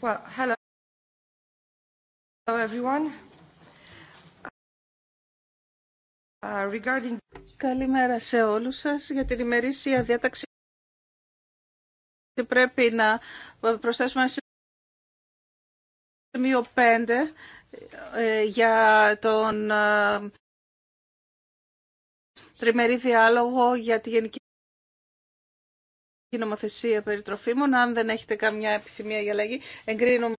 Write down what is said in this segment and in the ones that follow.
Well, hello. Hello everyone. Uh, regarding... Καλημέρα σε όλους σας για την ημερήσια διάταξη. Πρέπει να προσθέσουμε ένα σημείο 5 ε, για τον ε, τριμερή διάλογο για τη γενική η νομοθεσία περί τροφίμων. Αν δεν έχετε καμιά επιθυμία για αλλαγή, εγκρίνουμε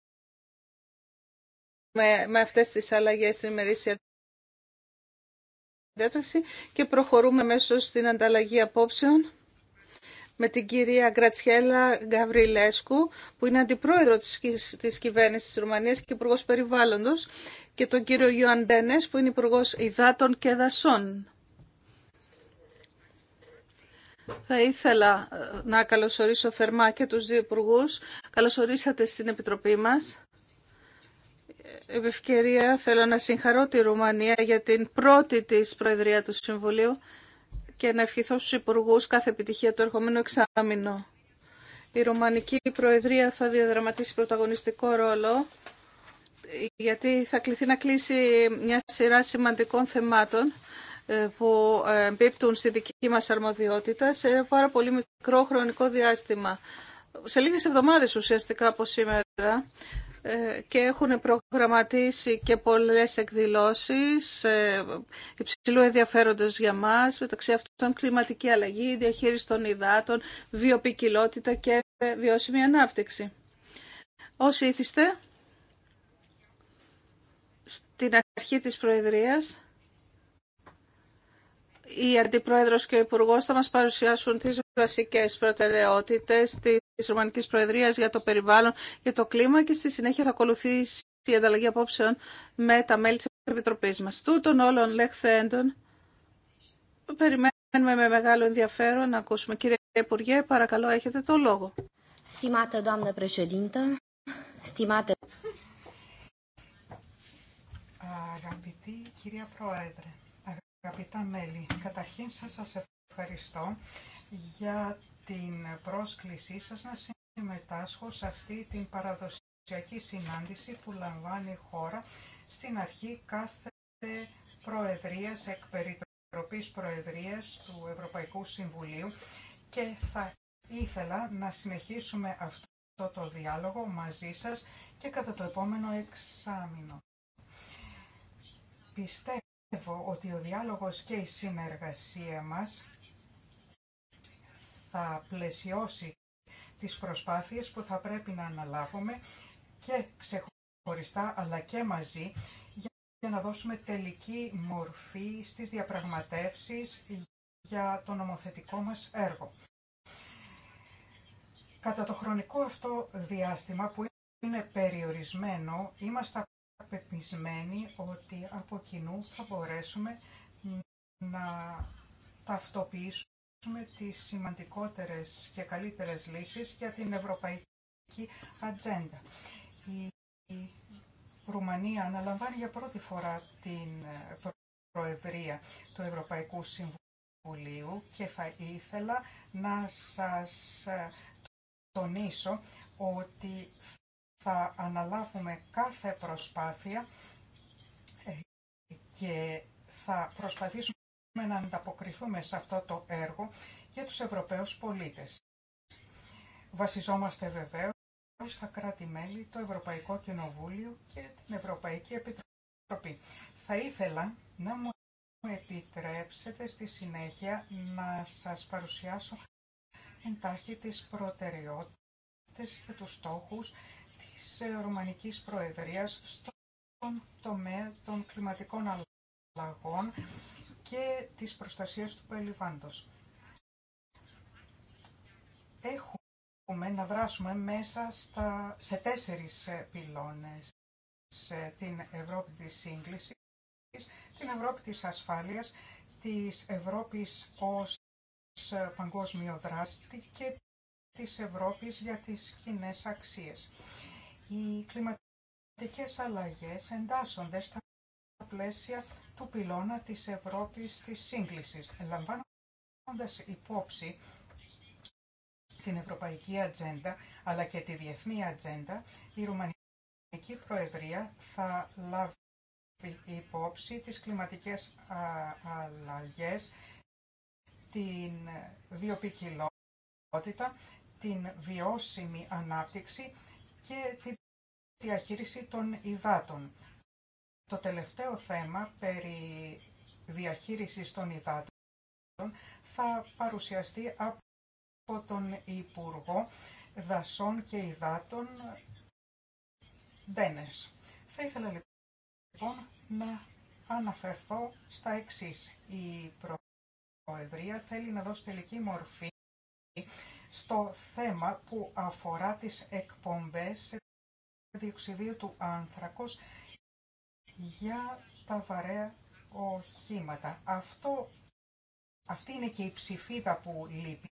με, με αυτές τις αλλαγές στην ημερήσια διάταξη και προχωρούμε μέσω στην ανταλλαγή απόψεων με την κυρία Γκρατσιέλα Γκαβριλέσκου, που είναι αντιπρόεδρο της, της κυβέρνησης της Ρουμανίας και υπουργό Περιβάλλοντος, και τον κύριο Ιωάν που είναι υπουργό υδάτων και Δασών. Θα ήθελα ε, να καλωσορίσω θερμά και τους δύο υπουργού. Καλωσορίσατε στην Επιτροπή μας. Επιευκαιρία, θέλω να συγχαρώ τη Ρουμανία για την πρώτη της Προεδρία του Συμβουλίου και να ευχηθώ στους υπουργού κάθε επιτυχία το ερχόμενο εξάμεινο. Η Ρουμανική Προεδρία θα διαδραματίσει πρωταγωνιστικό ρόλο γιατί θα κληθεί να κλείσει μια σειρά σημαντικών θεμάτων ε, που ε, εμπίπτουν στη δική μας αρμοδιότητα σε πάρα πολύ μικρό χρονικό διάστημα. Σε λίγες εβδομάδες ουσιαστικά από σήμερα ε, και έχουν προγραμματίσει και πολλές εκδηλώσεις υψηλού ενδιαφέροντος για μας, μεταξύ αυτών κλιματική αλλαγή, διαχείριση των υδάτων, βιοπικιλότητα και βιώσιμη ανάπτυξη. Όσοι ήθιστε, στην αρχή της Προεδρίας, η Αντιπρόεδρος και ο Υπουργός θα μας παρουσιάσουν τις βασικές προτεραιότητες της Ρουμανικής Προεδρίας για το περιβάλλον και το κλίμα και στη συνέχεια θα ακολουθήσει η ανταλλαγή απόψεων με τα μέλη της Επιτροπής μας. Τούτων όλων λεχθέντων περιμένουμε με μεγάλο ενδιαφέρον να ακούσουμε. Κύριε Υπουργέ, παρακαλώ έχετε το λόγο. Αγαπητή κυρία Πρόεδρε, Αγαπητά μέλη, καταρχήν σας, σας ευχαριστώ για την πρόσκλησή σας να συμμετάσχω σε αυτή την παραδοσιακή συνάντηση που λαμβάνει η χώρα στην αρχή κάθε προεδρίας, εκπεριτροπής προεδρίας του Ευρωπαϊκού Συμβουλίου και θα ήθελα να συνεχίσουμε αυτό το διάλογο μαζί σας και κατά το επόμενο εξάμεινο. Πιστεύω πιστεύω ότι ο διάλογος και η συνεργασία μας θα πλαισιώσει τις προσπάθειες που θα πρέπει να αναλάβουμε και ξεχωριστά αλλά και μαζί για να δώσουμε τελική μορφή στις διαπραγματεύσεις για το νομοθετικό μας έργο. Κατά το χρονικό αυτό διάστημα που είναι περιορισμένο, είμαστε πεπισμένοι ότι από κοινού θα μπορέσουμε να ταυτοποιήσουμε τις σημαντικότερες και καλύτερες λύσεις για την ευρωπαϊκή ατζέντα. Η Ρουμανία αναλαμβάνει για πρώτη φορά την Προεδρία του Ευρωπαϊκού Συμβουλίου και θα ήθελα να σας τονίσω ότι θα αναλάβουμε κάθε προσπάθεια ε, και θα προσπαθήσουμε να ανταποκριθούμε σε αυτό το έργο για τους Ευρωπαίους πολίτες. Βασιζόμαστε βεβαίως στα κράτη-μέλη, το Ευρωπαϊκό Κοινοβούλιο και την Ευρωπαϊκή Επιτροπή. Θα ήθελα να μου επιτρέψετε στη συνέχεια να σας παρουσιάσω εντάχει τις προτεραιότητες και τους στόχους της ε, Ρουμανικής Προεδρίας στον τομέα των κλιματικών αλλαγών και της προστασίας του περιβάντος. Έχουμε να δράσουμε μέσα στα, σε τέσσερις ε, πυλώνες. Σε την Ευρώπη της σύγκλησης, την Ευρώπη της ασφάλειας, της Ευρώπης ως ε, παγκόσμιο δράστη και της Ευρώπης για τις κοινέ αξίες. Οι κλιματικές αλλαγές εντάσσονται στα πλαίσια του πυλώνα της Ευρώπης της σύγκλησης, λαμβάνοντας υπόψη την Ευρωπαϊκή Ατζέντα αλλά και τη Διεθνή Ατζέντα, η Ρουμανική Προεδρία θα λάβει υπόψη τις κλιματικές αλλαγές, την βιοπικιλότητα, την βιώσιμη ανάπτυξη και την διαχείριση των υδάτων. Το τελευταίο θέμα περί διαχείρισης των υδάτων θα παρουσιαστεί από τον Υπουργό Δασών και Υδάτων Ντένες. Θα ήθελα λοιπόν να αναφερθώ στα εξής. Η Προεδρία θέλει να δώσει τελική μορφή στο θέμα που αφορά τις εκπομπές διοξιδίου του άνθρακος για τα βαρέα οχήματα. Αυτό, αυτή είναι και η ψηφίδα που λείπει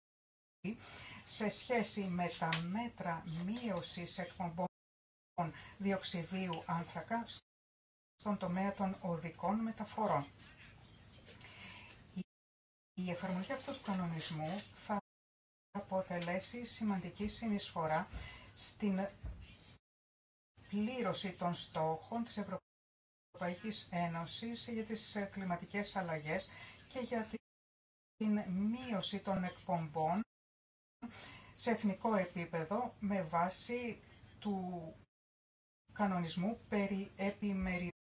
σε σχέση με τα μέτρα μείωσης εκπομπών διοξιδίου άνθρακα στον τομέα των οδικών μεταφορών. Η εφαρμογή αυτού του κανονισμού θα αποτελέσει σημαντική συνεισφορά στην των στόχων της Ευρωπαϊκής Ένωσης για τις ε, κλιματικές αλλαγές και για την μείωση των εκπομπών σε εθνικό επίπεδο με βάση του κανονισμού περί επιμερισμού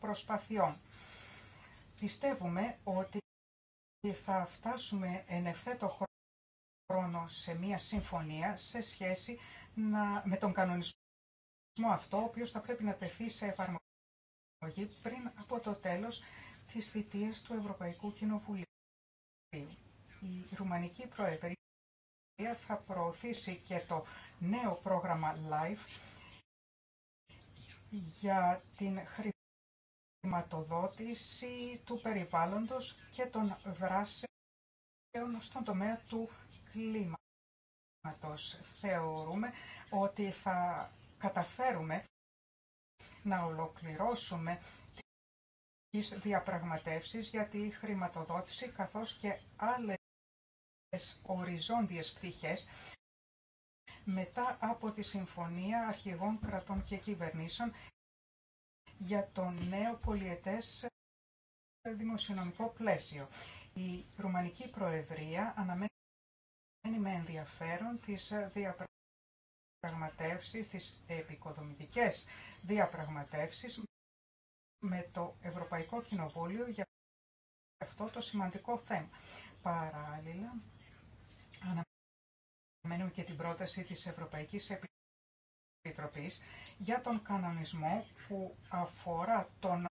προσπαθειών. Πιστεύουμε ότι θα φτάσουμε εν ευθέτω χρόνο σε μία συμφωνία σε σχέση με τον κανονισμό αυτό, ο οποίο θα πρέπει να τεθεί σε εφαρμογή πριν από το τέλος τη θητείας του Ευρωπαϊκού Κοινοβουλίου. Η Ρουμανική Προεδρία θα προωθήσει και το νέο πρόγραμμα LIFE για την χρηματοδότηση του περιβάλλοντος και των δράσεων στον τομέα του κλίματος. Θεωρούμε ότι θα καταφέρουμε να ολοκληρώσουμε τις διαπραγματεύσεις για τη χρηματοδότηση καθώς και άλλες οριζόντιες πτυχές μετά από τη Συμφωνία Αρχηγών Κρατών και Κυβερνήσεων για το νέο πολιετές δημοσιονομικό πλαίσιο. Η Ρουμανική Προεδρία αναμένει με ενδιαφέρον τις διαπραγματεύσεις διαπραγματεύσεις, τις επικοδομητικές διαπραγματεύσεις με το Ευρωπαϊκό Κοινοβούλιο για αυτό το σημαντικό θέμα. Παράλληλα, αναμένουμε και την πρόταση της Ευρωπαϊκής Επιτροπής για τον κανονισμό που αφορά τον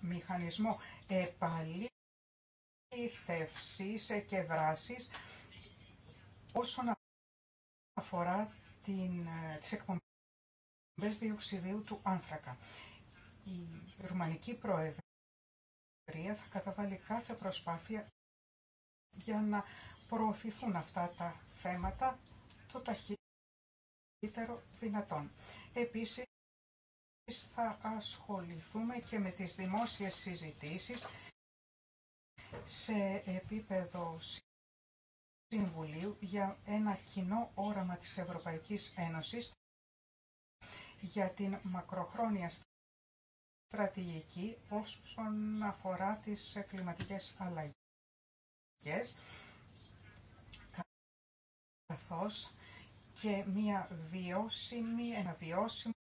μηχανισμό επαλήθευσης και δράσης όσον αφορά την, ε, τις εκπομπές διοξιδίου του άνθρακα. Η Ρουμανική Προεδρία θα καταβάλει κάθε προσπάθεια για να προωθηθούν αυτά τα θέματα το ταχύτερο δυνατόν. Επίσης, θα ασχοληθούμε και με τις δημόσιες συζητήσεις σε επίπεδο Συμβουλίου για ένα κοινό όραμα της Ευρωπαϊκής Ένωσης για την μακροχρόνια στρατηγική όσον αφορά τις κλιματικές αλλαγές καθώς και μια βιώσιμη, ένα βιώσιμο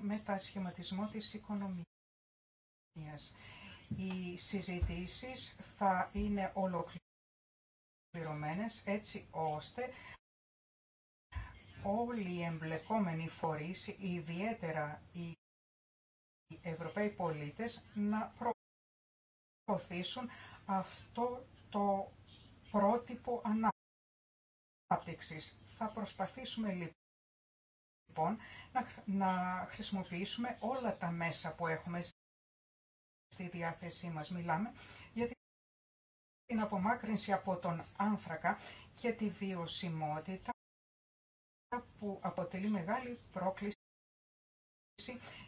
μετασχηματισμό της οικονομίας. Οι συζητήσεις θα είναι ολοκληρώσεις έτσι ώστε όλοι οι εμπλεκόμενοι φορείς, ιδιαίτερα οι Ευρωπαίοι πολίτες, να προωθήσουν αυτό το πρότυπο ανάπτυξης. Θα προσπαθήσουμε λοιπόν να χρησιμοποιήσουμε όλα τα μέσα που έχουμε στη διάθεσή μας. Μιλάμε για την απομάκρυνση από τον άνθρακα και τη βιωσιμότητα που αποτελεί μεγάλη πρόκληση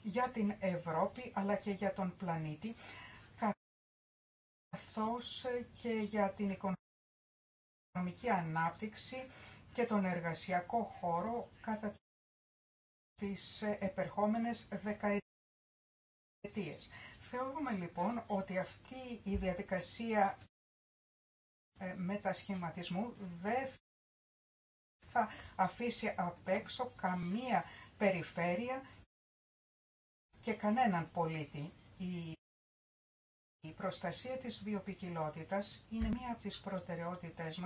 για την Ευρώπη αλλά και για τον πλανήτη καθώς και για την οικονομική ανάπτυξη και τον εργασιακό χώρο κατά τις επερχόμενες δεκαετίες. Θεωρούμε λοιπόν ότι αυτή η διαδικασία ε, μετασχηματισμού δεν θα αφήσει απ' έξω καμία περιφέρεια και κανέναν πολίτη. Η, η προστασία της βιοπικιλότητας είναι μία από τις προτεραιότητες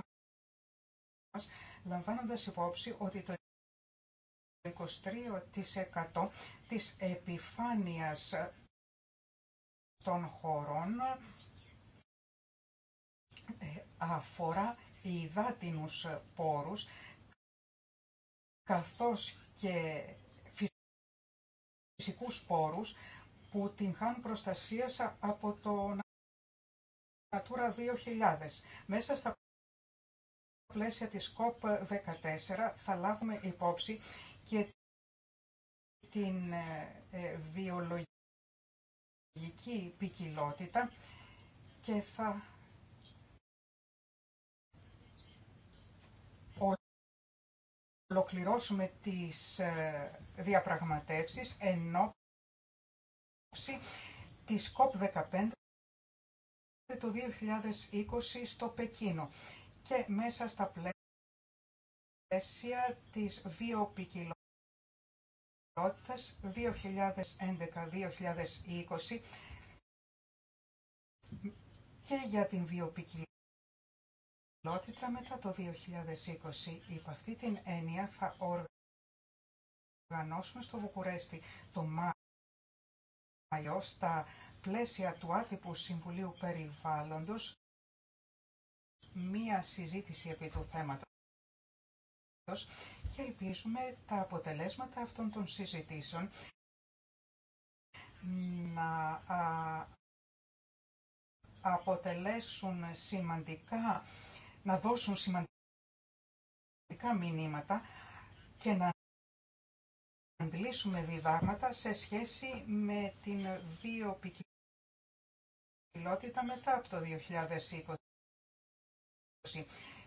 μας, λαμβάνοντας υπόψη ότι το 23% της επιφάνειας των χωρών αφορά υδάτινους πόρους, καθώς και φυσικούς πόρους που την χάνουν προστασία από το Natura 2000. Μέσα στα πλαίσια της COP14 θα λάβουμε υπόψη και την ε, ε, βιολογική ποικιλότητα και θα ολοκληρώσουμε τις ε, διαπραγματεύσεις ενώ της COP15 το 2020 στο Πεκίνο και μέσα στα πλαίσια της βιοπικιλότητας 2011-2020 και για την βιοπικιλότητα βιοπικιλότητα μετά το 2020. Υπ' αυτή την έννοια θα οργανώσουμε στο Βουκουρέστι το Μάιο στα πλαίσια του άτυπου Συμβουλίου Περιβάλλοντος μία συζήτηση επί του θέματος και ελπίζουμε τα αποτελέσματα αυτών των συζητήσεων να αποτελέσουν σημαντικά να δώσουν σημαντικά μηνύματα και να αντλήσουμε διδάγματα σε σχέση με την βιοποικιλότητα μετά από το 2020.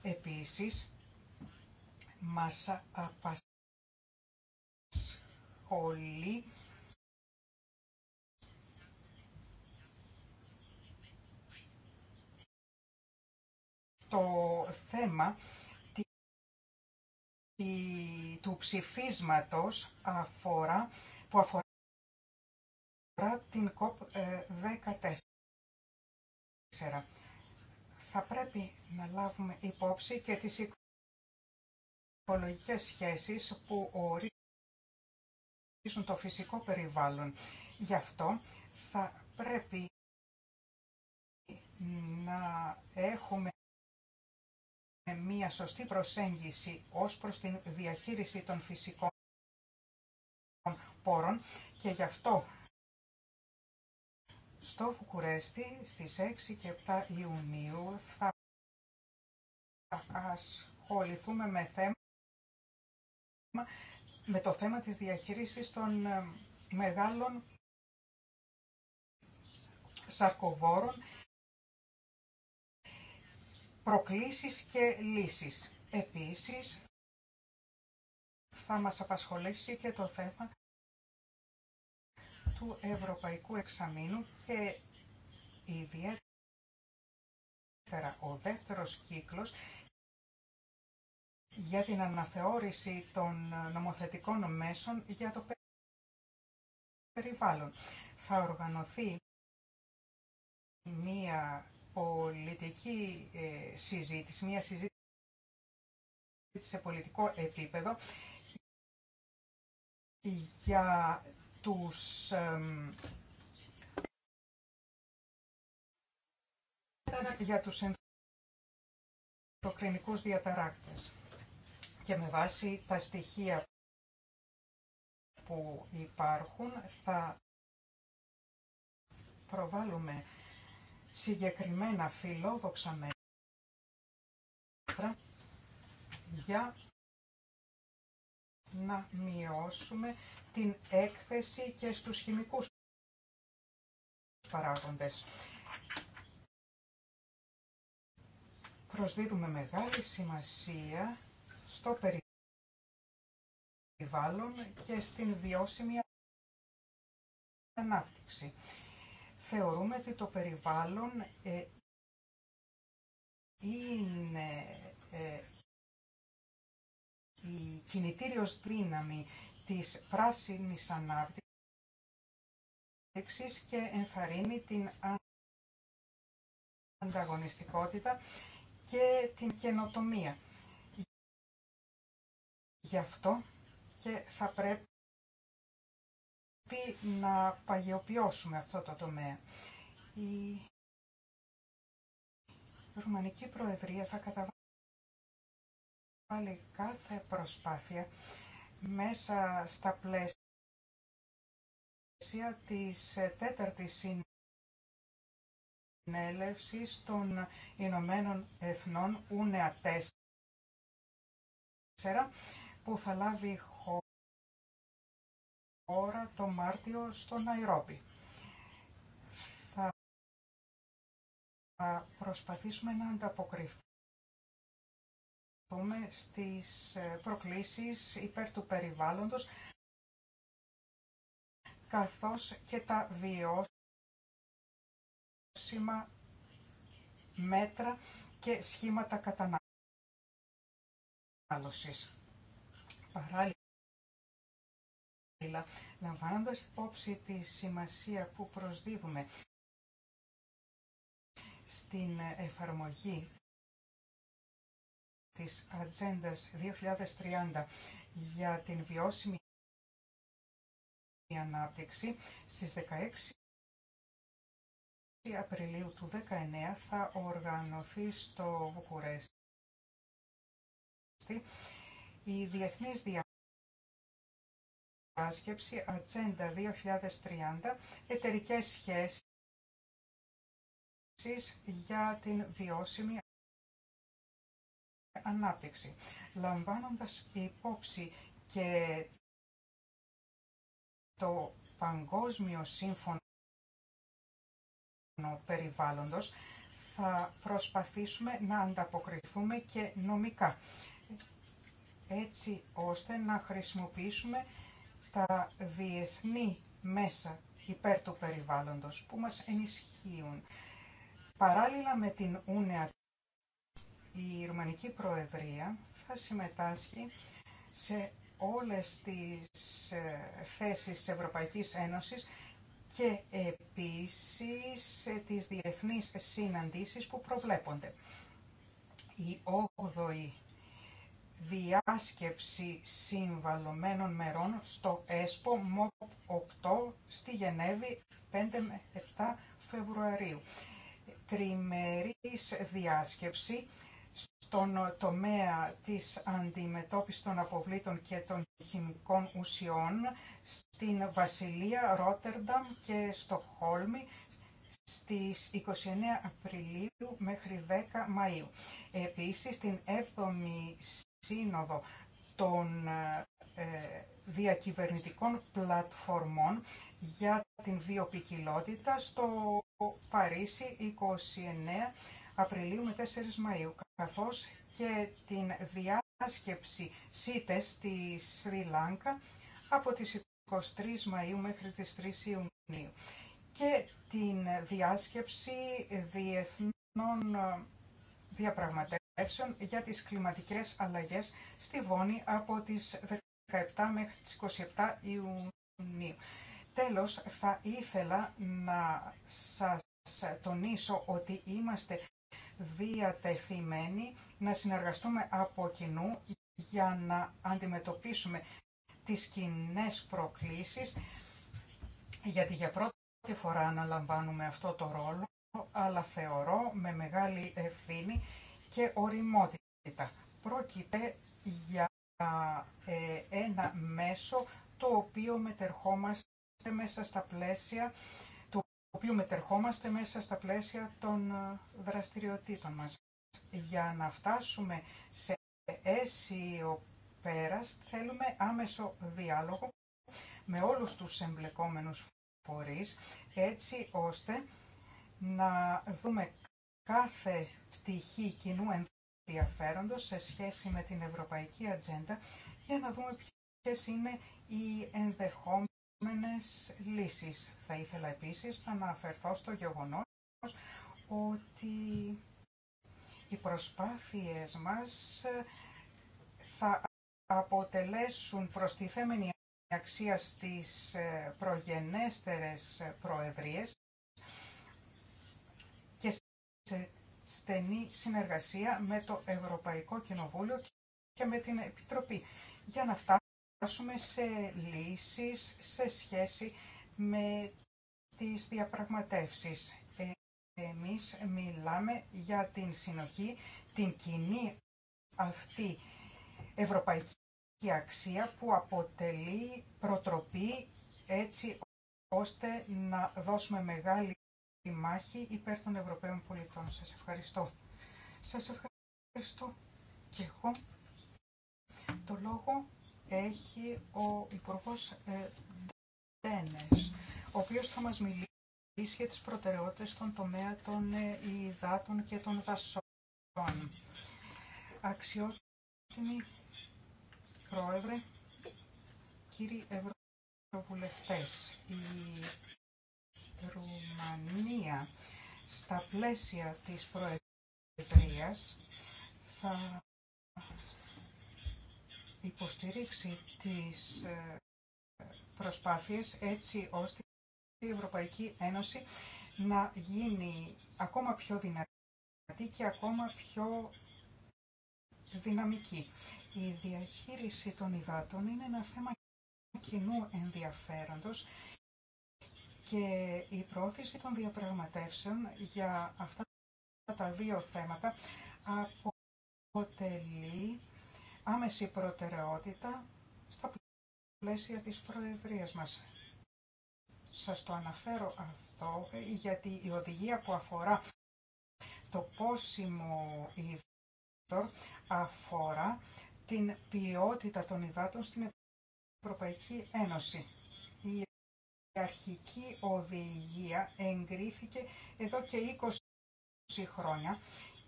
Επίσης, μας απασχολεί το θέμα του ψηφίσματος αφορά, που αφορά την COP14. Ε, θα πρέπει να λάβουμε υπόψη και τις οικολογικές σχέσεις που ορίζουν το φυσικό περιβάλλον. Γι' αυτό θα πρέπει να έχουμε μια σωστή προσέγγιση ως προς τη διαχείριση των φυσικών πόρων και γι' αυτό στο Φουκουρέστι στις 6 και 7 Ιουνίου θα ασχοληθούμε με, θέμα, με το θέμα της διαχείρισης των ε, μεγάλων σαρκοβόρων προκλήσεις και λύσεις. Επίσης, θα μας απασχολήσει και το θέμα του Ευρωπαϊκού Εξαμήνου και ιδιαίτερα ο δεύτερος κύκλος για την αναθεώρηση των νομοθετικών μέσων για το περιβάλλον. Θα οργανωθεί μία πολιτική ε, συζήτηση, μια συζήτηση σε πολιτικό επίπεδο για τους για τους ενδοκρινικούς διαταράκτες και με βάση τα στοιχεία που υπάρχουν θα προβάλλουμε συγκεκριμένα φιλόδοξα μέτρα για να μειώσουμε την έκθεση και στους χημικούς παράγοντες. Προσδίδουμε μεγάλη σημασία στο περιβάλλον και στην βιώσιμη ανάπτυξη θεωρούμε ότι το περιβάλλον ε, είναι ε, η κινητήριος δύναμη της πράσινης ανάπτυξης και ενθαρρύνει την ανταγωνιστικότητα και την καινοτομία. Γι' αυτό και θα πρέπει να παγιοποιώσουμε αυτό το τομέα. Η Ρουμανική Προεδρία θα καταβάλει κάθε προσπάθεια μέσα στα πλαίσια της τέταρτης συνέλευσης των Ηνωμένων Εθνών, ούνεα 4, που θα λάβει το Μάρτιο στο Ναϊρόπι. Θα προσπαθήσουμε να ανταποκριθούμε στις ε, προκλήσεις υπέρ του περιβάλλοντος καθώς και τα βιώσιμα μέτρα και σχήματα κατανάλωσης. Παράλληλα, αλλά λαμβάνοντας υπόψη τη σημασία που προσδίδουμε στην εφαρμογή της Ατζέντα 2030 για την βιώσιμη ανάπτυξη στις 16 Απριλίου του 19 θα οργανωθεί στο Βουκουρέστι η Διεθνής Διάσταση διάσκεψη Ατζέντα 2030 εταιρικέ σχέσεις για την βιώσιμη ανάπτυξη. Λαμβάνοντας υπόψη και το Παγκόσμιο Σύμφωνο Περιβάλλοντος, θα προσπαθήσουμε να ανταποκριθούμε και νομικά, έτσι ώστε να χρησιμοποιήσουμε τα διεθνή μέσα υπέρ του περιβάλλοντος που μας ενισχύουν. Παράλληλα με την ΟΥΝΕΑ, η Ρουμανική Προεδρία θα συμμετάσχει σε όλες τις ε, θέσεις της Ευρωπαϊκής Ένωσης και επίσης τις διεθνείς συναντήσεις που προβλέπονται. Η 8 διάσκεψη συμβαλωμένων μερών στο ΕΣΠΟ ΜΟΠ 8 στη Γενέβη 5 7 Φεβρουαρίου. Τριμερής διάσκεψη στον τομέα της αντιμετώπισης των αποβλήτων και των χημικών ουσιών στην Βασιλεία, Ρότερνταμ και στο Χόλμη στις 29 Απριλίου μέχρι 10 Μαΐου. Επίσης, την 7η σύνοδο των ε, διακυβερνητικών πλατφορμών για την βιοπικιλότητα στο Παρίσι 29 Απριλίου με 4 Μαΐου, καθώς και την διάσκεψη ΣΥΤΕΣ στη Σρι Λάνκα από τις 23 Μαΐου μέχρι τις 3 Ιουνίου και την διάσκεψη διεθνών ε, διαπραγματεύσεων για τις κλιματικές αλλαγές στη Βόνη από τις 17 μέχρι τις 27 Ιουνίου. Τέλος, θα ήθελα να σας τονίσω ότι είμαστε διατεθειμένοι να συνεργαστούμε από κοινού για να αντιμετωπίσουμε τις κοινέ προκλήσεις, γιατί για πρώτη φορά αναλαμβάνουμε αυτό το ρόλο, αλλά θεωρώ με μεγάλη ευθύνη και οριμότητα. Πρόκειται για ε, ένα μέσο το οποίο μετερχόμαστε μέσα στα πλαίσια το οποίο μετερχόμαστε μέσα στα πλαίσια των δραστηριοτήτων μας. Για να φτάσουμε σε αίσιο πέρας θέλουμε άμεσο διάλογο με όλους τους εμπλεκόμενους φορείς έτσι ώστε να δούμε κάθε πτυχή κοινού ενδιαφέροντος σε σχέση με την ευρωπαϊκή ατζέντα για να δούμε ποιες είναι οι ενδεχόμενες λύσεις. Θα ήθελα επίσης να αναφερθώ στο γεγονός ότι οι προσπάθειες μας θα αποτελέσουν προστιθέμενη αξία στις προγενέστερες προεδρίες σε στενή συνεργασία με το Ευρωπαϊκό Κοινοβούλιο και με την Επιτροπή για να φτάσουμε σε λύσεις σε σχέση με τις διαπραγματεύσεις. Εμείς μιλάμε για την συνοχή, την κοινή αυτή ευρωπαϊκή αξία που αποτελεί προτροπή έτσι ώστε να δώσουμε μεγάλη η μάχη υπέρ των Ευρωπαίων πολιτών. Σας ευχαριστώ. Σας ευχαριστώ και εγώ. Το λόγο έχει ο Υπουργός Δένες, ε, ο οποίος θα μας μιλήσει για τις προτεραιότητες στον τομέα των ε, υδάτων και των δασών. Αξιότιμη Πρόεδρε, κύριοι Ευρωβουλευτές, η Ρουμανία στα πλαίσια της Προεδρίας θα υποστηρίξει τις ε, προσπάθειες έτσι ώστε η Ευρωπαϊκή Ένωση να γίνει ακόμα πιο δυνατή και ακόμα πιο δυναμική. Η διαχείριση των υδάτων είναι ένα θέμα κοινού ενδιαφέροντος και η πρόθεση των διαπραγματεύσεων για αυτά τα δύο θέματα αποτελεί άμεση προτεραιότητα στα πλαίσια της Προεδρίας μας. Σας το αναφέρω αυτό γιατί η οδηγία που αφορά το πόσιμο είδωρ αφορά την ποιότητα των υδάτων στην Ευρωπαϊκή Ένωση αρχική οδηγία εγκρίθηκε εδώ και 20 χρόνια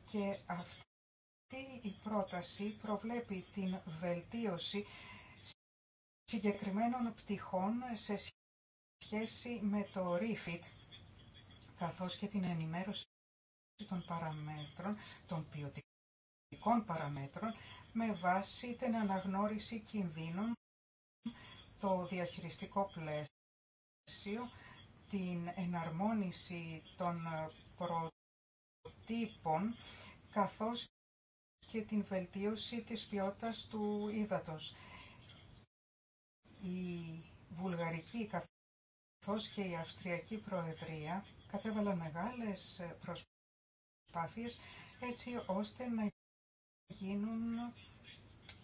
και αυτή η πρόταση προβλέπει την βελτίωση συγκεκριμένων πτυχών σε σχέση με το REFIT, καθώς και την ενημέρωση των παραμέτρων, των ποιοτικών παραμέτρων, με βάση την αναγνώριση κινδύνων, το διαχειριστικό πλαίσιο, την εναρμόνιση των προτύπων καθώς και την βελτίωση της ποιότητας του ύδατος. Η Βουλγαρική καθώς και η Αυστριακή Προεδρία κατέβαλαν μεγάλες προσπάθειες έτσι ώστε να γίνουν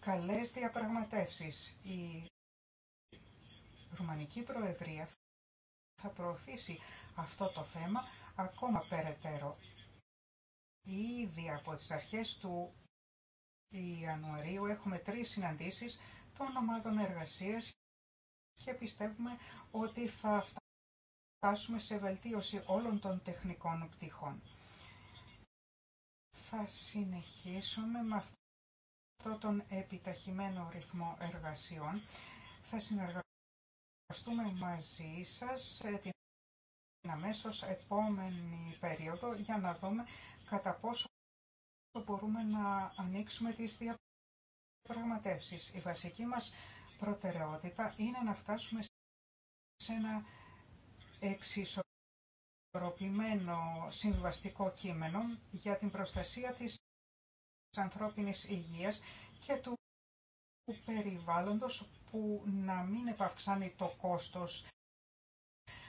καλές διαπραγματεύσεις. Η Ρουμανική Προεδρία θα προωθήσει αυτό το θέμα ακόμα περαιτέρω. Ήδη από τις αρχές του Ιανουαρίου έχουμε τρεις συναντήσεις των ομάδων εργασίας και πιστεύουμε ότι θα φτάσουμε σε βελτίωση όλων των τεχνικών πτυχών. Θα συνεχίσουμε με αυτό τον επιταχυμένο ρυθμό εργασιών. Θα Ευχαριστούμε μαζί σας ε, την αμέσως επόμενη περίοδο για να δούμε κατά πόσο μπορούμε να ανοίξουμε τις διαπραγματεύσεις. Η βασική μας προτεραιότητα είναι να φτάσουμε σε ένα εξισορροπημένο συμβαστικό κείμενο για την προστασία της ανθρώπινης υγείας και του περιβάλλοντος που να μην επαυξάνει το κόστος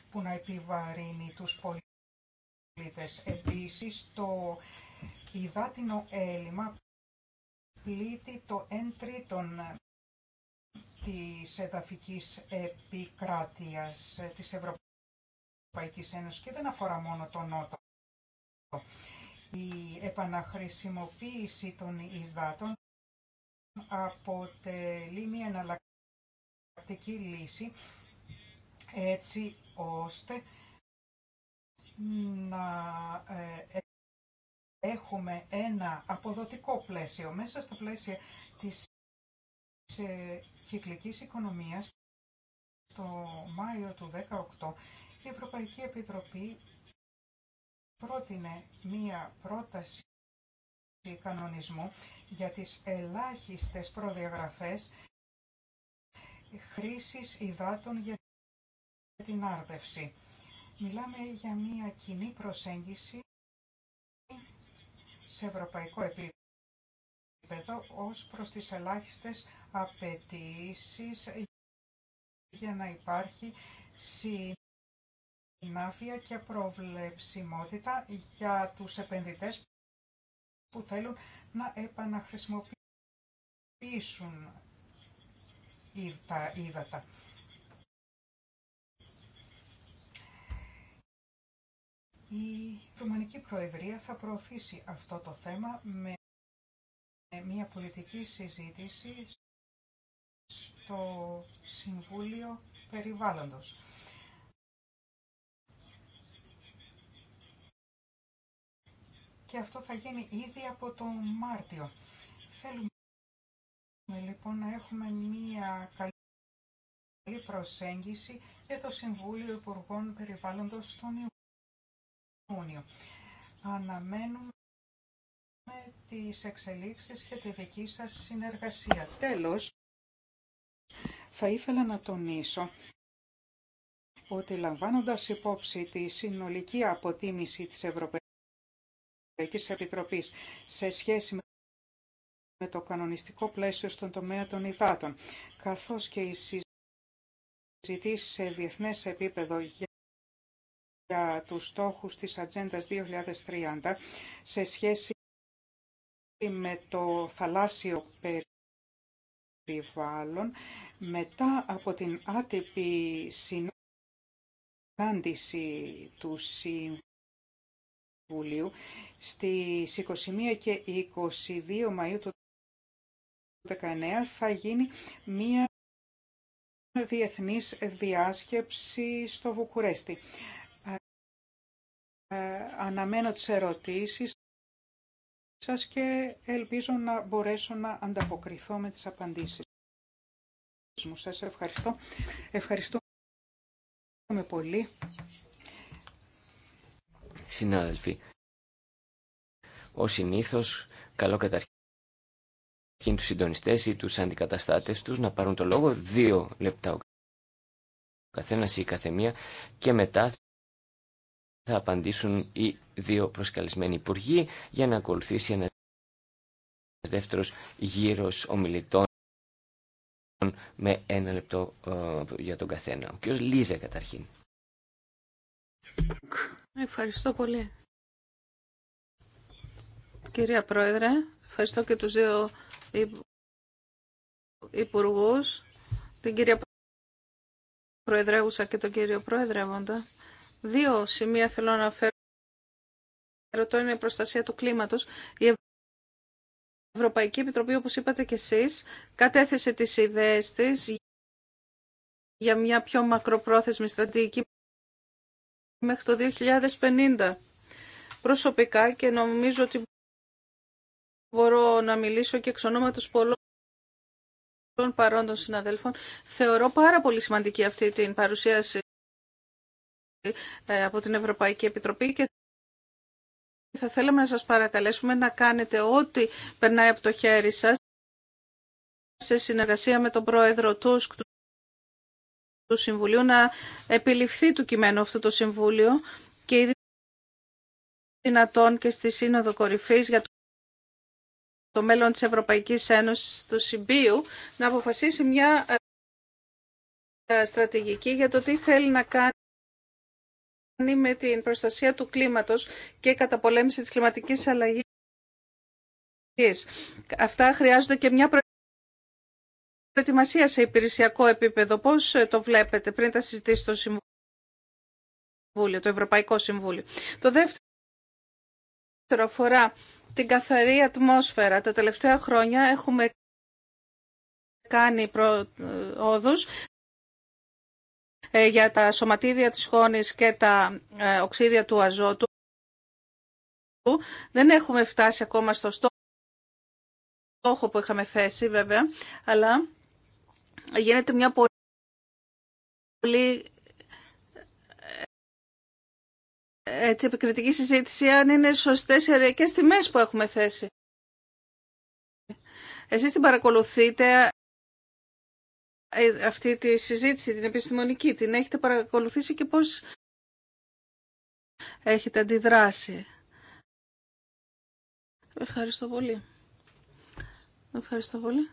που να επιβαρύνει τους πολίτες. Επίσης, το υδάτινο έλλειμμα πλήττει το 1 τρίτον της εδαφικής επικράτειας της Ευρωπαϊκής Ένωσης και δεν αφορά μόνο τον Νότο. Η επαναχρησιμοποίηση των υδάτων αποτελεί μια εναλλακτική πρακτική λύση έτσι ώστε να ε, έχουμε ένα αποδοτικό πλαίσιο μέσα στα πλαίσια της ε, κυκλικής οικονομίας. Το Μάιο του 2018 η Ευρωπαϊκή Επιτροπή πρότεινε μία πρόταση κανονισμού για τις ελάχιστες προδιαγραφές χρήσης υδάτων για την άρδευση. Μιλάμε για μια κοινή προσέγγιση σε ευρωπαϊκό επίπεδο ως προς τις ελάχιστες απαιτήσεις για να υπάρχει συνάφεια και προβλεψιμότητα για τους επενδυτές που θέλουν να επαναχρησιμοποιήσουν τα ύδατα. Η Ρουμανική Προεδρία θα προωθήσει αυτό το θέμα με μια πολιτική συζήτηση στο Συμβούλιο Περιβάλλοντος. Και αυτό θα γίνει ήδη από τον Μάρτιο λοιπόν να έχουμε μία καλή προσέγγιση για το Συμβούλιο Υπουργών Περιβάλλοντος στον Ιούνιο. Αναμένουμε τις εξελίξεις και τη δική σας συνεργασία. Τέλος, θα ήθελα να τονίσω ότι λαμβάνοντας υπόψη τη συνολική αποτίμηση της Ευρωπαϊκής Επιτροπής σε σχέση με με το κανονιστικό πλαίσιο στον τομέα των υδάτων, καθώς και οι συζητήσεις σε διεθνές επίπεδο για τους στόχους της Ατζέντα 2030 σε σχέση με το θαλάσσιο περιβάλλον, μετά από την άτυπη συνάντηση του Συμβουλίου, στις 21 και 22 Μαΐου του θα γίνει μία διεθνής διάσκεψη στο Βουκουρέστι. Ε, αναμένω τις ερωτήσεις σας και ελπίζω να μπορέσω να ανταποκριθώ με τις απαντήσεις μου. Σας ευχαριστώ. Ευχαριστούμε πολύ. Συνάδελφοι, ο συνήθως, καλό καταρχήν και τους συντονιστές ή τους αντικαταστάτες τους να πάρουν το λόγο δύο λεπτά ο καθένας ή η καθεμία και μετά θα απαντήσουν οι δύο προσκαλισμένοι υπουργοί για να ακολουθήσει ένα δεύτερος γύρος ομιλητών με ένα λεπτό ε, για τον καθένα. Ο κ. Λίζε καταρχήν. Ευχαριστώ πολύ. Κυρία Πρόεδρε, ευχαριστώ και τους δύο υπουργού, την κυρία Προεδρεύουσα και τον κύριο Προεδρεύοντα. Δύο σημεία θέλω να αναφέρω. Το είναι η προστασία του κλίματος. Η Ευρωπαϊκή Επιτροπή, όπως είπατε και εσείς, κατέθεσε τις ιδέες της για μια πιο μακροπρόθεσμη στρατηγική μέχρι το 2050. Προσωπικά και νομίζω ότι μπορώ να μιλήσω και εξ ονόματος πολλών παρόντων συναδέλφων. Θεωρώ πάρα πολύ σημαντική αυτή την παρουσίαση ε, από την Ευρωπαϊκή Επιτροπή και θα θέλαμε να σας παρακαλέσουμε να κάνετε ό,τι περνάει από το χέρι σας σε συνεργασία με τον Πρόεδρο Τούσκ του Συμβουλίου να επιληφθεί του κειμένου αυτό το Συμβούλιο και δυνατόν και στη Σύνοδο Κορυφής για το μέλλον της Ευρωπαϊκής Ένωσης του Συμπίου να αποφασίσει μια ε, στρατηγική για το τι θέλει να κάνει με την προστασία του κλίματος και καταπολέμηση της κλιματικής αλλαγής. Αυτά χρειάζονται και μια προετοιμασία σε υπηρεσιακό επίπεδο. Πώς ε, το βλέπετε πριν τα συζητήσει το Συμβούλιο, το Ευρωπαϊκό Συμβούλιο. Το δεύτερο αφορά την καθαρή ατμόσφαιρα. Τα τελευταία χρόνια έχουμε κάνει προόδους ε, για τα σωματίδια της χώνης και τα ε, οξύδια του αζότου. Δεν έχουμε φτάσει ακόμα στο στόχο που είχαμε θέσει βέβαια, αλλά γίνεται μια πολύ έτσι, επικριτική συζήτηση αν είναι σωστέ οι αριακές τιμέ που έχουμε θέσει. Εσείς την παρακολουθείτε ε, αυτή τη συζήτηση, την επιστημονική, την έχετε παρακολουθήσει και πώς έχετε αντιδράσει. Ευχαριστώ πολύ. Ευχαριστώ πολύ.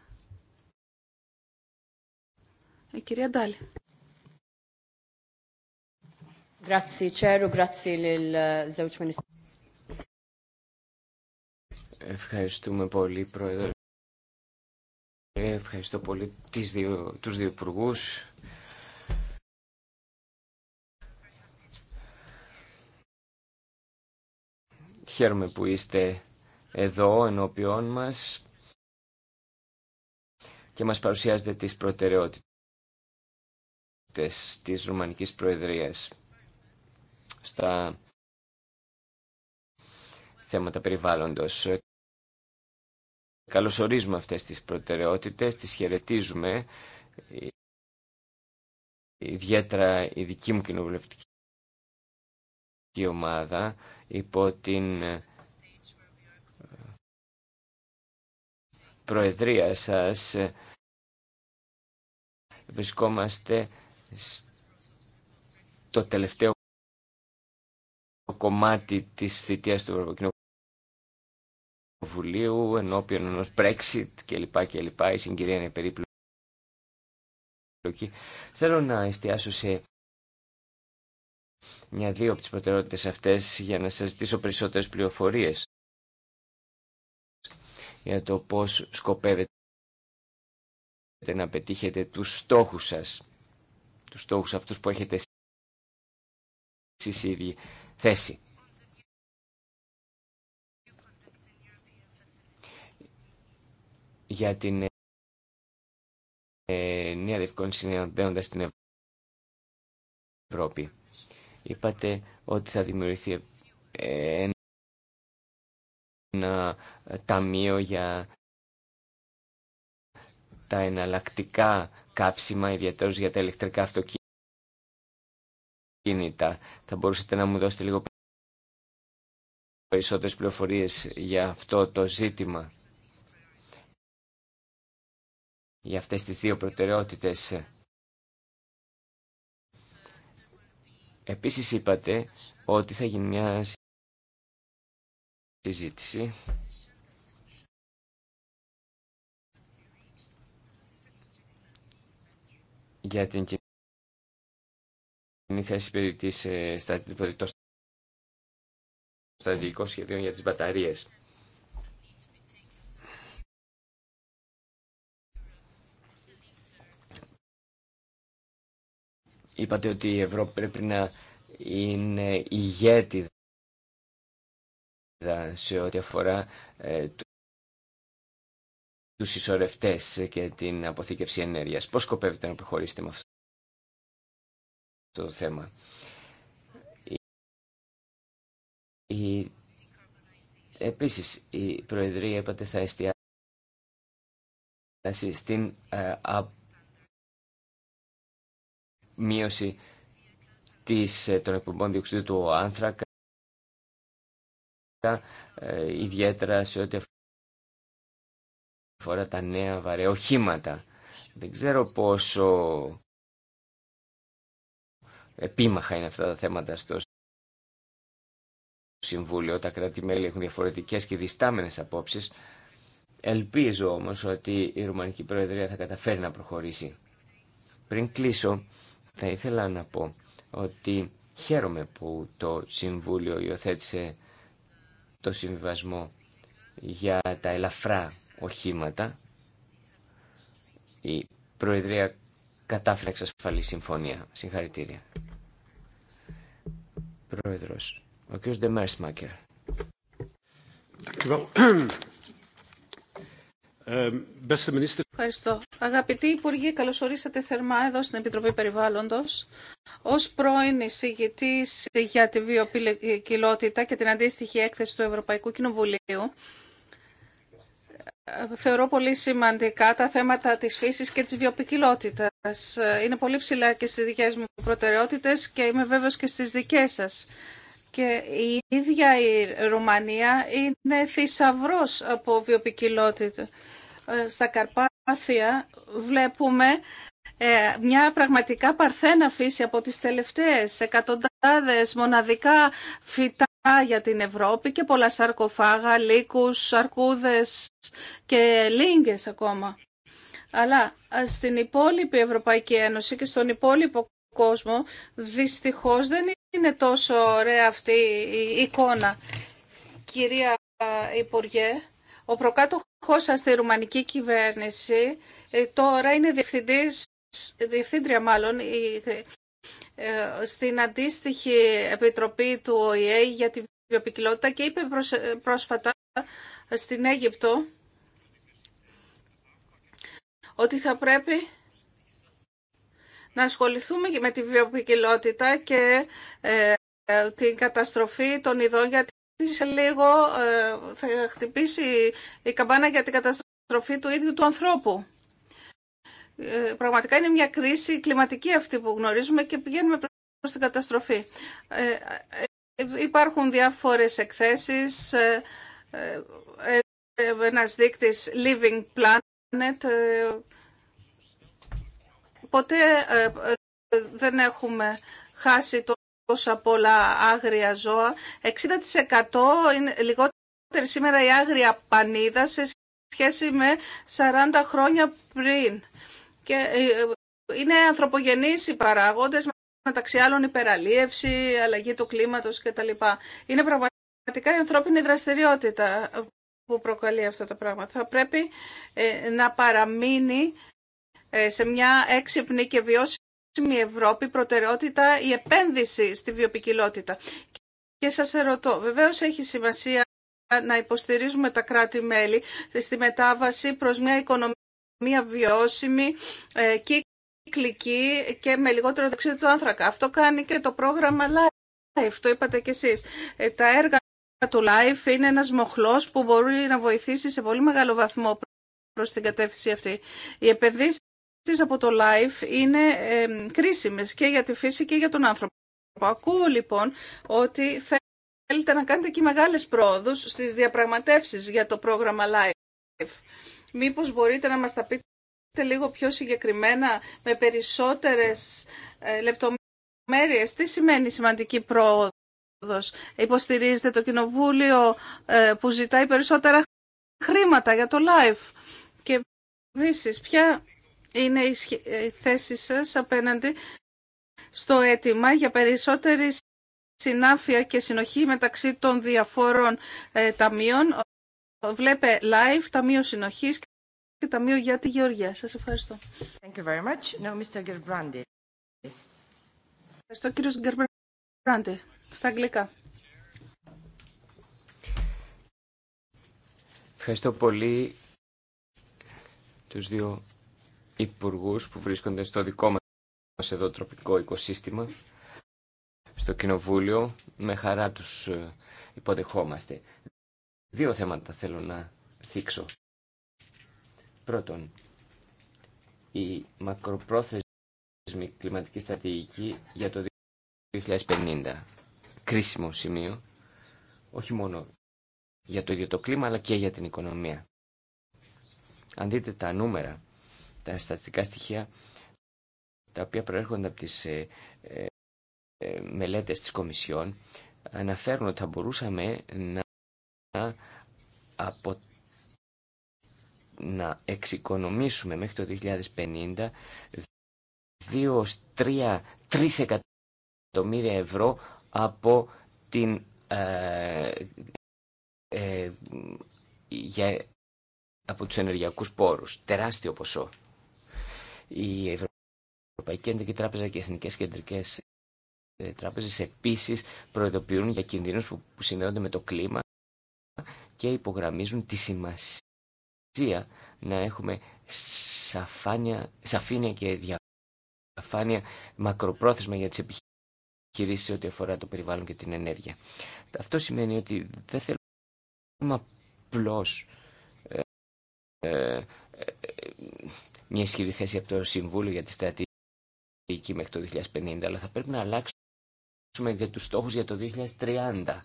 Η ε, κυρία Ντάλη. Eh, Ευχαριστούμε πολύ, Πρόεδρε. Ευχαριστώ πολύ τις δύο, τους δύο υπουργού. Χαίρομαι που είστε εδώ ενώπιόν μας και μας παρουσιάζετε τις προτεραιότητες της Ρουμανικής Προεδρίας στα θέματα περιβάλλοντος. Καλωσορίζουμε αυτές τις προτεραιότητες, τις χαιρετίζουμε. Ιδιαίτερα η δική μου κοινοβουλευτική ομάδα υπό την ε, προεδρία σας βρισκόμαστε στο τελευταίο κομμάτι της θητεία του Ευρωπαϊκού Κοινοβουλίου ενώπιον ενό Brexit κλπ. κλπ. Η συγκυρία είναι περίπλοκη. Θέλω να εστιάσω σε μια-δύο από τι προτεραιότητε αυτές για να σα ζητήσω περισσότερε πληροφορίε για το πώ σκοπεύετε να πετύχετε του στόχου σας, τους στόχους αυτούς που έχετε εσείς ίδιοι θέση. για την ε, νέα διευκόλυνση συνεδέοντας την Ευρώπη. Είπατε ότι θα δημιουργηθεί ε, ένα ταμείο για τα εναλλακτικά κάψιμα, ιδιαίτερα για τα ηλεκτρικά αυτοκίνητα. Θα μπορούσατε να μου δώσετε λίγο περισσότερες πληροφορίες για αυτό το ζήτημα. Για αυτές τις δύο προτεραιότητες. Επίσης είπατε ότι θα γίνει μια συζήτηση για την είναι η θέση περιπτή ε, στα στρατηγικών σχεδίων για τις μπαταρίες. Είπατε ότι η Ευρώπη πρέπει να είναι ηγέτη σε ό,τι αφορά ε, τους συσσωρευτές και την αποθήκευση ενέργειας. Πώς σκοπεύετε να προχωρήσετε με αυτό το θέμα. Η... Επίσης, η Προεδρία, είπατε, θα εστιάσει στην ε, μείωση της, ε, των εκπομπών διοξιδίου του άνθρακα, ε, ιδιαίτερα σε ό,τι αφορά τα νέα βαρεοχήματα. Δεν ξέρω πόσο επίμαχα είναι αυτά τα θέματα στο Συμβούλιο. Τα κράτη-μέλη έχουν διαφορετικές και διστάμενες απόψεις. Ελπίζω όμως ότι η Ρουμανική Προεδρία θα καταφέρει να προχωρήσει. Πριν κλείσω, θα ήθελα να πω ότι χαίρομαι που το Συμβούλιο υιοθέτησε το συμβιβασμό για τα ελαφρά οχήματα. Η Προεδρία κατάφερε εξασφαλή συμφωνία. Συγχαρητήρια. Πρόεδρος, ο κ. Ντεμέρσμακερ. Ευχαριστώ. Αγαπητοί Υπουργοί, καλωσορίσατε ορίσατε θερμά εδώ στην Επιτροπή Περιβάλλοντος. Ως πρώην εισηγητής για τη βιοποικιλότητα και την αντίστοιχη έκθεση του Ευρωπαϊκού Κοινοβουλίου, θεωρώ πολύ σημαντικά τα θέματα της φύσης και της βιοπικιλότητας. Είναι πολύ ψηλά και στις δικές μου προτεραιότητες και είμαι βέβαιος και στις δικές σας. Και η ίδια η Ρουμανία είναι θησαυρό από βιοπικιλότητα. Ε, στα Καρπάθια βλέπουμε ε, μια πραγματικά παρθένα φύση από τις τελευταίες εκατοντάδες μοναδικά φυτά για την Ευρώπη και πολλά σαρκοφάγα, λύκους, αρκούδες και λίγκες ακόμα. Αλλά στην υπόλοιπη Ευρωπαϊκή Ένωση και στον υπόλοιπο κόσμο δυστυχώς δεν είναι τόσο ωραία αυτή η εικόνα. Κυρία Υπουργέ, ο προκάτοχός σας στη ρουμανική κυβέρνηση ε, τώρα είναι διευθυντής, διευθύντρια μάλλον ε, στην αντίστοιχη επιτροπή του ΟΗΕ για τη βιοπικιλότητα και είπε ε, πρόσφατα στην Αίγυπτο ότι θα πρέπει να ασχοληθούμε με τη βιοπικιλότητα και ε, την καταστροφή των ειδών γιατί σε λίγο θα χτυπήσει η καμπάνα για την καταστροφή του ίδιου του ανθρώπου. Ε, πραγματικά είναι μια κρίση κλιματική αυτή που γνωρίζουμε και πηγαίνουμε προς την καταστροφή. Ε, ε, υπάρχουν διάφορες εκθέσεις, ένας δείκτης Living Planet. Ποτέ δεν έχουμε χάσει τόσα πολλά άγρια ζώα. 60% είναι λιγότερη σήμερα η άγρια πανίδα σε σχέση με 40 χρόνια πριν και ε, ε, είναι ανθρωπογενείς οι παράγοντες μεταξύ άλλων υπεραλίευση, αλλαγή του κλίματος κτλ. Είναι πραγματικά η ανθρώπινη δραστηριότητα που προκαλεί αυτά τα πράγματα. Θα πρέπει ε, να παραμείνει σε μια έξυπνη και βιώσιμη Ευρώπη προτεραιότητα η επένδυση στη βιοπικιλότητα. Και σας ερωτώ, βεβαίως έχει σημασία να υποστηρίζουμε τα κράτη-μέλη στη μετάβαση προς μια οικονομία μια βιώσιμη και ε, κυκλική και με λιγότερο δεξίδι του άνθρακα. Αυτό κάνει και το πρόγραμμα LIFE, το είπατε κι εσείς. Ε, τα έργα του LIFE είναι ένας μοχλός που μπορεί να βοηθήσει σε πολύ μεγάλο βαθμό προς την κατεύθυνση αυτή. Οι επενδύσεις από το LIFE είναι ε, κρίσιμες και για τη φύση και για τον άνθρωπο. Ακούω λοιπόν ότι θέλετε να κάνετε και μεγάλες πρόοδους στις διαπραγματεύσεις για το πρόγραμμα LIFE. Μήπως μπορείτε να μας τα πείτε λίγο πιο συγκεκριμένα, με περισσότερες ε, λεπτομέρειες, τι σημαίνει σημαντική πρόοδος. Υποστηρίζετε το κοινοβούλιο ε, που ζητάει περισσότερα χρήματα για το live. Και επίση, ποια είναι η θέση σας απέναντι στο αίτημα για περισσότερη συνάφεια και συνοχή μεταξύ των διαφόρων ε, ταμείων βλέπε live Ταμείο Συνοχής και Ταμείο για τη Γεωργία. Σας ευχαριστώ. Thank you very much. Now, Mr. Gerbrandi. Ευχαριστώ κύριος στα αγγλικά. Ευχαριστώ πολύ τους δύο υπουργούς που βρίσκονται στο δικό μας εδώ τροπικό οικοσύστημα, στο Κοινοβούλιο. Με χαρά τους ε, υποδεχόμαστε. Δύο θέματα θέλω να θίξω. Πρώτον, η μακροπρόθεσμη κλιματική στρατηγική για το 2050. Κρίσιμο σημείο, όχι μόνο για το ίδιο το κλίμα, αλλά και για την οικονομία. Αν δείτε τα νούμερα, τα στατιστικά στοιχεία, τα οποία προέρχονται από τις ε, ε, ε μελέτες της Κομισιόν, αναφέρουν ότι θα μπορούσαμε να από να εξοικονομήσουμε μέχρι το 2050 2-3 εκατομμύρια ευρώ από την ε, ε, για, από τους ενεργειακούς πόρους. Τεράστιο ποσό. Η Ευρωπαϊκή Κεντρική Τράπεζα και οι Εθνικές Κεντρικές ε, Τράπεζες επίσης προειδοποιούν για κινδύνους που, που συνδέονται με το κλίμα και υπογραμμίζουν τη σημασία να έχουμε σαφάνεια, σαφήνεια και διαφάνεια μακροπρόθεσμα για τις επιχειρήσεις ό,τι αφορά το περιβάλλον και την ενέργεια. Αυτό σημαίνει ότι δεν θέλουμε απλώς ε, ε, ε μια ισχυρή θέση από το Συμβούλιο για τη στρατηγική μέχρι το 2050, αλλά θα πρέπει να αλλάξουμε και τους στόχους για το 2030.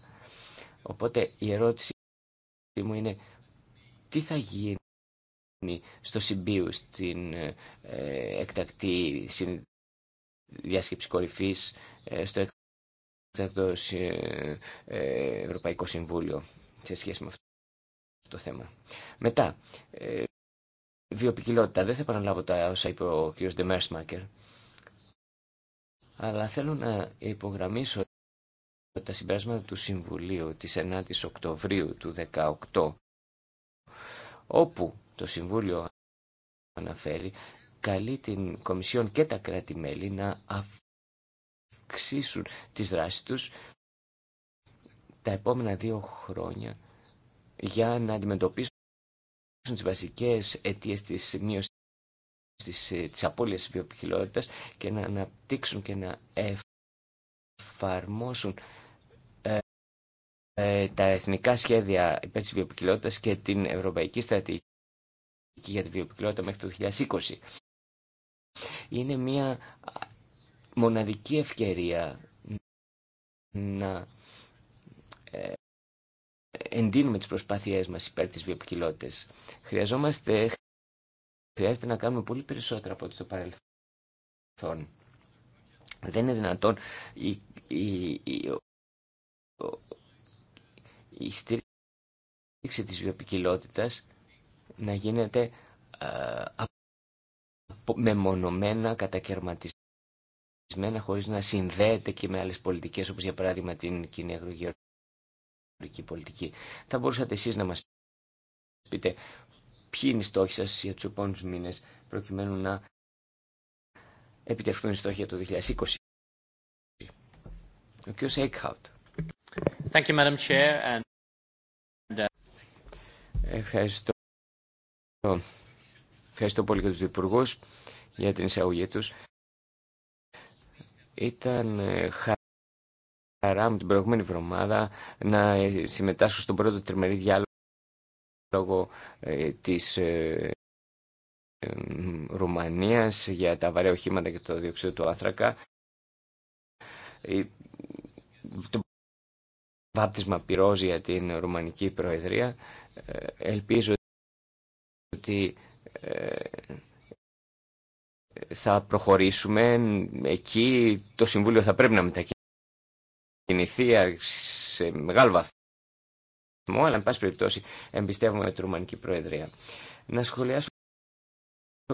Οπότε η ερώτηση μου είναι τι θα γίνει στο Συμπίου, στην ε, εκτακτή διάσκεψη κορυφής, ε, στο εκτακτό ε, ε, Ευρωπαϊκό Συμβούλιο σε σχέση με αυτό το θέμα. Μετά, βιοπικιλότητα. Δεν θα επαναλάβω τα όσα είπε ο κ. Ντεμέρσμακερ, αλλά θέλω να υπογραμμίσω τα συμπεράσματα του Συμβουλίου της 9ης Οκτωβρίου του 2018, όπου το Συμβούλιο αναφέρει, καλεί την Κομισιόν και τα κράτη-μέλη να αυξήσουν τις δράσεις τους τα επόμενα δύο χρόνια για να αντιμετωπίσουν τις βασικές αιτίες της μείωσης της, ε, της απώλειας βιοποικιλότητας και να αναπτύξουν και να εφαρμόσουν ε, τα εθνικά σχέδια υπέρ της βιοποικιλότητας και την ευρωπαϊκή στρατηγική για τη βιοποικιλότητα μέχρι το 2020. Είναι μια μοναδική ευκαιρία να ε, εντείνουμε τις προσπάθειές μας υπέρ της βιοποικιλότητας. Χρειαζόμαστε, χρειάζεται να κάνουμε πολύ περισσότερα από ό,τι στο παρελθόν. Δεν είναι δυνατόν η, η, η, η στήριξη της βιοπικιλότητας να γίνεται ε, μεμονωμένα, κατακαιρματισμένα, χωρίς να συνδέεται και με άλλες πολιτικές, όπως για παράδειγμα την κοινή αγρογεωργική πολιτική. Θα μπορούσατε εσείς να μας πείτε ποιοι είναι οι στόχοι σας για τους επόμενους μήνες, προκειμένου να επιτευχθούν οι στόχοι για το 2020. Ο κ. Σέικχαουτ. Uh, Ευχαριστώ. Ευχαριστώ πολύ και τους υπουργούς για την εισαγωγή τους. Ήταν ε, χαρά μου την προηγούμενη εβδομάδα να συμμετάσχω στον πρώτο τριμερή διάλογο ε, της ε, Ρουμανίας για τα βαρέα οχήματα και το διοξείδιο του άνθρακα βάπτισμα πυρός για την Ρουμανική Προεδρία. Ε, ελπίζω ότι ε, θα προχωρήσουμε εκεί. Το Συμβούλιο θα πρέπει να μετακινηθεί σε μεγάλο βαθμό, αλλά εν πάση περιπτώσει εμπιστεύομαι την Ρουμανική Προεδρία. Να σχολιάσω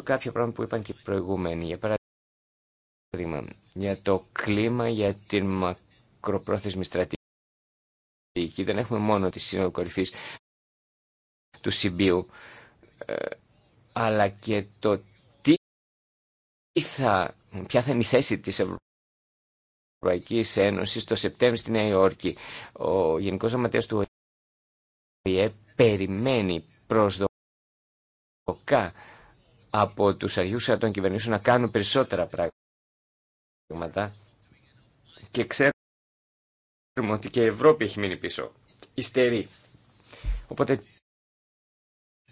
κάποια πράγματα που είπαν και οι προηγούμενοι. Για παράδειγμα, για το κλίμα, για την μακροπρόθεσμη στρατηγική δεν έχουμε μόνο τη σύνοδο κορυφή του Συμπίου, ε, αλλά και το τι θα, ποια θα είναι η θέση της Ευρωπαϊκής Ένωσης το Σεπτέμβριο στη Νέα Υόρκη. Ο Γενικός Γραμματέας του ΟΗΕ περιμένει προσδοκά από τους και κρατών κυβερνήσεων να κάνουν περισσότερα πράγματα και ότι και η Ευρώπη έχει μείνει πίσω. Ιστερεί. Οπότε,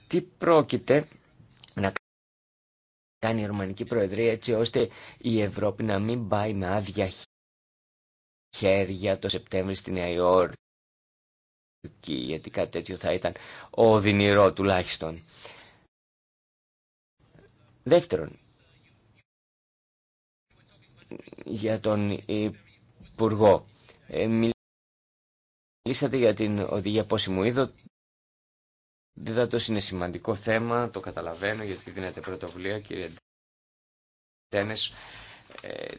τι πρόκειται να κάνει η Ρουμανική Προεδρία έτσι ώστε η Ευρώπη να μην πάει με άδεια χέρια το Σεπτέμβριο στη Νέα Υόρκη, γιατί κάτι τέτοιο θα ήταν οδυνηρό τουλάχιστον. Δεύτερον, για τον Υπουργό. Ε, Μιλήσατε για την οδηγία μου Δεν Δίδατος είναι σημαντικό θέμα, το καταλαβαίνω γιατί δίνετε πρωτοβουλία, κύριε Τένες. Ε,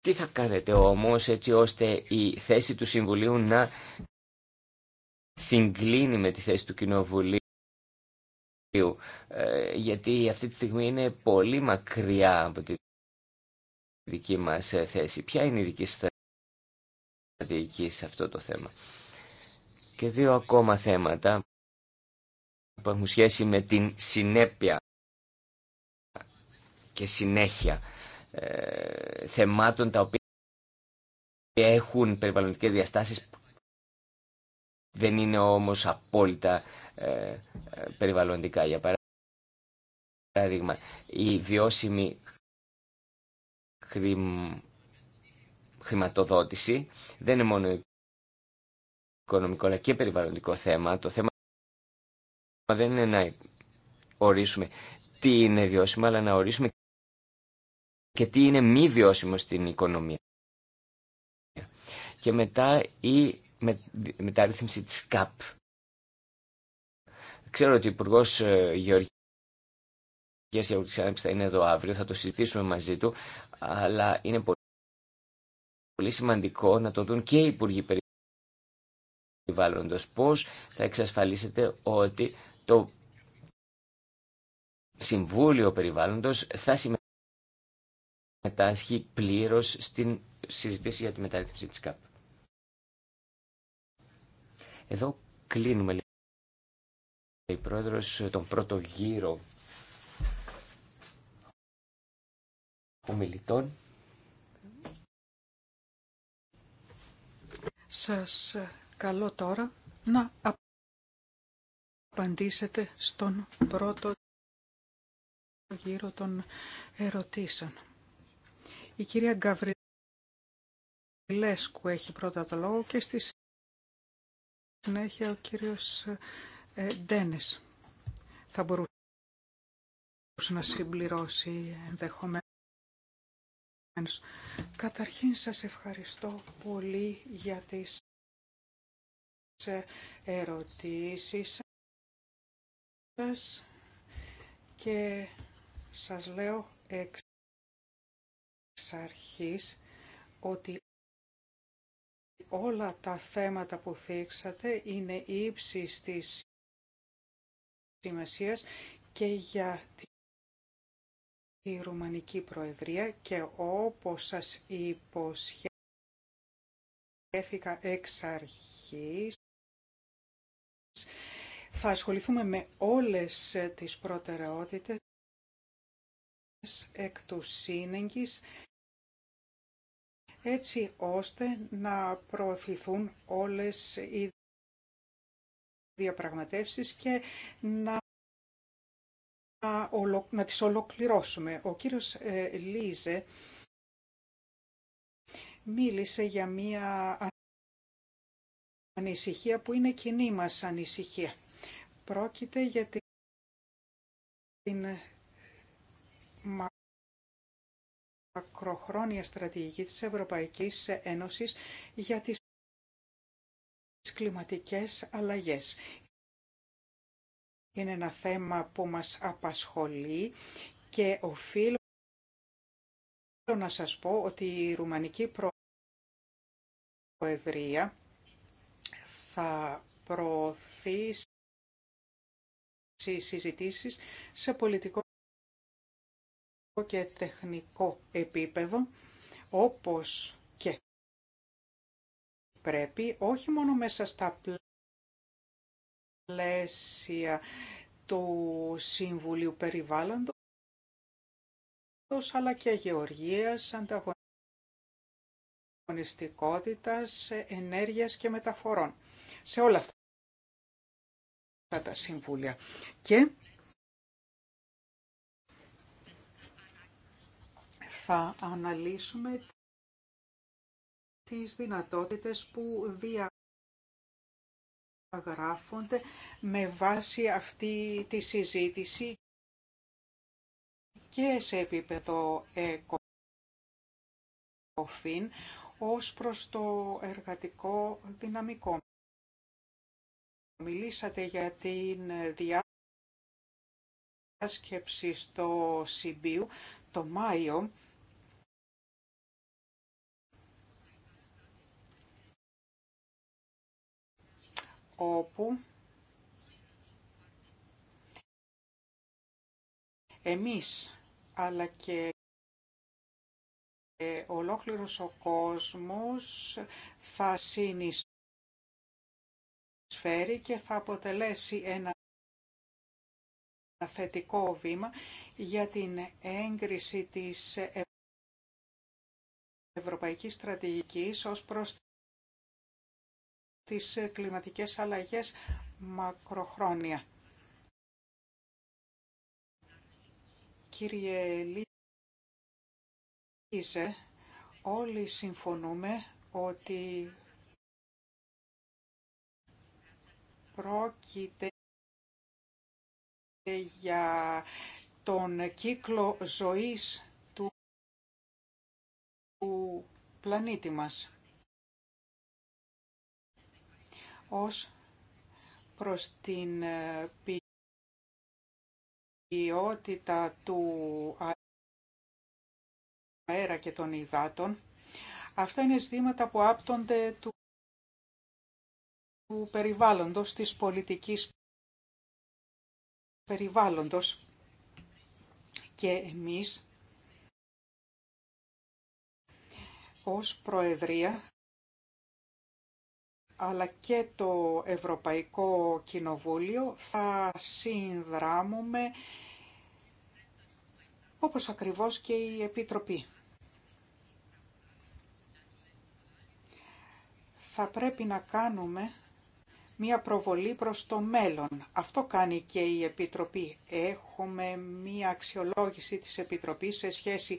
τι θα κάνετε όμως έτσι ώστε η θέση του Συμβουλίου να συγκλίνει με τη θέση του Κοινοβουλίου ε, γιατί αυτή τη στιγμή είναι πολύ μακριά από τη δική μας θέση. Ποια είναι η δική σας σε αυτό το θέμα. Και δύο ακόμα θέματα που έχουν σχέση με την συνέπεια και συνέχεια ε, θεμάτων τα οποία έχουν περιβαλλοντικές διαστάσεις δεν είναι όμως απόλυτα ε, περιβαλλοντικά. Για παράδειγμα, η βιώσιμη χρη, χρηματοδότηση δεν είναι μόνο οικονομικό αλλά και περιβαλλοντικό θέμα. Το θέμα δεν είναι να ορίσουμε τι είναι βιώσιμο αλλά να ορίσουμε και τι είναι μη βιώσιμο στην οικονομία. Και μετά η μεταρρύθμιση της ΚΑΠ. Ξέρω ότι ο Υπουργό ε, Γεωργίας Γεωργίας θα είναι εδώ αύριο, θα το συζητήσουμε μαζί του, αλλά είναι πολύ πολύ σημαντικό να το δουν και οι Υπουργοί Περιβάλλοντος. Πώς θα εξασφαλίσετε ότι το Συμβούλιο Περιβάλλοντος θα συμμετάσχει πλήρως στην συζήτηση για τη μεταρρύθμιση της ΚΑΠ. Εδώ κλείνουμε λοιπόν η πρόεδρος τον πρώτο γύρο ομιλητών. Σας καλώ τώρα να απαντήσετε στον πρώτο γύρο των ερωτήσεων. Η κυρία Γκαβριλέσκου έχει πρώτα το λόγο και στη συνέχεια ο κύριος ε, Ντένες θα μπορούσε να συμπληρώσει ενδεχομένως Καταρχήν σας ευχαριστώ πολύ για τις ε, ερωτήσεις σας και σας λέω εξ αρχής ότι όλα τα θέματα που θίξατε είναι ύψης της σημασίας και για η Ρουμανική Προεδρία και όπως σας υποσχέθηκα εξ αρχής, θα ασχοληθούμε με όλες τις προτεραιότητες εκ του σύνεγγης, έτσι ώστε να προωθηθούν όλες οι διαπραγματεύσεις και να να τις ολοκληρώσουμε. Ο κύριος ε, Λίζε μίλησε για μία ανησυχία που είναι κοινή μας ανησυχία. Πρόκειται για την μακροχρόνια στρατηγική της Ευρωπαϊκής Ένωσης για τις κλιματικές αλλαγές. Είναι ένα θέμα που μας απασχολεί και οφείλω να σας πω ότι η Ρουμανική Προεδρία θα προωθήσει συζητήσεις σε πολιτικό και τεχνικό επίπεδο, όπως και πρέπει, όχι μόνο μέσα στα πλαίσια του Συμβουλίου Περιβάλλοντος αλλά και γεωργίας, ανταγωνιστικότητας, ενέργειας και μεταφορών. Σε όλα αυτά τα συμβούλια. Και θα αναλύσουμε τις δυνατότητες που δια γράφονται με βάση αυτή τη συζήτηση και σε επίπεδο ΕΚΟΦΗΝ ως προς το εργατικό δυναμικό. Μιλήσατε για την διάσκεψη στο Σιμπίου το Μάιο όπου εμείς αλλά και ολόκληρος ο κόσμος θα συνεισφέρει και θα αποτελέσει ένα θετικό βήμα για την έγκριση της Ευρωπαϊκής Στρατηγικής ως προς τις ε, κλιματικές αλλαγές μακροχρόνια. Κύριε Λίζε, όλοι συμφωνούμε ότι πρόκειται για τον κύκλο ζωής του πλανήτη μας. ως προς την ε, ποιότητα του αέρα και των υδάτων. Αυτά είναι ζητήματα που άπτονται του του περιβάλλοντος, της πολιτικής περιβάλλοντος και εμείς ως Προεδρία αλλά και το Ευρωπαϊκό Κοινοβούλιο θα συνδράμουμε όπως ακριβώς και η Επιτροπή. Θα πρέπει να κάνουμε μία προβολή προς το μέλλον. Αυτό κάνει και η Επιτροπή. Έχουμε μία αξιολόγηση της Επιτροπής σε σχέση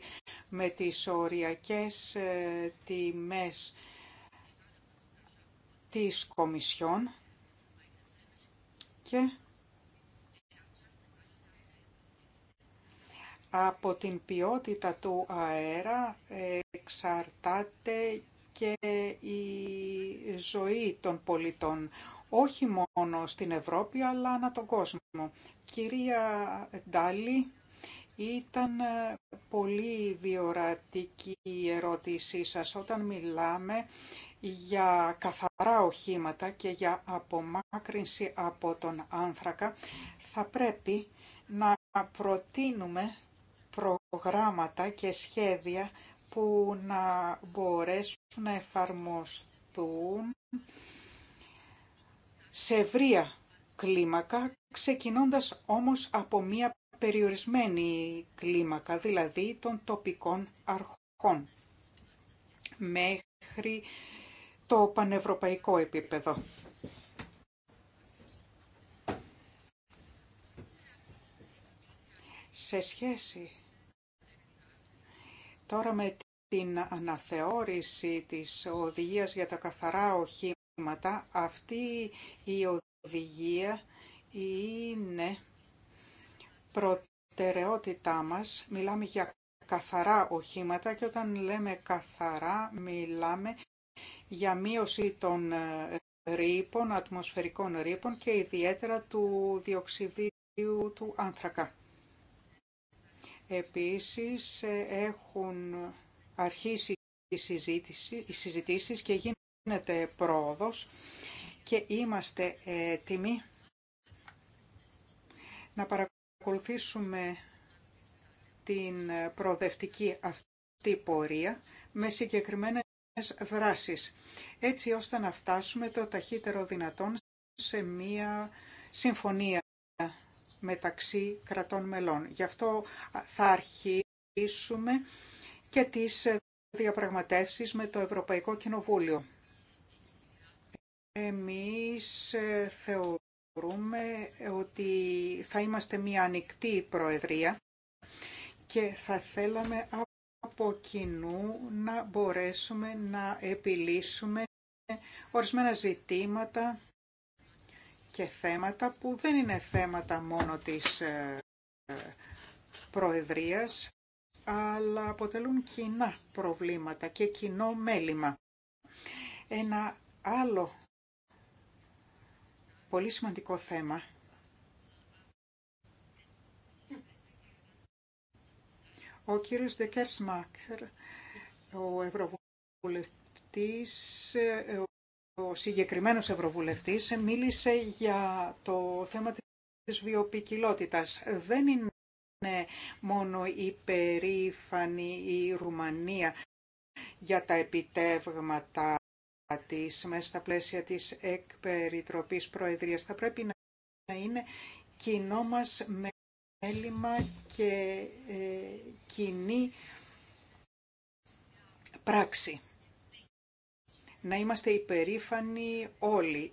με τις οριακές ε, τιμές της Κομισιόν και από την ποιότητα του αέρα εξαρτάται και η ζωή των πολιτών, όχι μόνο στην Ευρώπη αλλά ανά τον κόσμο. Κυρία Ντάλη, ήταν πολύ διορατική η ερώτησή σας όταν μιλάμε για καθαρά οχήματα και για απομάκρυνση από τον άνθρακα, θα πρέπει να προτείνουμε προγράμματα και σχέδια που να μπορέσουν να εφαρμοστούν σε ευρεία κλίμακα, ξεκινώντας όμως από μία περιορισμένη κλίμακα, δηλαδή των τοπικών αρχών, μέχρι το πανευρωπαϊκό επίπεδο. Σε σχέση τώρα με την αναθεώρηση της οδηγίας για τα καθαρά οχήματα, αυτή η οδηγία είναι προτεραιότητά μας. Μιλάμε για καθαρά οχήματα και όταν λέμε καθαρά μιλάμε για μείωση των ε, ρήπων, ατμοσφαιρικών ρήπων και ιδιαίτερα του διοξιδίου του άνθρακα. Επίσης ε, έχουν αρχίσει οι, συζήτηση, οι συζητήσεις και γίνεται πρόοδος και είμαστε έτοιμοι να παρακολουθήσουμε την προοδευτική αυτή πορεία με συγκεκριμένα δράσεις, έτσι ώστε να φτάσουμε το ταχύτερο δυνατόν σε μία συμφωνία μεταξύ κρατών μελών. Γι' αυτό θα αρχίσουμε και τις διαπραγματεύσεις με το Ευρωπαϊκό Κοινοβούλιο. Εμείς ε, θεωρούμε ότι θα είμαστε μια ανοιχτή προεδρία και θα θέλαμε από κοινού να μπορέσουμε να επιλύσουμε ορισμένα ζητήματα και θέματα που δεν είναι θέματα μόνο της ε, Προεδρίας, αλλά αποτελούν κοινά προβλήματα και κοινό μέλημα. Ένα άλλο πολύ σημαντικό θέμα Ο κύριος Δεκέρσμακερ, ο Ευρωβουλευτής, ο συγκεκριμένος Ευρωβουλευτής, μίλησε για το θέμα της βιοποικιλότητας. Δεν είναι μόνο η περήφανη η Ρουμανία για τα επιτεύγματα της μέσα στα πλαίσια της εκπεριτροπής προεδρίας. Θα πρέπει να είναι κοινό μας έλλειμμα και ε, κοινή πράξη. Να είμαστε υπερήφανοι όλοι,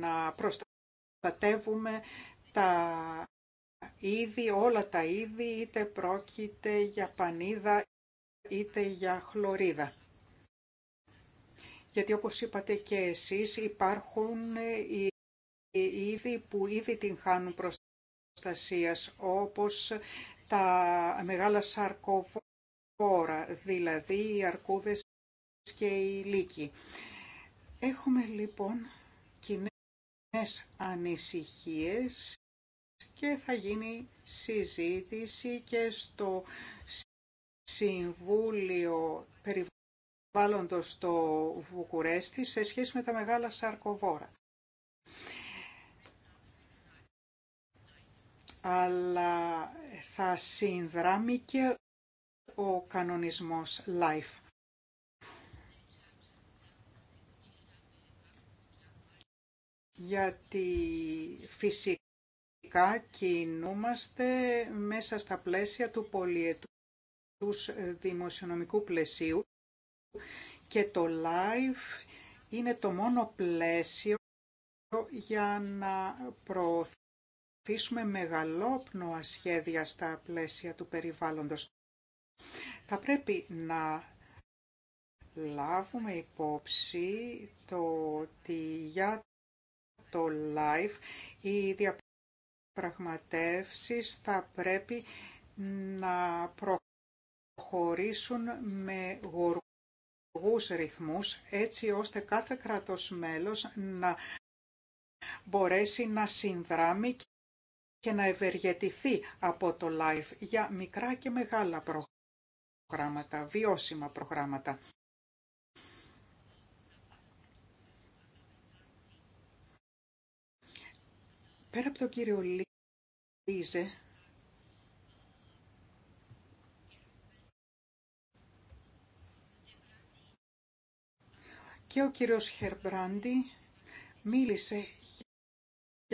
να προστατεύουμε τα είδη, όλα τα είδη, είτε πρόκειται για πανίδα είτε για χλωρίδα. Γιατί όπως είπατε και εσείς υπάρχουν ε, οι είδη που ήδη την χάνουν προς προστασίας όπως τα μεγάλα σαρκοβόρα, δηλαδή οι αρκούδες και οι λύκοι. Έχουμε λοιπόν κοινέ ανησυχίες και θα γίνει συζήτηση και στο Συμβούλιο Περιβάλλοντος στο Βουκουρέστι σε σχέση με τα μεγάλα σαρκοβόρα. αλλά θα συνδράμει και ο κανονισμός LIFE. Γιατί φυσικά κινούμαστε μέσα στα πλαίσια του πολιετού δημοσιονομικού πλαισίου και το Life είναι το μόνο πλαίσιο για να προωθήσουμε προωθήσουμε μεγαλόπνοα σχέδια στα πλαίσια του περιβάλλοντος. Θα πρέπει να λάβουμε υπόψη το ότι για το live οι διαπραγματεύσεις θα πρέπει να προχωρήσουν με γοργούς ρυθμούς έτσι ώστε κάθε κρατος μέλος να μπορέσει να συνδράμει και να ευεργετηθεί από το LIFE για μικρά και μεγάλα προγράμματα, βιώσιμα προγράμματα. Πέρα από τον κύριο Λίζε, και ο κύριος Χερμπράντι μίλησε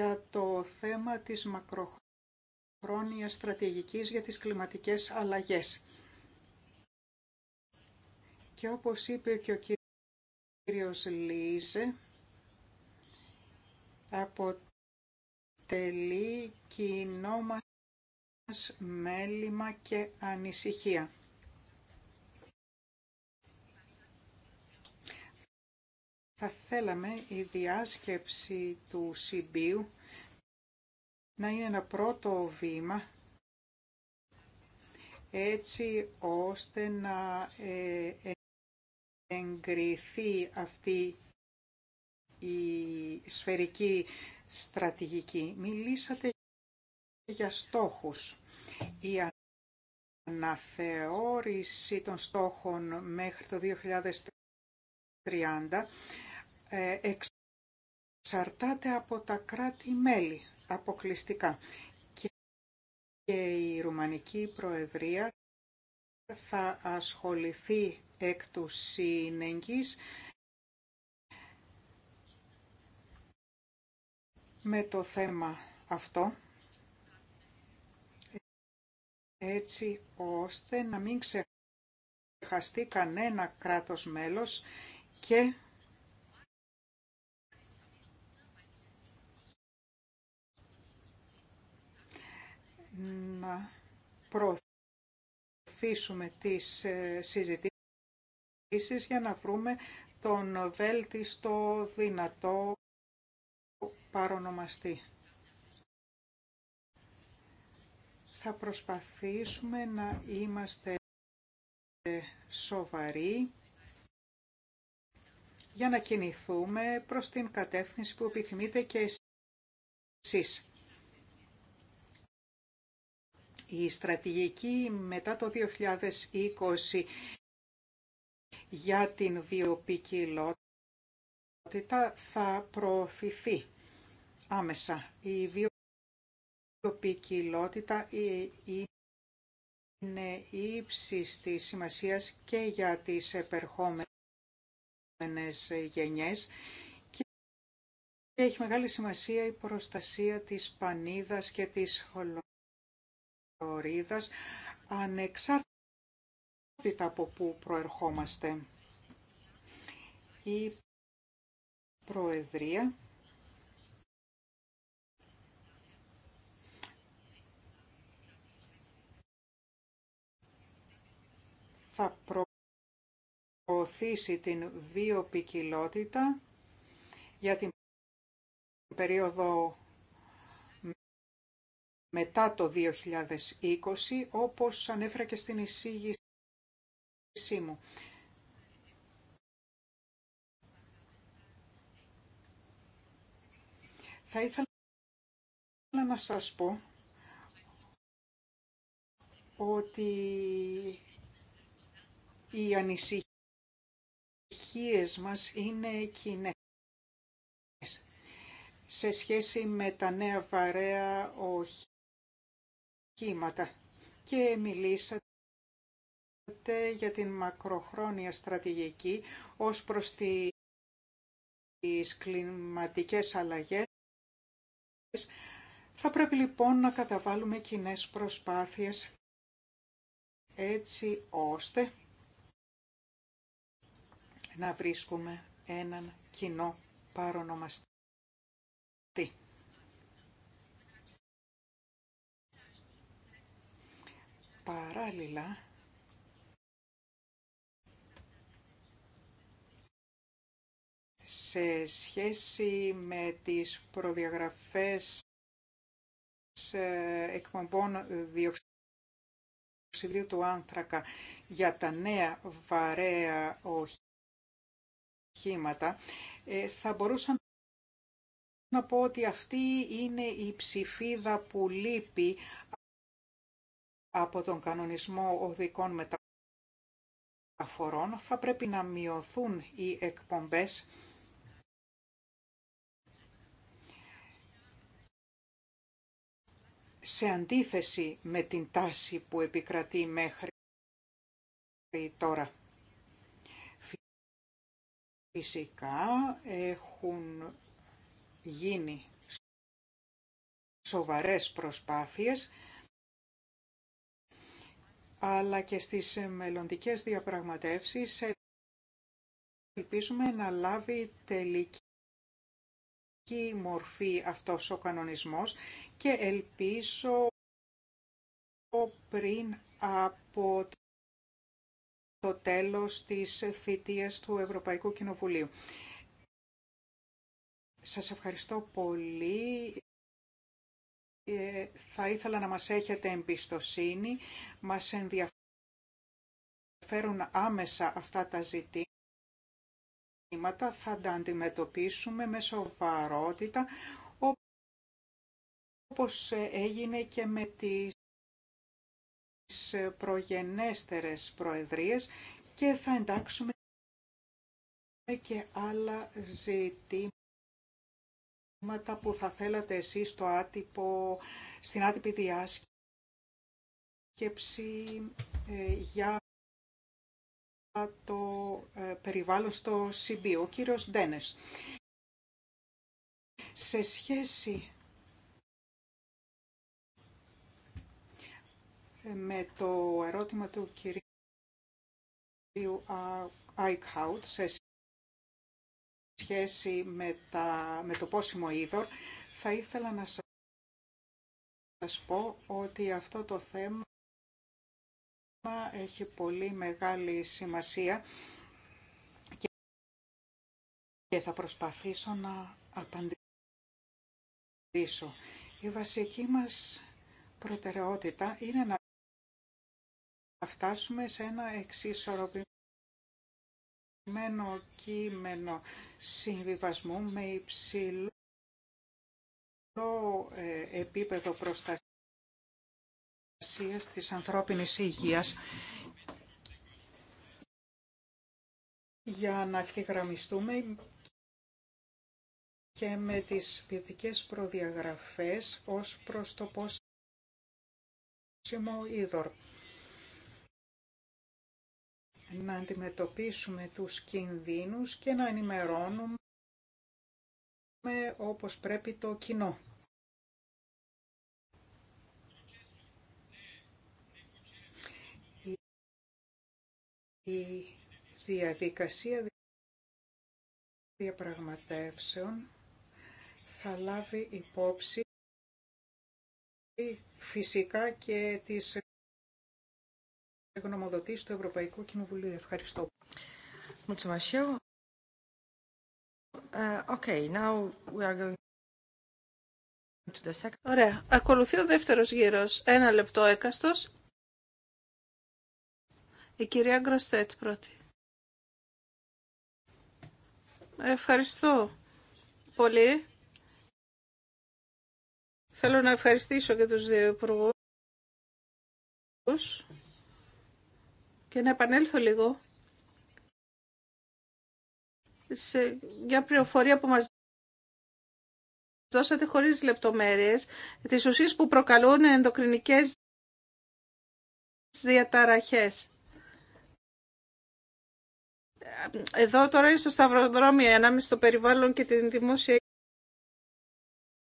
για το θέμα της μακροχρόνιας στρατηγικής για τις κλιματικές αλλαγές. Και όπως είπε και ο κύριος Λίζε, αποτελεί κοινό μας μέλημα και ανησυχία. Θα θέλαμε η διάσκεψη του Συμπίου να είναι ένα πρώτο βήμα έτσι ώστε να ε, ε, εγκριθεί αυτή η σφαιρική στρατηγική. Μιλήσατε για στόχους. Η αναθεώρηση των στόχων μέχρι το 2030 ε, εξαρτάται από τα κράτη-μέλη αποκλειστικά. Και η Ρουμανική Προεδρία θα ασχοληθεί εκ του με το θέμα αυτό έτσι ώστε να μην ξεχαστεί κανένα κράτος μέλος και να προωθήσουμε τις ε, συζητήσεις για να βρούμε τον βέλτιστο δυνατό παρονομαστή. Θα προσπαθήσουμε να είμαστε σοβαροί για να κινηθούμε προς την κατεύθυνση που επιθυμείτε και εσείς. Η στρατηγική μετά το 2020 για την βιοπικιλότητα θα προωθηθεί άμεσα. Η βιοπικιλότητα ε, είναι ύψη τη σημασίας και για τις επερχόμενες γενιές και έχει μεγάλη σημασία η προστασία της πανίδας και της όριδας ανεξάρτητα από που προερχόμαστε. Η Προεδρία θα προωθήσει την βιοπικιλότητα για την περίοδο μετά το 2020, όπως ανέφερα και στην εισήγησή μου. Θα ήθελα να σας πω ότι οι ανησυχίες μας είναι κοινέ σε σχέση με τα νέα βαρέα όχι κύματα και μιλήσατε για την μακροχρόνια στρατηγική ως προς τις κλιματικές αλλαγές. Θα πρέπει λοιπόν να καταβάλουμε κοινέ προσπάθειες έτσι ώστε να βρίσκουμε έναν κοινό παρονομαστή. παράλληλα σε σχέση με τις προδιαγραφές ε, εκπομπών διοξιδίου του άνθρακα για τα νέα βαρέα οχήματα, ε, θα μπορούσα να πω ότι αυτή είναι η ψηφίδα που λείπει από τον κανονισμό οδικών μεταφορών θα πρέπει να μειωθούν οι εκπομπές σε αντίθεση με την τάση που επικρατεί μέχρι τώρα. Φυσικά έχουν γίνει σοβαρές προσπάθειες αλλά και στις μελλοντικές διαπραγματεύσεις ελπίζουμε να λάβει τελική μορφή αυτός ο κανονισμός και ελπίζω πριν από το τέλος της θητείας του Ευρωπαϊκού Κοινοβουλίου. Σας ευχαριστώ πολύ ε, θα ήθελα να μας έχετε εμπιστοσύνη, μας ενδιαφέρουν άμεσα αυτά τα ζητήματα, θα τα αντιμετωπίσουμε με σοβαρότητα, όπως έγινε και με τις προγενέστερες προεδρίες και θα εντάξουμε και άλλα ζητήματα που θα θέλατε εσείς στο άτυπο, στην άτυπη διάσκεψη ε, για το ε, περιβάλλον στο ΣΥΜΠΗ, ο κύριος Ντένες. Σε σχέση ε, με το ερώτημα του κυρίου Άικχαουτ, σε σχέση με, τα, με το πόσιμο είδωρ, θα ήθελα να σας πω ότι αυτό το θέμα έχει πολύ μεγάλη σημασία και θα προσπαθήσω να απαντήσω. Η βασική μας προτεραιότητα είναι να φτάσουμε σε ένα εξισορροπημένο συγκεκριμένο κείμενο συμβιβασμού με υψηλό ε, επίπεδο προστασίας της ανθρώπινης υγείας για να ευθυγραμμιστούμε και με τις ποιοτικές προδιαγραφές ως προς το πόσιμο είδωρ να αντιμετωπίσουμε τους κινδύνους και να ενημερώνουμε όπως πρέπει το κοινό. Η διαδικασία διαπραγματεύσεων θα λάβει υπόψη φυσικά και τις γνωμοδοτήσει του Ευρωπαϊκού Κοινοβουλίου. Ευχαριστώ. Ε, Ωραία. Ακολουθεί ο δεύτερος γύρος. Ένα λεπτό έκαστος. Η κυρία Γκροστέτ πρώτη. Ευχαριστώ πολύ. Θέλω να ευχαριστήσω και τους δύο υπουργούς και να επανέλθω λίγο σε μια πληροφορία που μας δώσατε χωρίς λεπτομέρειες, τις ουσίες που προκαλούν ενδοκρινικές διαταραχές. Εδώ τώρα είναι στο σταυροδρόμιο ανάμεσα στο περιβάλλον και την δημόσια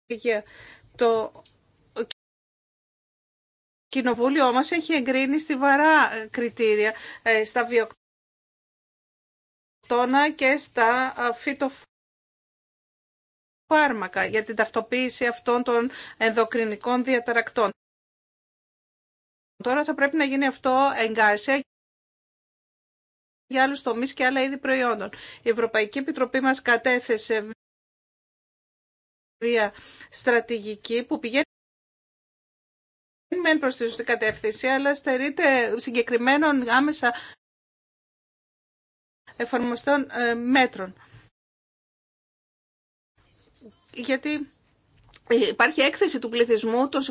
υγεία. Το κοινοβούλιο μας έχει εγκρίνει στιβαρά ε, κριτήρια ε, στα βιοκτώνα και στα ε, φυτοφάρμακα για την ταυτοποίηση αυτών των ενδοκρινικών διαταρακτών. Τώρα θα πρέπει να γίνει αυτό εγκάρσια για άλλους τομείς και άλλα είδη προϊόντων. Η Ευρωπαϊκή Επιτροπή μας κατέθεσε μια στρατηγική που πηγαίνει δεν μένει προς τη σωστή κατεύθυνση, αλλά στερείται συγκεκριμένων άμεσα εφαρμοστών ε, μέτρων. Γιατί υπάρχει έκθεση του πληθυσμού των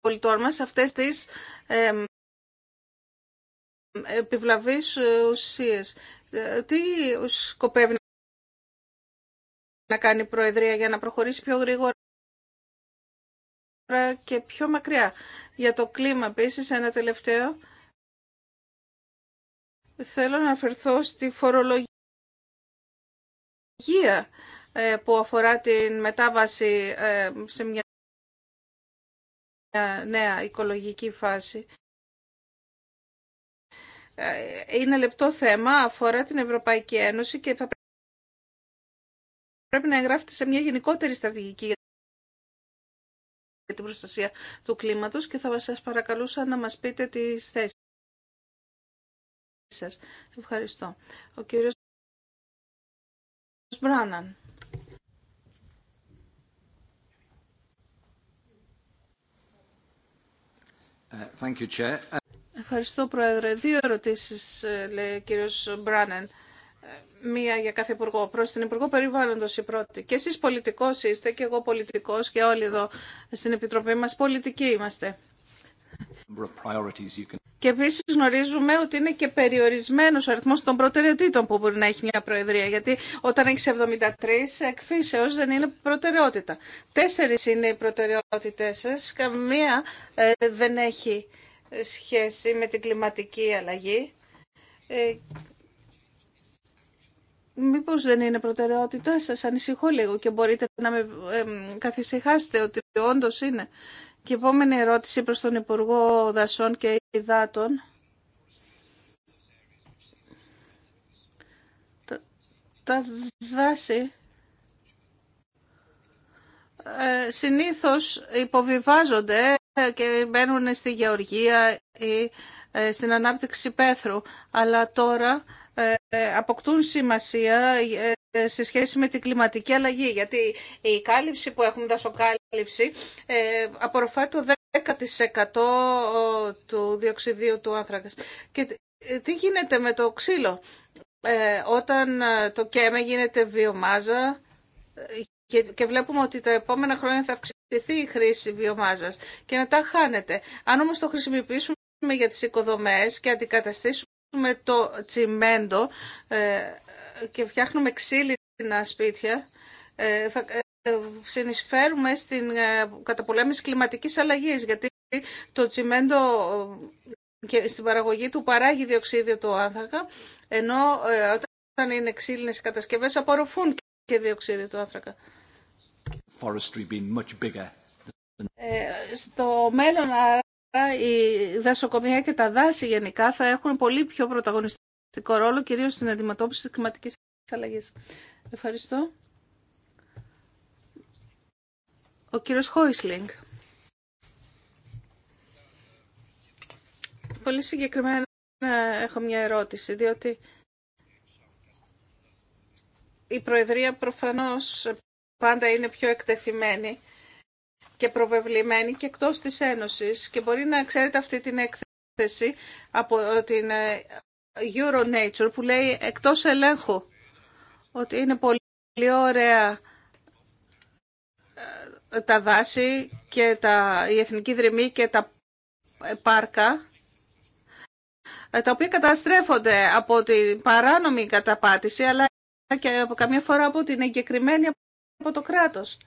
συμπολιτών μας σε αυτές τις ε, επιβλαβείς ουσίες. Ε, τι σκοπεύει να κάνει η Προεδρία για να προχωρήσει πιο γρήγορα ε, και πιο μακριά. Για το κλίμα επίση ένα τελευταίο. Θέλω να αφαιρθώ στη φορολογία ε, που αφορά την μετάβαση ε, σε μια νέα οικολογική φάση. Είναι λεπτό θέμα, αφορά την Ευρωπαϊκή Ένωση και θα πρέπει να εγγράφεται σε μια γενικότερη στρατηγική για την προστασία του κλίματος και θα σας παρακαλούσα να μας πείτε τις θέσεις σας. Ευχαριστώ. Ο κύριος Μπράναν. Ε, thank you, Ευχαριστώ, Πρόεδρε. Δύο ερωτήσεις, ε, λέει ο κύριος Μπράνεν μία για κάθε υπουργό. Προ την Υπουργό Περιβάλλοντο η πρώτη. Και εσεί πολιτικό είστε και εγώ πολιτικό και όλοι εδώ στην Επιτροπή μα πολιτικοί είμαστε. Και επίση γνωρίζουμε ότι είναι και περιορισμένο ο αριθμό των προτεραιοτήτων που μπορεί να έχει μια Προεδρία. Γιατί όταν έχει 73, εκφύσεω δεν είναι προτεραιότητα. Τέσσερι είναι οι προτεραιότητέ σα. Καμία ε, δεν έχει σχέση με την κλιματική αλλαγή ε, Μήπω δεν είναι προτεραιότητά σας, ανησυχώ λίγο και μπορείτε να με καθησυχάσετε ότι όντω είναι. Και επόμενη ερώτηση προς τον Υπουργό Δασών και Υδάτων. Τα, τα δάση ε, συνήθως υποβιβάζονται ε, και μπαίνουν στη γεωργία ή ε, στην ανάπτυξη πέθρου. Αλλά τώρα ε, αποκτούν σημασία ε, σε σχέση με την κλιματική αλλαγή, γιατί η κάλυψη που έχουμε, η δασοκάλυψη, ε, απορροφάει το 10% του διοξιδίου του άνθρακας. Και τι γίνεται με το ξύλο, όταν το κέμε γίνεται βιομάζα και βλέπουμε ότι τα επόμενα χρόνια θα αυξηθεί η χρήση βιομάζας και μετά χάνεται. Αν όμως το χρησιμοποιήσουμε για τις οικοδομές και αντικαταστήσουμε με το τσιμέντο ε, και φτιάχνουμε ξύλινα σπίτια, ε, θα ε, συνεισφέρουμε στην καταπολέμηση κλιματικής αλλαγής, γιατί το τσιμέντο και στην παραγωγή του παράγει διοξίδιο του άνθρακα, ενώ όταν είναι ξύλινες οι κατασκευές απορροφούν και διοξίδιο του άνθρακα. Ε, στο μέλλον οι δασοκομεία και τα δάση γενικά θα έχουν πολύ πιο πρωταγωνιστικό ρόλο, κυρίως στην αντιμετώπιση της κλιματικής αλλαγής. Ευχαριστώ. Ο κύριος Χόισλινγκ. Πολύ συγκεκριμένα έχω μια ερώτηση, διότι η Προεδρία προφανώς πάντα είναι πιο εκτεθειμένη και προβεβλημένη και εκτός της Ένωσης και μπορεί να ξέρετε αυτή την έκθεση από ε, την ε, Euronature που λέει εκτός ελέγχου ότι είναι πολύ ωραία ε, τα δάση και τα, η εθνική δρυμή και τα πάρκα τα οποία καταστρέφονται από την παράνομη καταπάτηση αλλά και από καμία φορά από την εγκεκριμένη από το κράτος.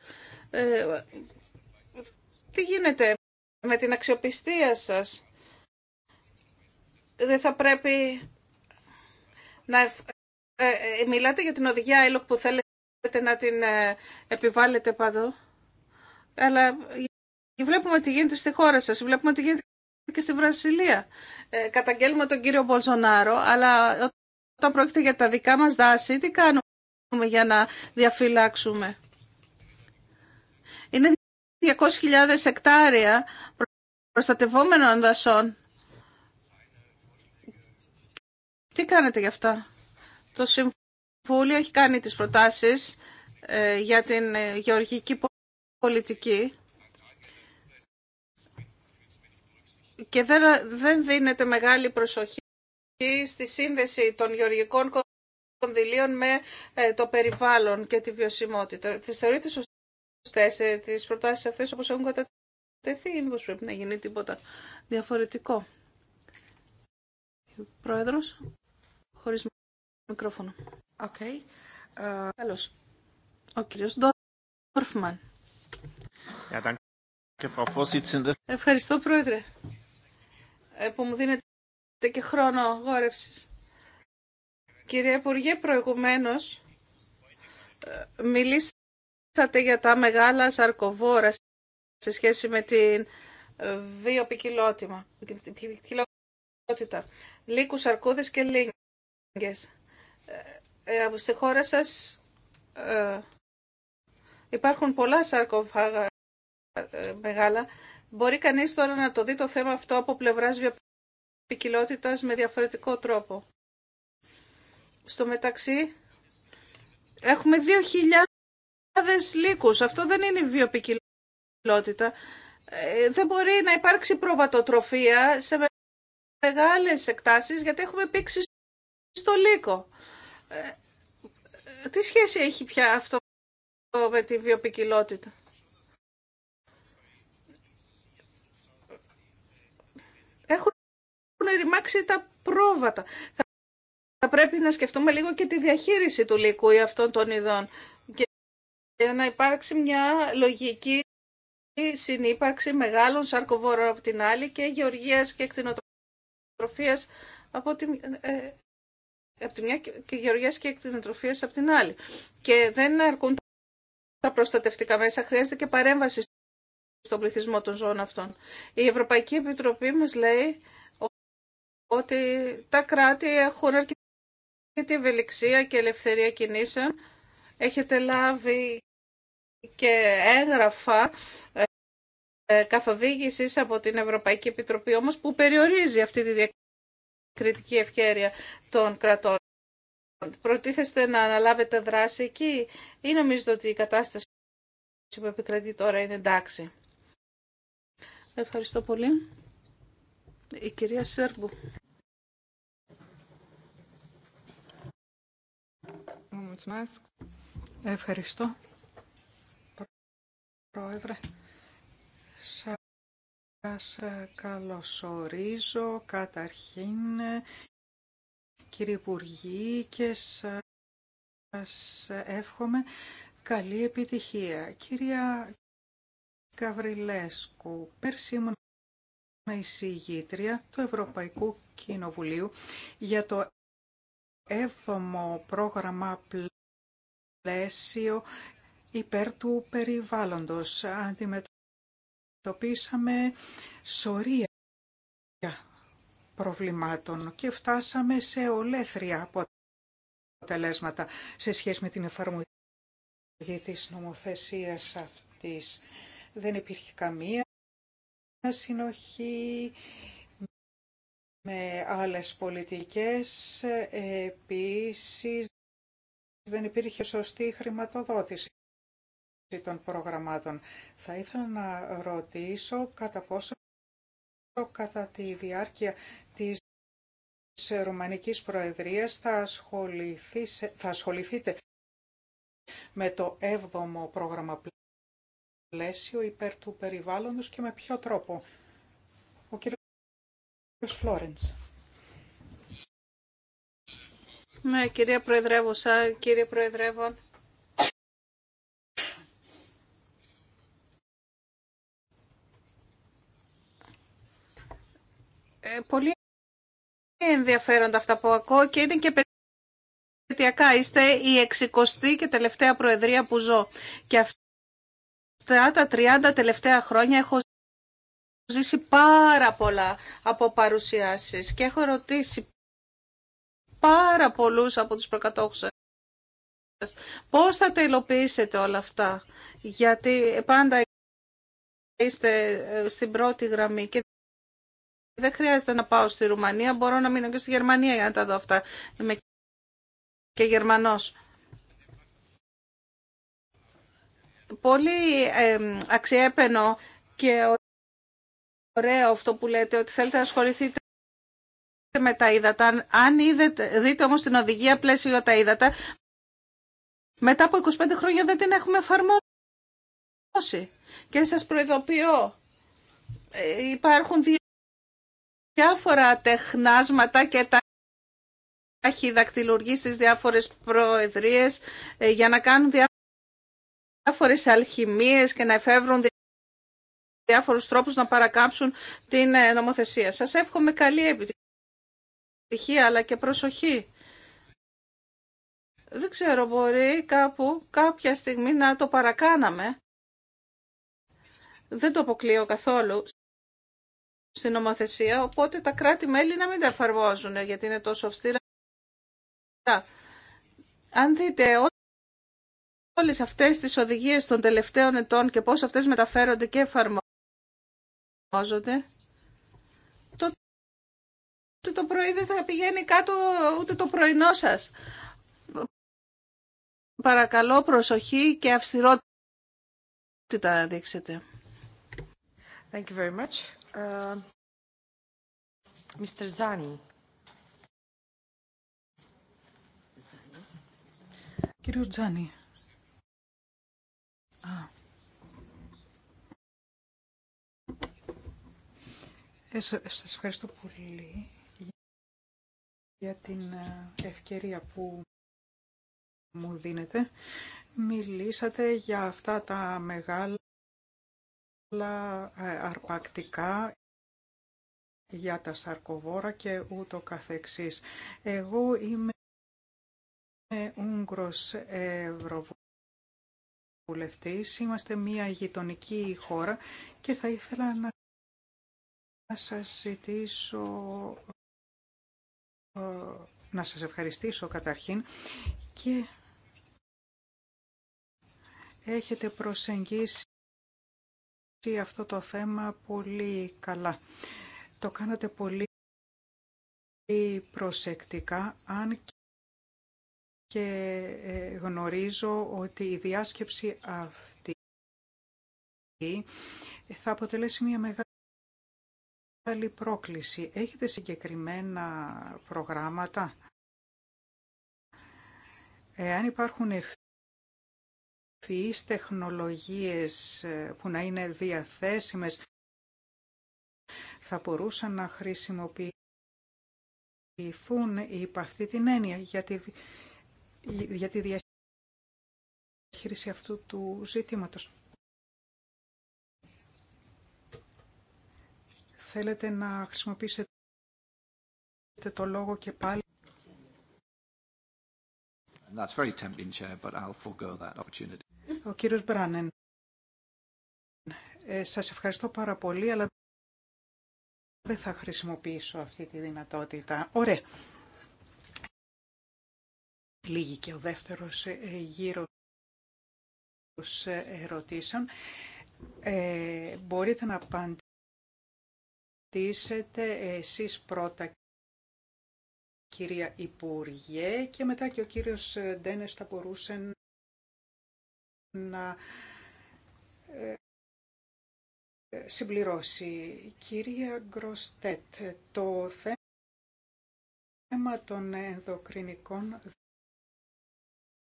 Τι γίνεται με την αξιοπιστία σας. Δεν θα πρέπει να... Ε, ε, μιλάτε για την οδηγία ΕΛΟΚ που θέλετε να την ε, επιβάλλετε παντού. Αλλά βλέπουμε τι γίνεται στη χώρα σας, βλέπουμε τι γίνεται και στη Βρασιλία. Ε, τον κύριο Μπολζονάρο. αλλά όταν πρόκειται για τα δικά μας δάση, τι κάνουμε για να διαφυλάξουμε. Είναι 200.000 εκτάρια προστατευόμενων δασών. Τι κάνετε γι' αυτά. Το Συμβούλιο έχει κάνει τις προτάσεις ε, για την ε, γεωργική πολιτική και δεν, δεν δίνεται μεγάλη προσοχή στη σύνδεση των γεωργικών κονδυλίων με ε, το περιβάλλον και τη βιωσιμότητα. Θεωρείτε τέσσερι τις προτάσεις αυτές όπως έχουν κατατεθεί ή μήπως πρέπει να γίνει τίποτα διαφορετικό. Πρόεδρος, χωρίς μικρόφωνο. Okay. Uh... Καλώς. Ο κύριος Ντόρφμαν. Vorsitzende. Ευχαριστώ, Πρόεδρε, ε, που μου δίνετε και χρόνο γόρευσης. Κύριε Υπουργέ, προηγουμένως ε, μιλήσατε μιλήσατε για τα μεγάλα σαρκοβόρα σε σχέση με την ε, βιοπικιλότητα. Λύκους, σαρκούδες και λίγκες. Ε, ε, στη χώρα σας ε, υπάρχουν πολλά σαρκοφάγα ε, μεγάλα. Μπορεί κανείς τώρα να το δει το θέμα αυτό από πλευράς βιοπικιλότητας με διαφορετικό τρόπο. Στο μεταξύ, έχουμε 2.000 αυτό δεν είναι βιοπικιλότητα. Ε, δεν μπορεί να υπάρξει προβατοτροφία σε μεγάλες εκτάσεις γιατί έχουμε πήξει στο λύκο. Ε, ε, τι σχέση έχει πια αυτό με τη βιοπικιλότητα. Έχουν ρημάξει τα πρόβατα. Θα πρέπει να σκεφτούμε λίγο και τη διαχείριση του λύκου ή αυτών των ειδών για να υπάρξει μια λογική συνύπαρξη μεγάλων σαρκοβόρων από την άλλη και γεωργίας και εκτινοτροφίας από την ε, από τη μια και γεωργίας και εκτινοτροφίας από την άλλη. Και δεν αρκούν τα προστατευτικά μέσα, χρειάζεται και παρέμβαση στον πληθυσμό των ζώων αυτών. Η Ευρωπαϊκή Επιτροπή μας λέει ότι τα κράτη έχουν αρκετή ευελιξία και ελευθερία κινήσεων έχετε λάβει και έγγραφα ε, καθοδήγησης από την Ευρωπαϊκή Επιτροπή όμως που περιορίζει αυτή τη διακριτική ευκαιρία των κρατών. Προτίθεστε να αναλάβετε δράση εκεί ή νομίζετε ότι η κατάσταση που επικρατεί τώρα είναι εντάξει. Ευχαριστώ πολύ. Η κυρία Σέρμπου. Ευχαριστώ. Πρόεδρε, σας καλωσορίζω καταρχήν κύριε Υπουργή και σας εύχομαι καλή επιτυχία. Κυρία Καβριλέσκου, πέρσι ήμουν εισηγήτρια του Ευρωπαϊκού Κοινοβουλίου για το 7ο πρόγραμμα πλαίσιο υπέρ του περιβάλλοντος. Αντιμετωπίσαμε σωρία προβλημάτων και φτάσαμε σε ολέθρια αποτελέσματα σε σχέση με την εφαρμογή της νομοθεσίας αυτής. Δεν υπήρχε καμία συνοχή με άλλες πολιτικές. Επίσης δεν υπήρχε σωστή χρηματοδότηση των προγραμμάτων. Θα ήθελα να ρωτήσω κατά πόσο κατά τη διάρκεια της Ρουμανικής Προεδρίας θα, θα ασχοληθείτε με το 7ο πρόγραμμα πλαίσιο υπέρ του περιβάλλοντος και με ποιο τρόπο. Ο κύριος Φλόρεντς. Ναι, κυρία Προεδρεύουσα, κύριε Προεδρεύον. Ε, πολύ ενδιαφέροντα αυτά που ακούω και είναι και παιδιακά. είστε η εξικοστή και τελευταία προεδρία που ζω. Και αυτά τα 30 τελευταία χρόνια έχω ζήσει πάρα πολλά από παρουσιάσεις και έχω ρωτήσει πάρα πολλούς από τους προκατόχους σας. Πώς θα τα υλοποιήσετε όλα αυτά, γιατί πάντα είστε ε, στην πρώτη γραμμή και δεν χρειάζεται να πάω στη Ρουμανία, μπορώ να μείνω και στη Γερμανία για να τα δω αυτά. Είμαι και Γερμανός. Πολύ ε, αξιέπαινο και ωραίο αυτό που λέτε, ότι θέλετε να ασχοληθείτε με τα ύδατα. Αν δείτε όμως την οδηγία πλαίσιο για τα ύδατα, μετά από 25 χρόνια δεν την έχουμε εφαρμόσει. Και σας προειδοποιώ, ε, υπάρχουν διάφορα τεχνάσματα και τα έχει δακτυλουργεί στις διάφορες προεδρίες ε, για να κάνουν διάφορες αλχημίες και να εφεύρουν διάφορους τρόπους να παρακάμψουν την ε, νομοθεσία. Σας εύχομαι καλή επιτυχία αλλά και προσοχή. Δεν ξέρω, μπορεί κάπου κάποια στιγμή να το παρακάναμε. Δεν το αποκλείω καθόλου στην νομοθεσία, οπότε τα κράτη-μέλη να μην τα εφαρμόζουν γιατί είναι τόσο αυστηρά. Αν δείτε όλες αυτές τις οδηγίες των τελευταίων ετών και πώς αυτές μεταφέρονται και εφαρμόζονται, Ούτε το πρωί δεν θα πηγαίνει κάτω ούτε το πρωινό σας. Παρακαλώ προσοχή και αυστηρότητα να δείξετε. Thank you very much. Uh, Mr. Zani. Κύριο Τζάνι. Ε, σας ευχαριστώ πολύ για την ε, ευκαιρία που μου δίνετε. Μιλήσατε για αυτά τα μεγάλα ε, αρπακτικά για τα σαρκοβόρα και ούτω καθεξής. Εγώ είμαι Ούγγρος Ευρωβουλευτής, είμαστε μια γειτονική χώρα και θα ήθελα να σας ζητήσω ε, να σας ευχαριστήσω καταρχήν και έχετε προσεγγίσει αυτό το θέμα πολύ καλά. Το κάνατε πολύ προσεκτικά, αν και ε, γνωρίζω ότι η διάσκεψη αυτή θα αποτελέσει μια μεγάλη Καλη πρόκληση. Έχετε συγκεκριμένα προγράμματα. Εάν υπάρχουν ευφυείς τεχνολογίες ε, που να είναι διαθέσιμες, θα μπορούσαν να χρησιμοποιηθούν υπ' αυτή την έννοια για τη, για τη διαχείριση αυτού του ζητήματος. θέλετε να χρησιμοποιήσετε το λόγο και πάλι. That's very tempting, Chair, but I'll forego that opportunity. Ο κύριος Μπράνεν, ε, σας ευχαριστώ πάρα πολύ, αλλά δεν θα χρησιμοποιήσω αυτή τη δυνατότητα. Ωραία. Λίγη και ο δεύτερος ε, γύρος ε, ερωτήσεων. Ε, μπορείτε να απαντήσετε ρωτήσετε εσείς πρώτα κυρία Υπουργέ και μετά και ο κύριος Ντένες θα μπορούσε να ε, συμπληρώσει. Κυρία Γκροστέτ, το θέμα των ενδοκρινικών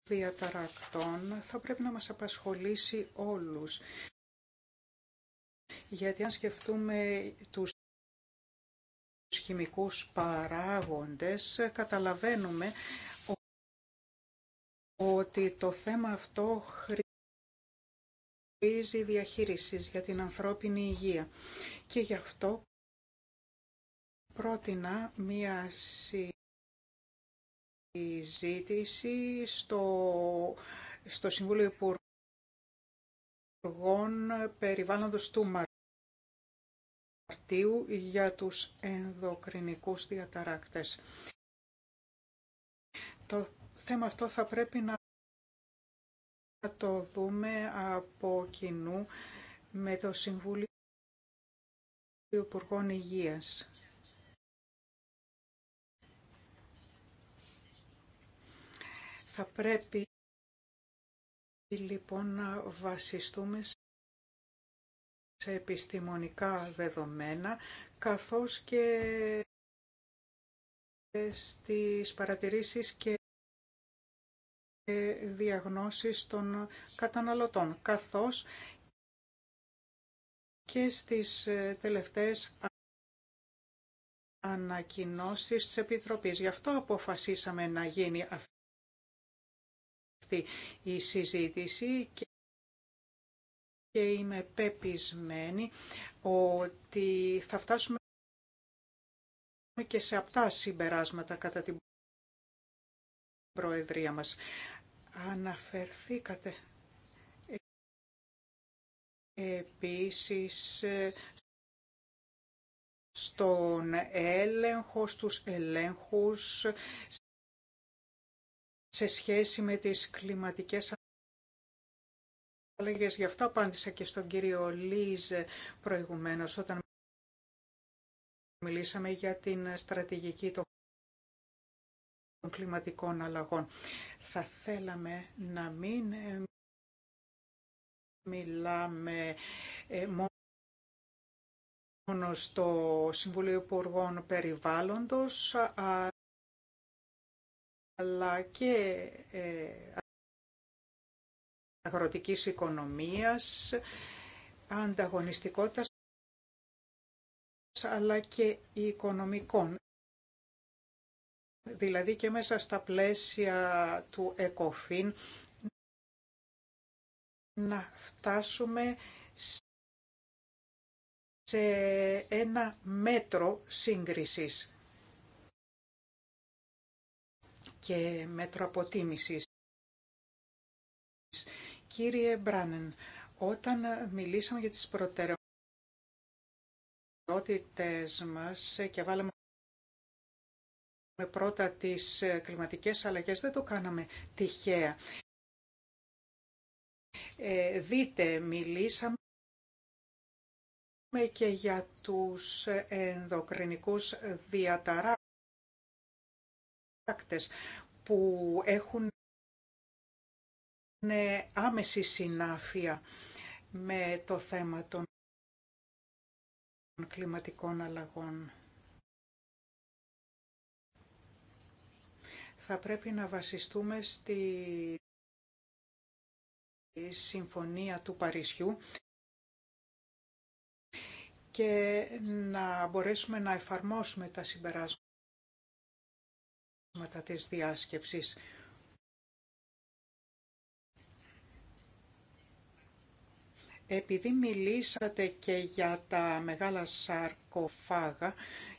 διαταρακτών θα πρέπει να μας απασχολήσει όλους. Γιατί αν σκεφτούμε τους χημικούς παράγοντες καταλαβαίνουμε ότι το θέμα αυτό χρήζει διαχείρισης για την ανθρώπινη υγεία και γι' αυτό πρότεινα μία συζήτηση στο, στο Συμβούλιο Υπουργών Περιβάλλοντος του δικτύου για τους ενδοκρινικούς διαταράκτες. Το θέμα αυτό θα πρέπει να το δούμε από κοινού με το Συμβούλιο Υπουργών Υγείας. Θα πρέπει λοιπόν να βασιστούμε σε επιστημονικά δεδομένα, καθώς και στις παρατηρήσεις και διαγνώσεις των καταναλωτών, καθώς και στις ε, τελευταίες ανακοινώσεις της Επιτροπής. Γι' αυτό αποφασίσαμε να γίνει αυτή η συζήτηση και και είμαι πεπισμένη ότι θα φτάσουμε και σε αυτά συμπεράσματα κατά την Προεδρία μας. Αναφερθήκατε επίσης στον έλεγχο, στους ελέγχους σε σχέση με τις κλιματικές Γι' αυτό απάντησα και στον κύριο Λίζ προηγουμένως όταν μιλήσαμε για την στρατηγική των κλιματικών αλλαγών. Θα θέλαμε να μην ε, μιλάμε ε, μόνο στο Συμβουλίο Υπουργών Περιβάλλοντος, αλλά και ε, αγροτικής οικονομίας, ανταγωνιστικότητας, αλλά και οικονομικών. Δηλαδή και μέσα στα πλαίσια του ΕΚΟΦΗΝ να φτάσουμε σε ένα μέτρο σύγκρισης και μέτρο αποτίμησης Κύριε Μπράνεν, όταν μιλήσαμε για τις προτεραιότητες μας και βάλαμε πρώτα τις κλιματικές αλλαγές, δεν το κάναμε τυχαία. Ε, δείτε, μιλήσαμε και για τους ενδοκρινικούς διαταράκτες που έχουν είναι άμεση συνάφεια με το θέμα των κλιματικών αλλαγών. Θα πρέπει να βασιστούμε στη Συμφωνία του Παρισιού και να μπορέσουμε να εφαρμόσουμε τα συμπεράσματα της διάσκεψης. Επειδή μιλήσατε και για τα μεγάλα σαρκοφάγα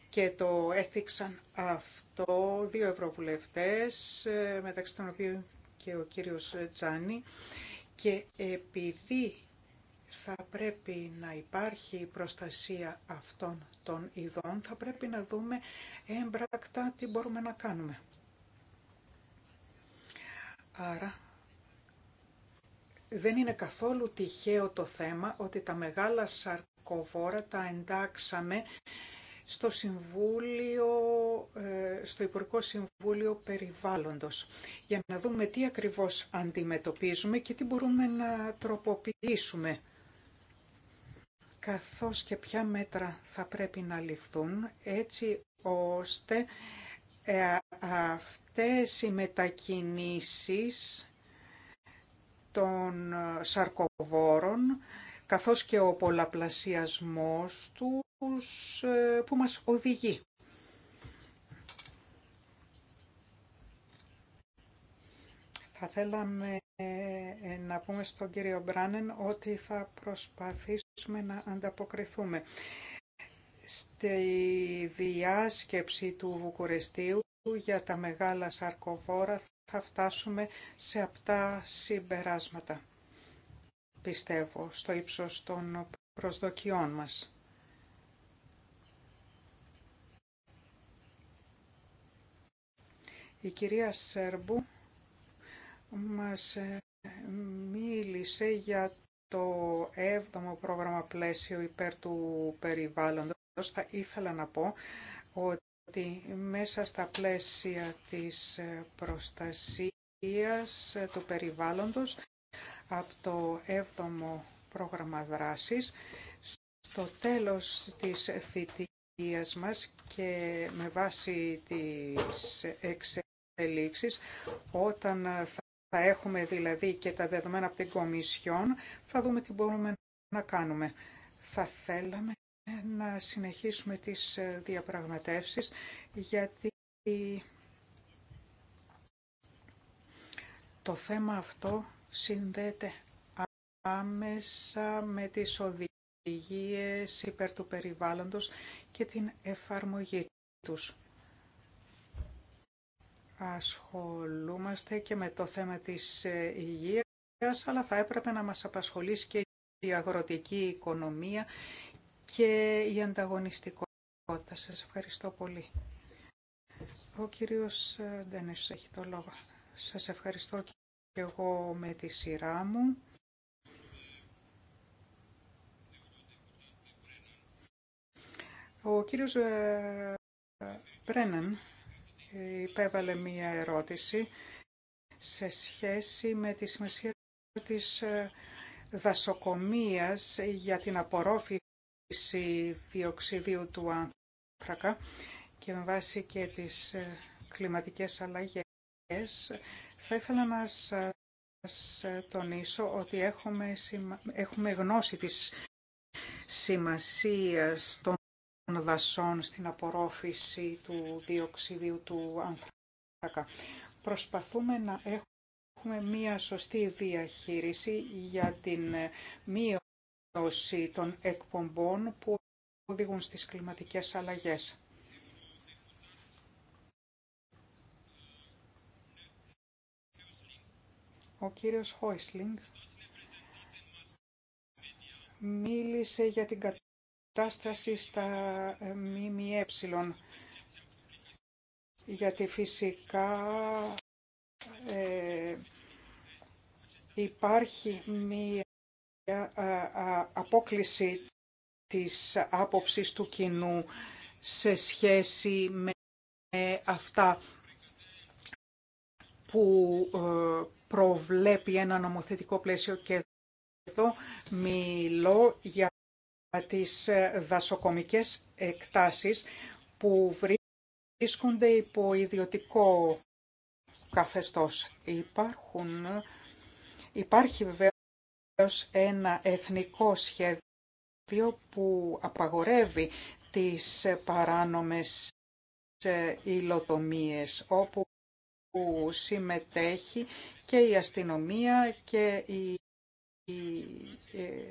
και το έθιξαν αυτό δύο ευρωβουλευτές, ε, μεταξύ των οποίων και ο κύριος Τζάνι, και επειδή θα πρέπει να υπάρχει προστασία αυτών των ειδών, θα πρέπει να δούμε έμπρακτα τι μπορούμε να κάνουμε. Άρα δεν είναι καθόλου τυχαίο το θέμα ότι τα μεγάλα σαρκοβόρα τα εντάξαμε στο, συμβούλιο, ε, στο Υπουργικό Συμβούλιο Περιβάλλοντος για να δούμε τι ακριβώς αντιμετωπίζουμε και τι μπορούμε να τροποποιήσουμε καθώς και ποια μέτρα θα πρέπει να ληφθούν έτσι ώστε ε, αυτές οι μετακινήσεις των ε, σαρκοβόρων, καθώς και ο πολλαπλασιασμός τους ε, που μας οδηγεί. Θα θέλαμε ε, να πούμε στον κύριο Μπράνεν ότι θα προσπαθήσουμε να ανταποκριθούμε. Στη διάσκεψη του Βουκουρεστίου για τα μεγάλα σαρκοβόρα θα φτάσουμε σε αυτά συμπεράσματα, πιστεύω, στο ύψος των προσδοκιών μας. Η κυρία Σέρμπου μας ε, μίλησε για το 7ο πρόγραμμα πλαίσιο υπέρ του περιβάλλοντος. Θα ήθελα να πω ότι μέσα στα πλαίσια της προστασίας του περιβάλλοντος από το 7ο πρόγραμμα δράσης, στο τέλος της θητείας μας και με βάση τις εξελίξεις, όταν θα έχουμε δηλαδή και τα δεδομένα από την Κομισιόν, θα δούμε τι μπορούμε να κάνουμε. Θα θέλαμε να συνεχίσουμε τις ε, διαπραγματεύσεις γιατί το θέμα αυτό συνδέεται άμεσα με τις οδηγίες υπέρ του περιβάλλοντος και την εφαρμογή τους. Ασχολούμαστε και με το θέμα της ε, υγείας, αλλά θα έπρεπε να μας απασχολήσει και η αγροτική οικονομία και η ανταγωνιστικότητα. Σας ευχαριστώ πολύ. Ο κύριος δεν ε, έχει το λόγο. Σας ευχαριστώ και εγώ με τη σειρά μου. Ο κύριος ε, Πρέναν υπέβαλε μία ερώτηση σε σχέση με τη σημασία της ε, δασοκομείας για την απορρόφηση διοξιδίου του άνθρακα και με βάση και τις ε, κλιματικές αλλαγές θα ήθελα να σας ε, τονίσω ότι έχουμε, έχουμε γνώση της σημασίας των δασών στην απορρόφηση του διοξιδίου του άνθρακα. Προσπαθούμε να έχουμε μία σωστή διαχείριση για την ε, μείωση μείωση των εκπομπών που οδηγούν στις κλιματικές αλλαγές. Ο κύριος Χόισλινγκ μίλησε για την κατάσταση στα ε, ΜΜΕ, γιατί φυσικά ε, υπάρχει μία ε, ε, ε, απόκληση της άποψης του κοινού σε σχέση με αυτά που προβλέπει ένα νομοθετικό πλαίσιο και εδώ μιλώ για τις δασοκομικές εκτάσεις που βρίσκονται υπό ιδιωτικό καθεστώς. Υπάρχουν, υπάρχει βέβαια ένα εθνικό σχέδιο που απαγορεύει τις παράνομες ε, υλοτομίες όπου συμμετέχει και η αστυνομία και η, ε,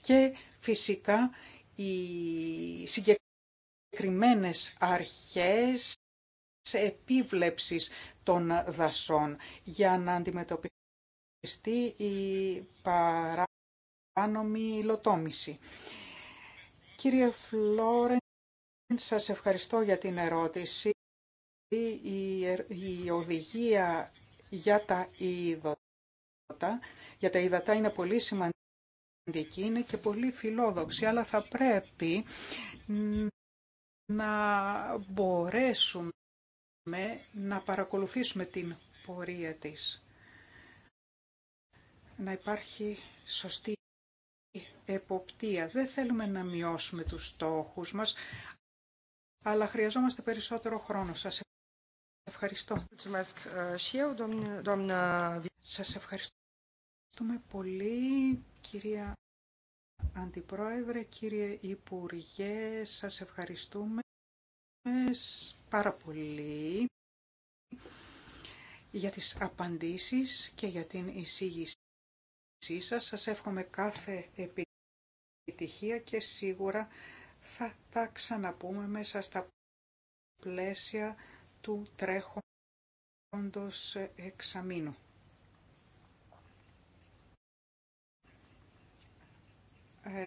και φυσικά οι συγκεκριμένες αρχές επίβλεψης των δασών για να αντιμετωπίσουν η παράνομη υλοτόμηση. Κύριε Φλόρεν, σας ευχαριστώ για την ερώτηση. Η, οδηγία για τα υδατά για τα είδατα είναι πολύ σημαντική, είναι και πολύ φιλόδοξη, αλλά θα πρέπει να μπορέσουμε να παρακολουθήσουμε την πορεία της να υπάρχει σωστή εποπτεία. Δεν θέλουμε να μειώσουμε τους στόχους μας, αλλά χρειαζόμαστε περισσότερο χρόνο. Σας ευχαριστώ. Ε, Σας ευχαριστούμε πολύ, κυρία Αντιπρόεδρε, κύριε Υπουργέ. Σας ευχαριστούμε πάρα πολύ για τις απαντήσεις και για την εισήγηση σας. Σας εύχομαι κάθε επιτυχία και σίγουρα θα τα ξαναπούμε μέσα στα πλαίσια του τρέχοντος εξαμήνου. Ε,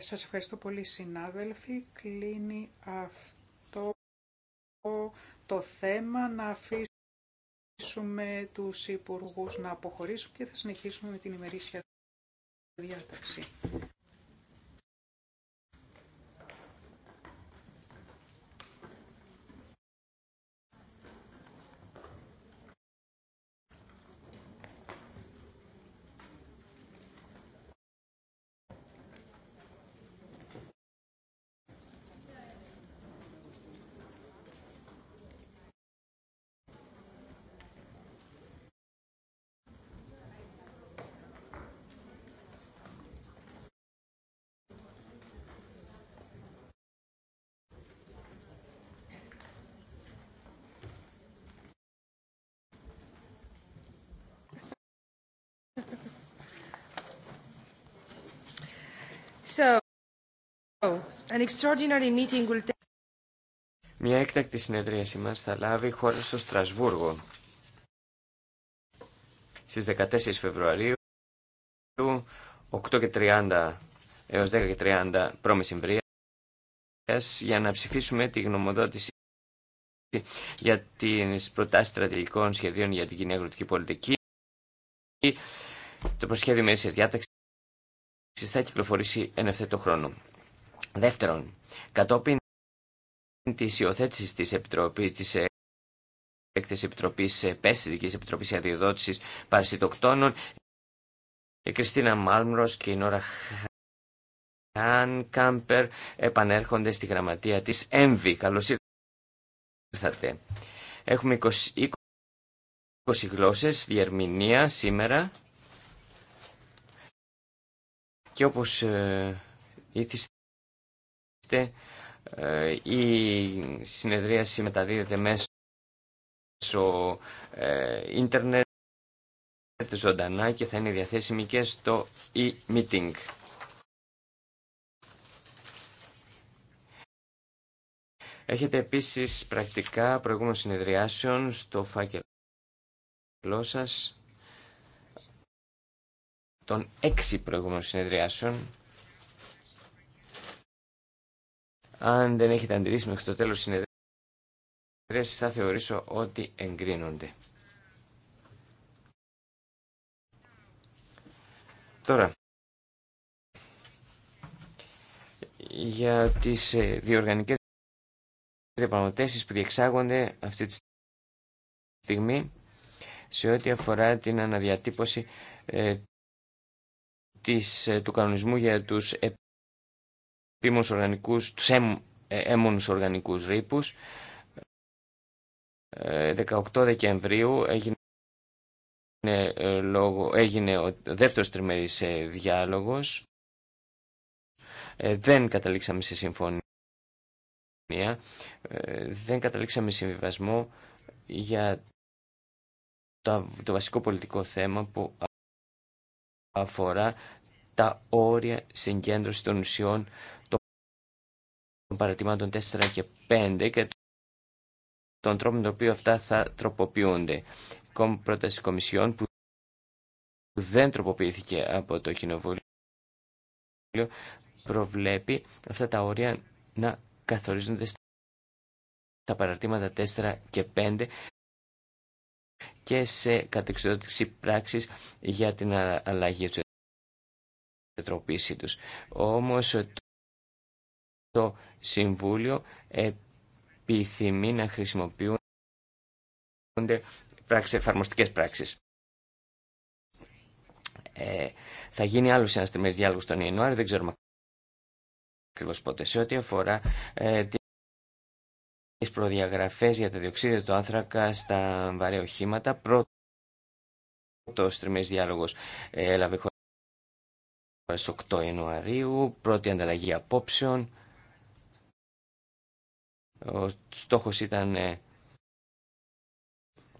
σας ευχαριστώ πολύ συνάδελφοι. Κλείνει αυτό το θέμα να αφήσουμε αφήσουμε τους υπουργούς να αποχωρήσουν και θα συνεχίσουμε με την ημερήσια διάταξη. Μια έκτακτη συνεδρίαση μας θα λάβει χώρα στο Στρασβούργο στις 14 Φεβρουαρίου 8.30 έως 10.30 πρώμη συμβρία για να ψηφίσουμε τη γνωμοδότηση για τις προτάσεις στρατηγικών σχεδίων για την κοινή αγροτική πολιτική. Το προσχέδιο μερίσιας διάταξης θα κυκλοφορήσει εν ευθέτω χρόνο. Δεύτερον, κατόπιν τη υιοθέτηση τη Επιτροπή της Έκθεση Επιτροπή ε, Πέση, Επιτροπή Αδειοδότηση Παρασιτοκτόνων, η Κριστίνα Μάλμρο και η Νόρα Χάν Κάμπερ επανέρχονται στη γραμματεία τη ΕΜΒΗ. Καλώ ήρθατε. Έχουμε 20, 20 γλώσσες διερμηνία σήμερα και όπω ε, ε, η συνεδρίαση μεταδίδεται μέσω ε, ίντερνετ ζωντανά και θα είναι διαθέσιμη και στο e-meeting. Έχετε επίσης πρακτικά προηγούμενων συνεδριάσεων στο φάκελό σας των έξι προηγούμενων συνεδριάσεων Αν δεν έχετε αντιρρήσει μέχρι το τέλος της θα θεωρήσω ότι εγκρίνονται. Τώρα, για τις ε, διοργανικές διαπραγματεύσεις που διεξάγονται αυτή τη στιγμή σε ό,τι αφορά την αναδιατύπωση ε, της, ε, του κανονισμού για τους επίμονους οργανικούς, τους ε, έμμονους οργανικούς ρήπους. 18 ε, Δεκεμβρίου έγινε, ε, λόγο, έγινε ο δεύτερος τριμερής διάλογος. δεν καταλήξαμε σε συμφωνία. δεν καταλήξαμε συμβιβασμό για το, το βασικό πολιτικό θέμα που αφορά τα όρια συγκέντρωση των ουσιών των παρατημάτων 4 και 5 και τον τρόπο με τον οποίο αυτά θα τροποποιούνται. Κόμμα πρόταση κομισιών που δεν τροποποιήθηκε από το Κοινοβούλιο προβλέπει αυτά τα όρια να καθορίζονται στα παρατήματα 4 και 5 και σε κατεξοδότηση πράξης για την αλλαγή του Όμω, τους. Όμως το Συμβούλιο επιθυμεί να χρησιμοποιούνται πράξεις, εφαρμοστικές πράξεις. Ε, θα γίνει άλλος ένας τριμμένος διάλογος τον Ιανουάριο, δεν ξέρουμε ακριβώς πότε. Σε ό,τι αφορά ε, τις προδιαγραφές για τα διοξίδια του άνθρακα στα βαρέα οχήματα, πρώτος τριμμένος διάλογος ε, έλαβε στις 8 Ιανουαρίου, πρώτη ανταλλαγή απόψεων. Ο στόχος ήταν ε,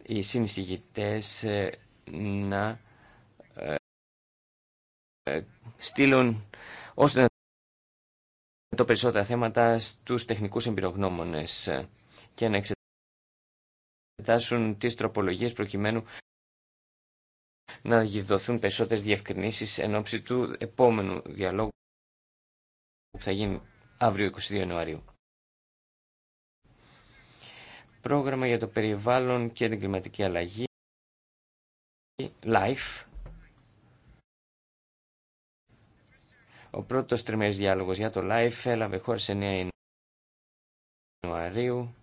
οι συνεισηγητές ε, να ε, στείλουν όσο το περισσότερα θέματα στους τεχνικούς εμπειρογνώμονες και να εξετάσουν τις τροπολογίες προκειμένου να δοθούν περισσότερες διευκρινήσεις εν ώψη του επόμενου διαλόγου που θα γίνει αύριο 22 Ιανουαρίου. Πρόγραμμα για το περιβάλλον και την κλιματική αλλαγή LIFE Ο πρώτος τριμερής διάλογος για το LIFE έλαβε χώρα σε 9 Ιανουαρίου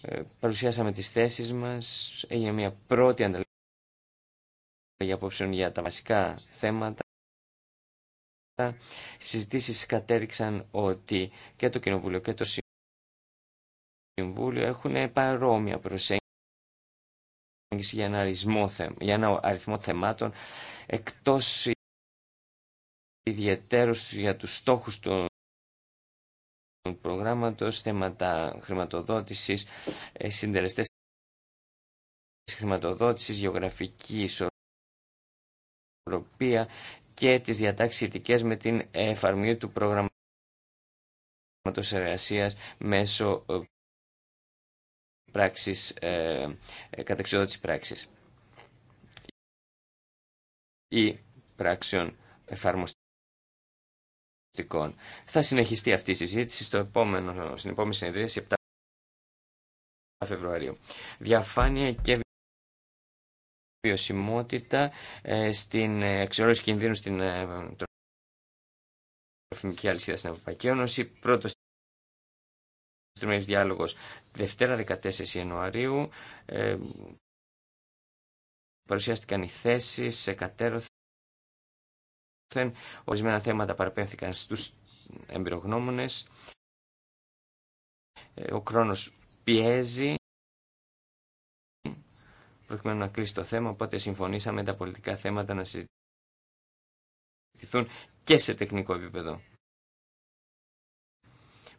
Ε, παρουσιάσαμε τις θέσεις μας, έγινε μια πρώτη ανταλλαγή απόψεων για τα βασικά θέματα. Οι συζητήσεις κατέριξαν ότι και το Κοινοβούλιο και το Συμβούλιο έχουν παρόμοια προσέγγιση για ένα, αριθμό, για θεμάτων εκτός ιδιαίτερως για τους στόχους των προγράμματος, θέματα χρηματοδότησης, ε, συντελεστές χρηματοδότησης, γεωγραφική ισορροπία και τις διατάξεις ειδικέ με την εφαρμογή του προγράμματος εργασίας μέσω ε, πράξης, ε, ε πράξης ή πράξεων εφαρμοστή. Θα συνεχιστεί αυτή η συζήτηση στο επόμενο, στην επόμενη συνεδρίαση 7 Φεβρουαρίου. Διαφάνεια και βιωσιμότητα ε, στην ε, εξορρόηση κινδύνου στην ε, τροφιμική αλυσίδα στην Ευρωπαϊκή Ένωση. Πρώτος τριμμένης διάλογος Δευτέρα 14 Ιανουαρίου. Ε, παρουσιάστηκαν οι θέσεις σε κατέρωθεν Ορισμένα θέματα παραπέμφθηκαν στους εμπειρογνώμονες. Ε, ο χρόνος πιέζει προκειμένου να κλείσει το θέμα, οπότε συμφωνήσαμε τα πολιτικά θέματα να συζητηθούν και σε τεχνικό επίπεδο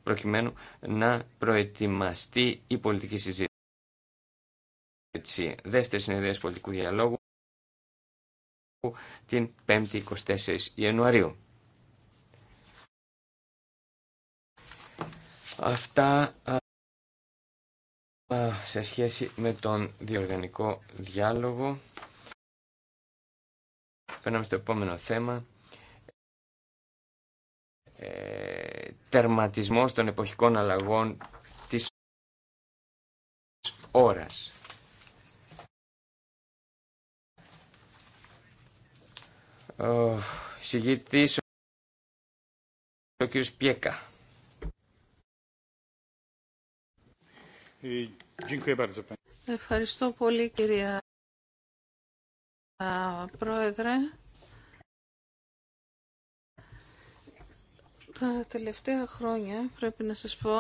προκειμένου να προετοιμαστεί η πολιτική συζήτηση. Δεύτερη συνεδρία πολιτικού διαλόγου την 5η 24 Ιανουαρίου. Αυτά σε σχέση με τον διοργανικό διάλογο. Περνάμε στο επόμενο θέμα. Ε, τερματισμός των εποχικών αλλαγών της ώρας. ο κ. Πιέκα. Ευχαριστώ πολύ κυρία Πρόεδρε. Τα τελευταία χρόνια πρέπει να σας πω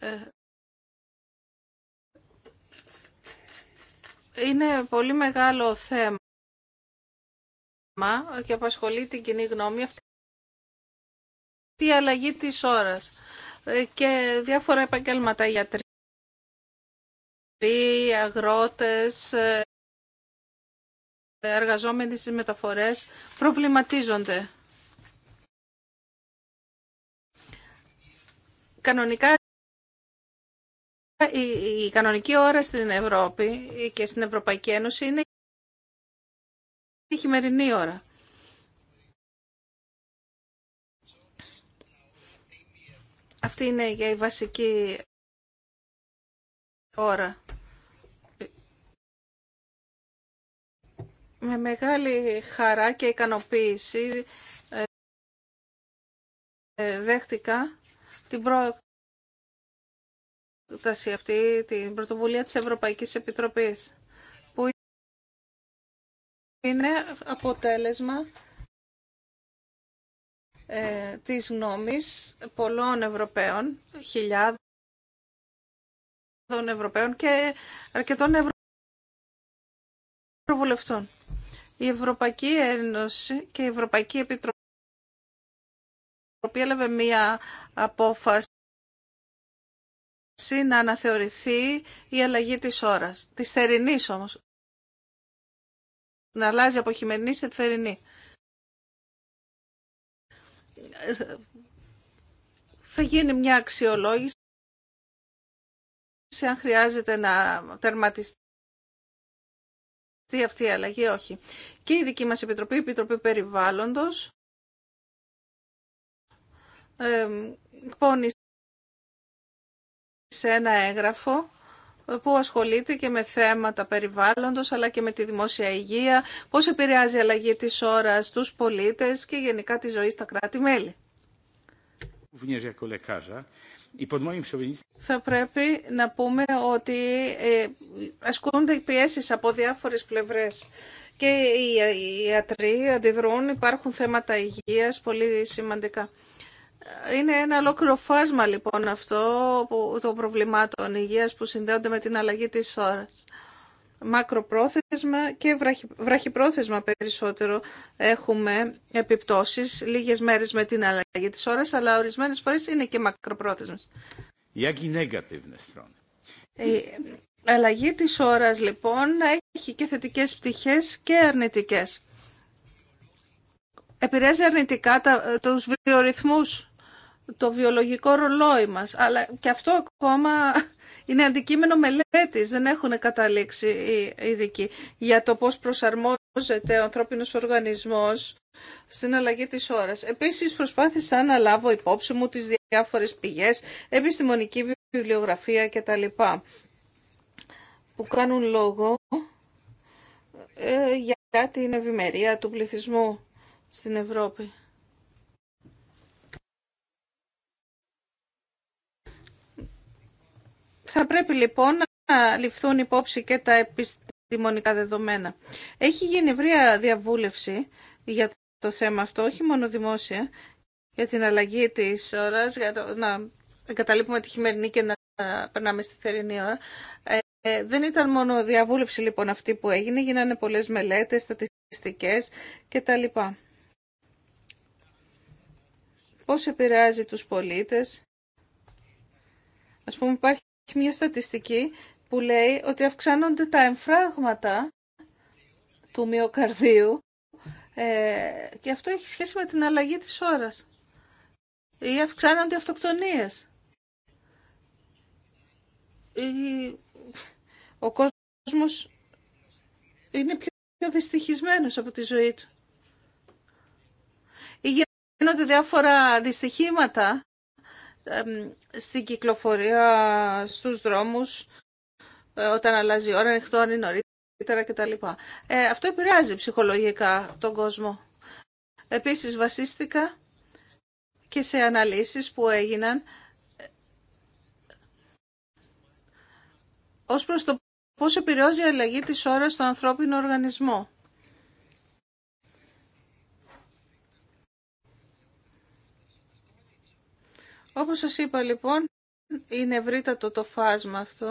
ε, είναι πολύ μεγάλο θέμα και απασχολεί την κοινή γνώμη αυτή η αλλαγή της ώρας ε, και διάφορα επαγγέλματα γιατροί, αγρότες, ε, εργαζόμενοι στις μεταφορές προβληματίζονται. Κανονικά η κανονική ώρα στην Ευρώπη και στην Ευρωπαϊκή Ένωση είναι η χειμερινή ώρα. Αυτή είναι για η βασική ώρα. Με μεγάλη χαρά και ικανοποίηση ε, ε, δέχτηκα την πρώτη πρόταση αυτή, την πρωτοβουλία της Ευρωπαϊκής Επιτροπής, που είναι αποτέλεσμα ε, της γνώμης πολλών Ευρωπαίων, χιλιάδων Ευρωπαίων και αρκετών Ευρωβουλευτών. Η Ευρωπαϊκή Ένωση και η Ευρωπαϊκή Επιτροπή έλαβε μία απόφαση να αναθεωρηθεί η αλλαγή της ώρας. Της θερινής όμως. Να αλλάζει από χειμερινή σε θερινή. Θα γίνει μια αξιολόγηση αν χρειάζεται να τερματιστεί αυτή η αλλαγή, όχι. Και η δική μας Επιτροπή, η Επιτροπή Περιβάλλοντος, σε ένα έγγραφο που ασχολείται και με θέματα περιβάλλοντος αλλά και με τη δημόσια υγεία, πώς επηρεάζει η αλλαγή της ώρας τους πολίτες και γενικά τη ζωή στα κράτη-μέλη. Θα πρέπει να πούμε ότι ε, ασκούνται πιέσεις από διάφορες πλευρές και οι ιατροί αντιδρούν, υπάρχουν θέματα υγείας πολύ σημαντικά. Είναι ένα ολόκληρο φάσμα λοιπόν αυτό που, των προβλημάτων υγείας που συνδέονται με την αλλαγή της ώρας. Μακροπρόθεσμα και βραχυπρόθεσμα περισσότερο έχουμε επιπτώσεις λίγες μέρες με την αλλαγή της ώρας, αλλά ορισμένες φορές είναι και μακροπρόθεσμες. Η ε, αλλαγή της ώρας λοιπόν έχει και θετικές πτυχές και αρνητικές. Επηρέαζει αρνητικά του τους βιορυθμούς το βιολογικό ρολόι μας. Αλλά και αυτό ακόμα είναι αντικείμενο μελέτης, δεν έχουν καταλήξει οι ειδικοί για το πώς προσαρμόζεται ο ανθρώπινος οργανισμός στην αλλαγή της ώρας. Επίσης προσπάθησα να λάβω υπόψη μου τις διάφορες πηγές, επιστημονική βιβλιογραφία κτλ. που κάνουν λόγο ε, για την ευημερία του πληθυσμού στην Ευρώπη. Θα πρέπει λοιπόν να ληφθούν υπόψη και τα επιστημονικά δεδομένα. Έχει γίνει βρία διαβούλευση για το θέμα αυτό, όχι μόνο δημόσια, για την αλλαγή της ώρας, για να εγκαταλείπουμε τη χειμερινή και να περνάμε στη θερινή ώρα. Ε, ε, δεν ήταν μόνο διαβούλευση λοιπόν αυτή που έγινε, γίνανε πολλές μελέτες, στατιστικές κτλ. Πώς επηρεάζει τους πολίτες. Ας πούμε υπάρχει Υπάρχει μια στατιστική που λέει ότι αυξάνονται τα εμφράγματα του μυοκαρδίου ε, και αυτό έχει σχέση με την αλλαγή της ώρας ή αυξάνονται οι αυτοκτονίες. Ο κόσμος είναι πιο δυστυχισμένος από τη ζωή του. Ή γίνονται διάφορα δυστυχήματα στην κυκλοφορία στους δρόμους ε, όταν αλλάζει η ώρα, ανοιχτό αν είναι νωρίτερα κτλ. Ε, αυτό επηρεάζει ψυχολογικά τον κόσμο. Επίσης βασίστηκα και σε αναλύσεις που έγιναν ε, ως προς το πώς επηρεάζει η αλλαγή της ώρας στον ανθρώπινο οργανισμό. Όπως σας είπα λοιπόν, είναι ευρύτατο το φάσμα αυτό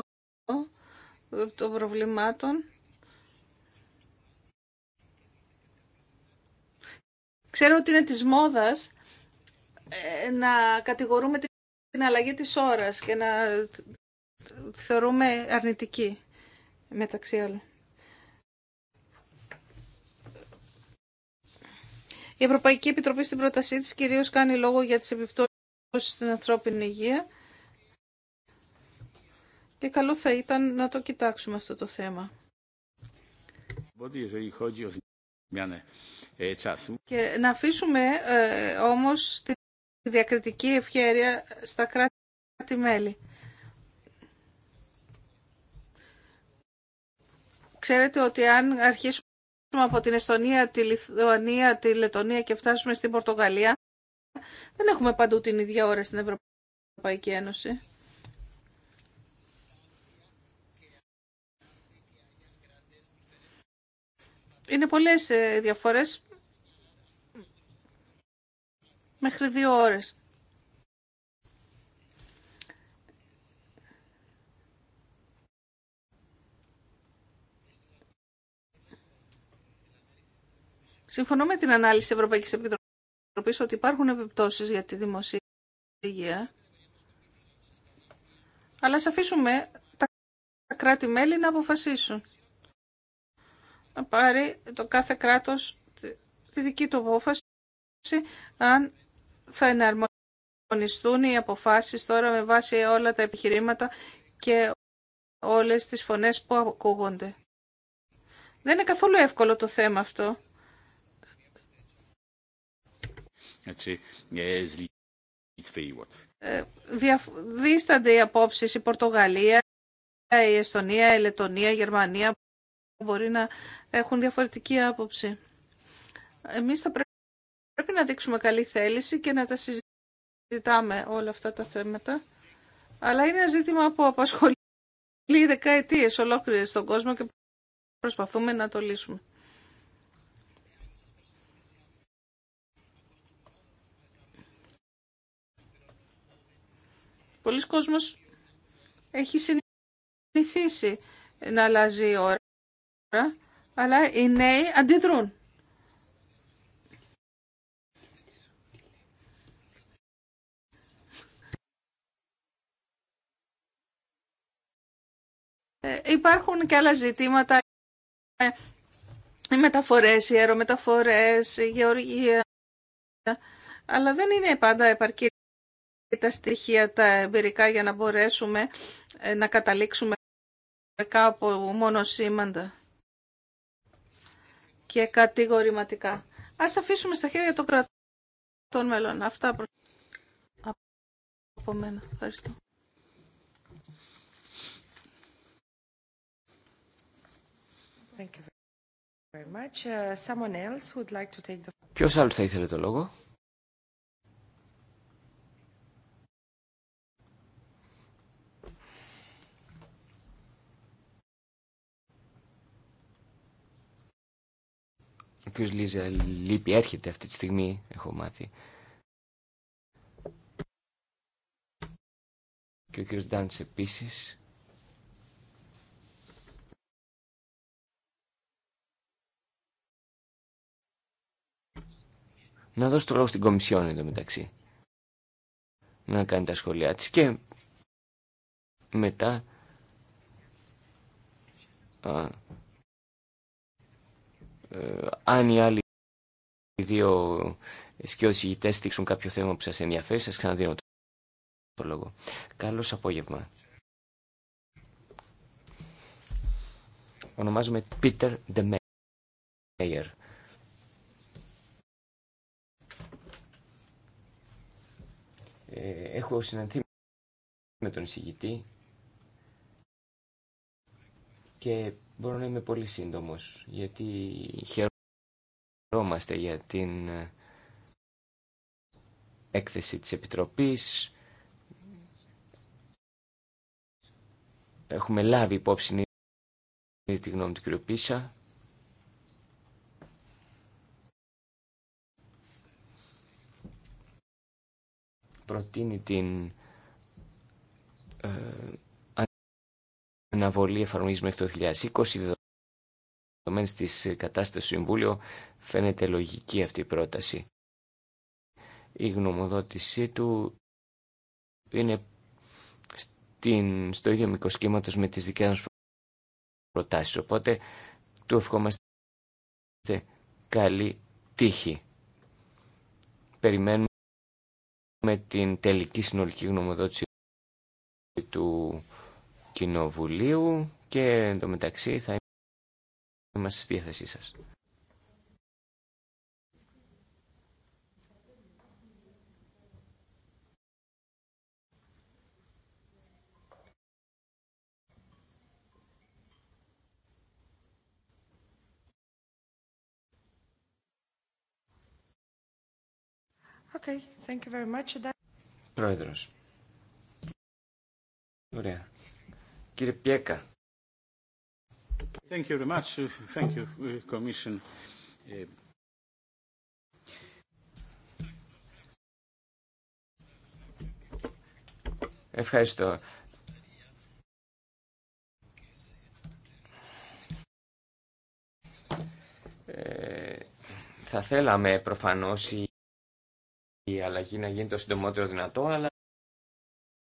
των προβλημάτων. Ξέρω ότι είναι της μόδας ε, να κατηγορούμε την αλλαγή της ώρας και να θεωρούμε αρνητική μεταξύ άλλων. Η Ευρωπαϊκή Επιτροπή στην πρότασή της κυρίως κάνει λόγο για τις επιπτώσεις στην ανθρώπινη υγεία και καλό θα ήταν να το κοιτάξουμε αυτό το θέμα. Ε, και να αφήσουμε ε, όμως τη διακριτική ευχέρεια στα κράτη-μέλη. Ξέρετε ότι αν αρχίσουμε από την Εστονία, τη Λιθουανία, τη Λετωνία και φτάσουμε στην Πορτογαλία, δεν έχουμε παντού την ίδια ώρα στην Ευρωπαϊκή Ένωση. Είναι πολλές ε, διαφορές μέχρι δύο ώρες. Συμφωνώ με την ανάλυση Ευρωπαϊκής Επιτροπής Επιτροπής ότι υπάρχουν επιπτώσεις για τη δημοσία υγεία. Αλλά ας αφήσουμε τα κράτη-μέλη να αποφασίσουν. Να πάρει το κάθε κράτος τη δική του απόφαση αν θα εναρμονιστούν οι αποφάσεις τώρα με βάση όλα τα επιχειρήματα και όλες τις φωνές που ακούγονται. Δεν είναι καθόλου εύκολο το θέμα αυτό. έτσι, ε, ε δίστανται οι απόψεις η Πορτογαλία, η Εστονία, η Λετωνία, η Γερμανία μπορεί να έχουν διαφορετική άποψη. Εμείς θα πρέπει να δείξουμε καλή θέληση και να τα συζητάμε όλα αυτά τα θέματα. Αλλά είναι ένα ζήτημα που απασχολεί δεκαετίες ολόκληρες στον κόσμο και προσπαθούμε να το λύσουμε. πολλοί κόσμος έχει συνηθίσει να αλλάζει η ώρα, αλλά οι νέοι αντιδρούν. Ε, υπάρχουν και άλλα ζητήματα, οι μεταφορές, οι αερομεταφορές, η γεωργία, αλλά δεν είναι πάντα επαρκή τα στοιχεία τα εμπειρικά για να μπορέσουμε ε, να καταλήξουμε κάπου μόνο σήμαντα και κατηγορηματικά. Ας αφήσουμε στα χέρια των κρατών μελών. Αυτά προ... από μένα. Ευχαριστώ. Ποιος άλλος θα ήθελε το λόγο? Ο κ. Λίζα λείπει, έρχεται αυτή τη στιγμή, έχω μάθει. Και ο κύριος Ντάντς επίσης. Να δώσω το λόγο στην Κομισιόν εδώ μεταξύ. Να κάνει τα σχόλιά της και μετά... Α, ε, αν οι άλλοι δύο σκιοσηγητές στήξουν κάποιο θέμα που σας ενδιαφέρει, σας ξαναδίνω το λόγο. Καλώς απόγευμα. Ονομάζομαι Πίτερ De ε, Έχω συναντήσει με τον εισηγητή και μπορώ να είμαι πολύ σύντομος γιατί χαιρόμαστε για την ε, έκθεση της Επιτροπής. Έχουμε λάβει υπόψη τη γνώμη του κ. Πίσα. Προτείνει την ε, αναβολή εφαρμογή μέχρι το 2020, δεδομένη τη κατάσταση του Συμβούλιο, φαίνεται λογική αυτή η πρόταση. Η γνωμοδότησή του είναι στην, στο ίδιο μικρό με τις δικές μας προτάσεις, οπότε του ευχόμαστε καλή τύχη. Περιμένουμε την τελική συνολική γνωμοδότηση του Κοινοβουλίου και εντωμεταξύ θα είμαστε στη διάθεσή σας. Okay, thank you very much. Πρόεδρος. Ωραία. Κύριε Πιέκα. Ευχαριστώ. Ε, θα θέλαμε προφανώς η, η αλλαγή να γίνει το συντομότερο δυνατό, αλλά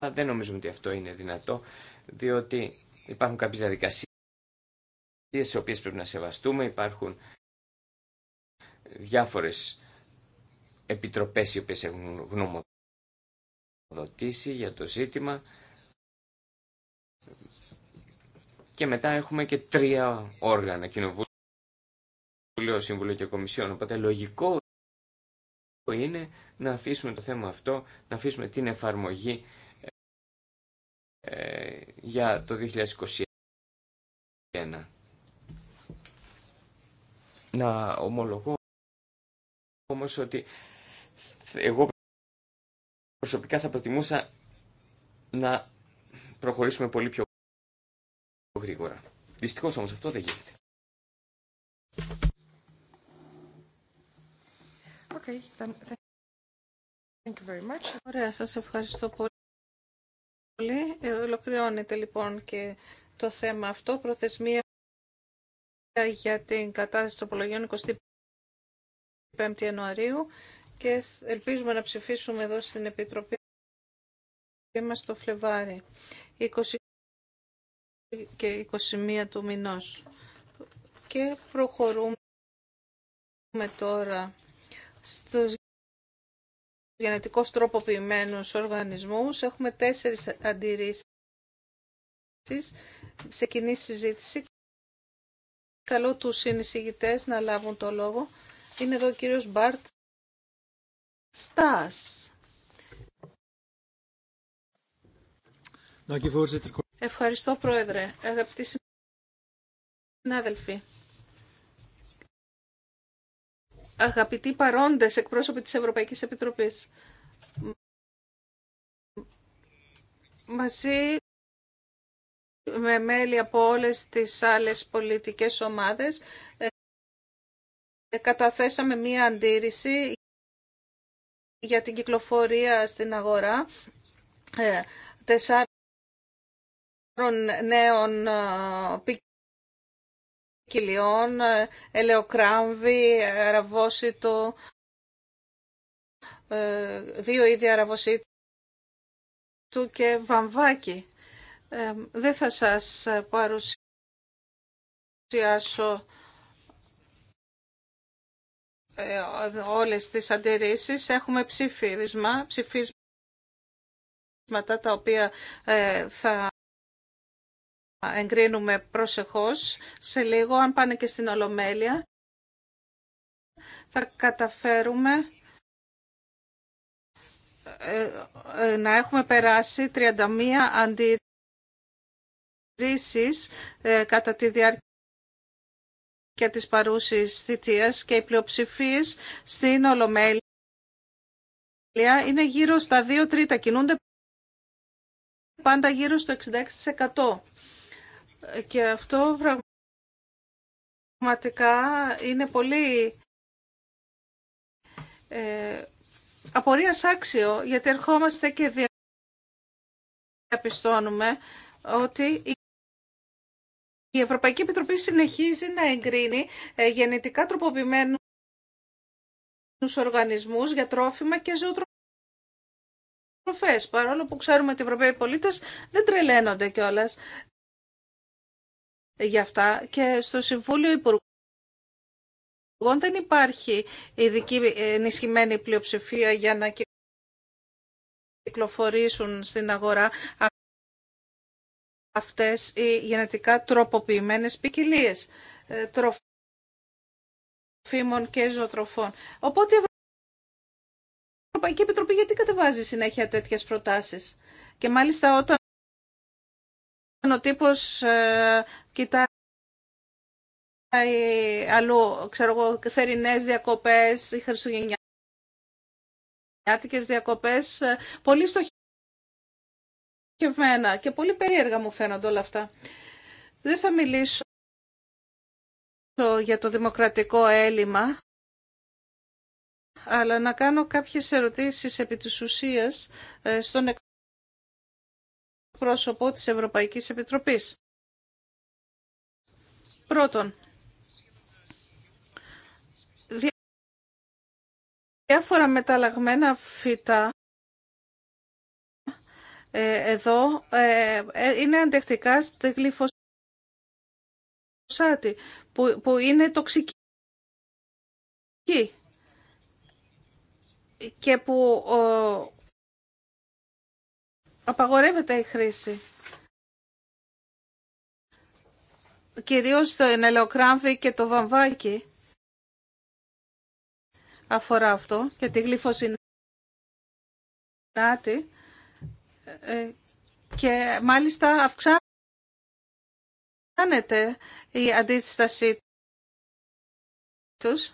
δεν νομίζουμε ότι αυτό είναι δυνατό, διότι υπάρχουν κάποιες διαδικασίες στις οποίες πρέπει να σεβαστούμε, υπάρχουν διάφορες επιτροπές οι οποίες έχουν γνωμοδοτήσει για το ζήτημα και μετά έχουμε και τρία όργανα, Κοινοβούλιο, Συμβούλιο και Κομισιόν. Οπότε λογικό είναι να αφήσουμε το θέμα αυτό, να αφήσουμε την εφαρμογή για το 2021. Να ομολογώ όμως ότι εγώ προσωπικά θα προτιμούσα να προχωρήσουμε πολύ πιο γρήγορα. Δυστυχώς όμως αυτό δεν γίνεται. Okay, then, thank you very much. Ωραία, σας ευχαριστώ πολύ πολύ. Ε, ολοκληρώνεται λοιπόν και το θέμα αυτό. Προθεσμία για την κατάθεση απολογιών 25 Ιανουαρίου και ελπίζουμε να ψηφίσουμε εδώ στην Επιτροπή μας το Φλεβάρι 20 και 21 του μηνός. Και προχωρούμε τώρα στους γενετικώς τροποποιημένους οργανισμούς. Έχουμε τέσσερις αντιρρήσεις σε κοινή συζήτηση. Καλώ τους συνεισηγητές να λάβουν το λόγο. Είναι εδώ ο κύριος Μπάρτ Στάς. Ευχαριστώ, Πρόεδρε. Αγαπητοί συνάδελφοι αγαπητοί παρόντες εκπρόσωποι της Ευρωπαϊκής Επιτροπής. Μαζί με μέλη από όλες τις άλλες πολιτικές ομάδες ε, καταθέσαμε μία αντίρρηση για την κυκλοφορία στην αγορά ε, τεσσάρων νέων ε, κοιλιών, ε, ελαιοκράμβη, αραβόσιτο, ε, δύο είδη αραβοσίτου και βαμβάκι. Ε, δεν θα σας παρουσιάσω όλες τις αντιρρήσεις. Έχουμε ψηφίσμα, ψηφίσματα τα οποία θα εγκρίνουμε προσεχώς σε λίγο, αν πάνε και στην Ολομέλεια, θα καταφέρουμε ε, ε, να έχουμε περάσει 31 αντιρρήσεις ε, κατά τη διάρκεια της παρούσης θητείας και οι πλειοψηφίες στην Ολομέλεια είναι γύρω στα 2 τρίτα, κινούνται πάντα γύρω στο 66%. Και αυτό πραγματικά είναι πολύ ε, απορίας άξιο, γιατί ερχόμαστε και διαπιστώνουμε ότι η Ευρωπαϊκή Επιτροπή συνεχίζει να εγκρίνει ε, γενετικά τροποποιημένους οργανισμούς για τρόφιμα και ζωοτροφές, παρόλο που ξέρουμε ότι οι Ευρωπαίοι πολίτες δεν τρελαίνονται κιόλας για αυτά και στο Συμβούλιο Υπουργών δεν υπάρχει ειδική ενισχυμένη πλειοψηφία για να κυκλοφορήσουν στην αγορά αυτές οι γενετικά τροποποιημένες ποικιλίε ε, τροφίμων και ζωοτροφών. Οπότε η Ευρωπαϊκή Επιτροπή γιατί κατεβάζει συνέχεια τέτοιες προτάσεις. Και μάλιστα όταν ο τύπος ε, κοιτάει αλλού, ξέρω εγώ, θερινές διακοπές ή χριστουγεννιάτικες διακοπές, ε, πολύ στοχευμένα και πολύ περίεργα μου φαίνονται όλα αυτά. Δεν θα μιλήσω για το δημοκρατικό έλλειμμα, αλλά να κάνω κάποιες ερωτήσεις επί της ουσίας ε, στον πρόσωπο της Ευρωπαϊκής Επιτροπής. Πρώτον, διάφορα μεταλλαγμένα φυτά ε, εδώ ε, ε, είναι αντεκτικά στη γλυφοσάτη που, που είναι τοξική και που απαγορεύεται η χρήση. Κυρίως το ελαιοκράμβι και το βαμβάκι αφορά αυτό και τη γλυφοσυνάτη ε, και μάλιστα αυξάνεται η αντίσταση τους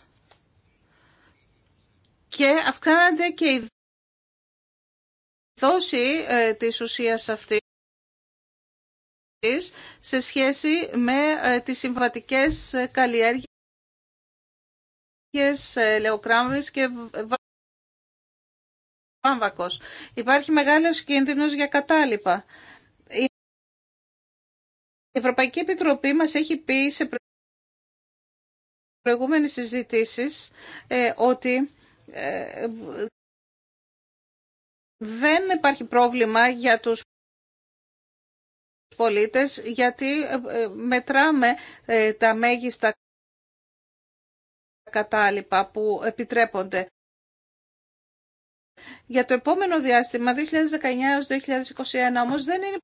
και αυξάνεται και η δόση ε, της ουσίας αυτής σε σχέση με ε, τις συμβατικές ε, καλλιέργειες ε, και βάμβακος. Υπάρχει μεγάλος κίνδυνος για κατάλοιπα. Η Ευρωπαϊκή Επιτροπή μας έχει πει σε προηγούμενες συζητήσεις ε, ότι ε, δεν υπάρχει πρόβλημα για τους πολίτες γιατί ε, ε, μετράμε ε, τα μέγιστα κατάλοιπα που επιτρέπονται. Για το επόμενο διάστημα, 2019 2021, όμως δεν είναι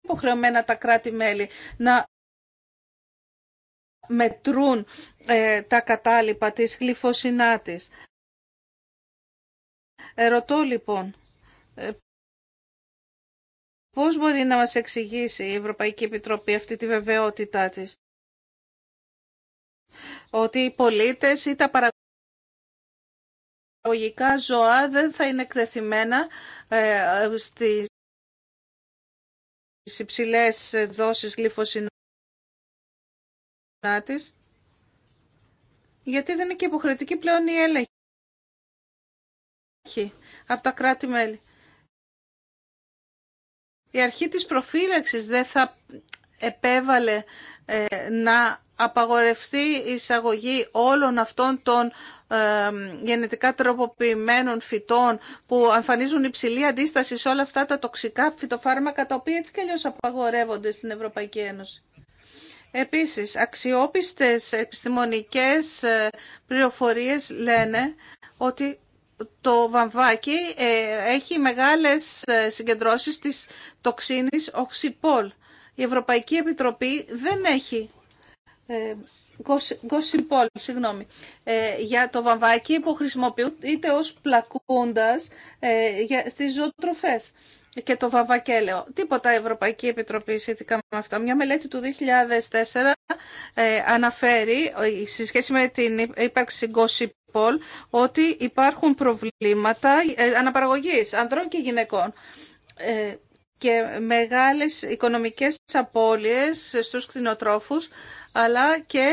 υποχρεωμένα τα κράτη-μέλη να μετρούν τα κατάλοιπα της γλυφοσυνάτης. Ρωτώ λοιπόν, ε, πώς μπορεί να μας εξηγήσει η Ευρωπαϊκή Επιτροπή αυτή τη βεβαιότητά της. Ότι οι πολίτες ή τα παραγωγικά ζωά δεν θα είναι εκτεθειμένα ε, στις υψηλές δόσεις γλυφοσυνάτης. Γιατί δεν είναι και υποχρεωτική πλέον η έλεγχη από τα κράτη-μέλη. Η αρχή της προφύλαξης δεν θα επέβαλε ε, να απαγορευτεί η εισαγωγή όλων αυτών των ε, γενετικά τροποποιημένων φυτών που εμφανίζουν υψηλή αντίσταση σε όλα αυτά τα τοξικά φυτοφάρμακα τα οποία έτσι κι αλλιώς απαγορεύονται στην Ευρωπαϊκή Ένωση. Επίσης, αξιόπιστες επιστημονικές ε, πληροφορίες λένε ότι το βαμβάκι ε, έχει μεγάλες ε, συγκεντρώσεις της τοξίνης οξυπόλ. Η Ευρωπαϊκή Επιτροπή δεν έχει ε, Γκοσιμπόλ, συγγνώμη, για το βαμβάκι που είτε ως πλακούντας στις ζωοτροφές και το βαμβακέλαιο. Τίποτα η Ευρωπαϊκή Επιτροπή σχετικά με αυτά. Μια μελέτη του 2004 αναφέρει σε σχέση με την ύπαρξη ότι υπάρχουν προβλήματα ε, αναπαραγωγής ανδρών και γυναικών ε, και μεγάλες οικονομικές απώλειες στους κτηνοτρόφους αλλά και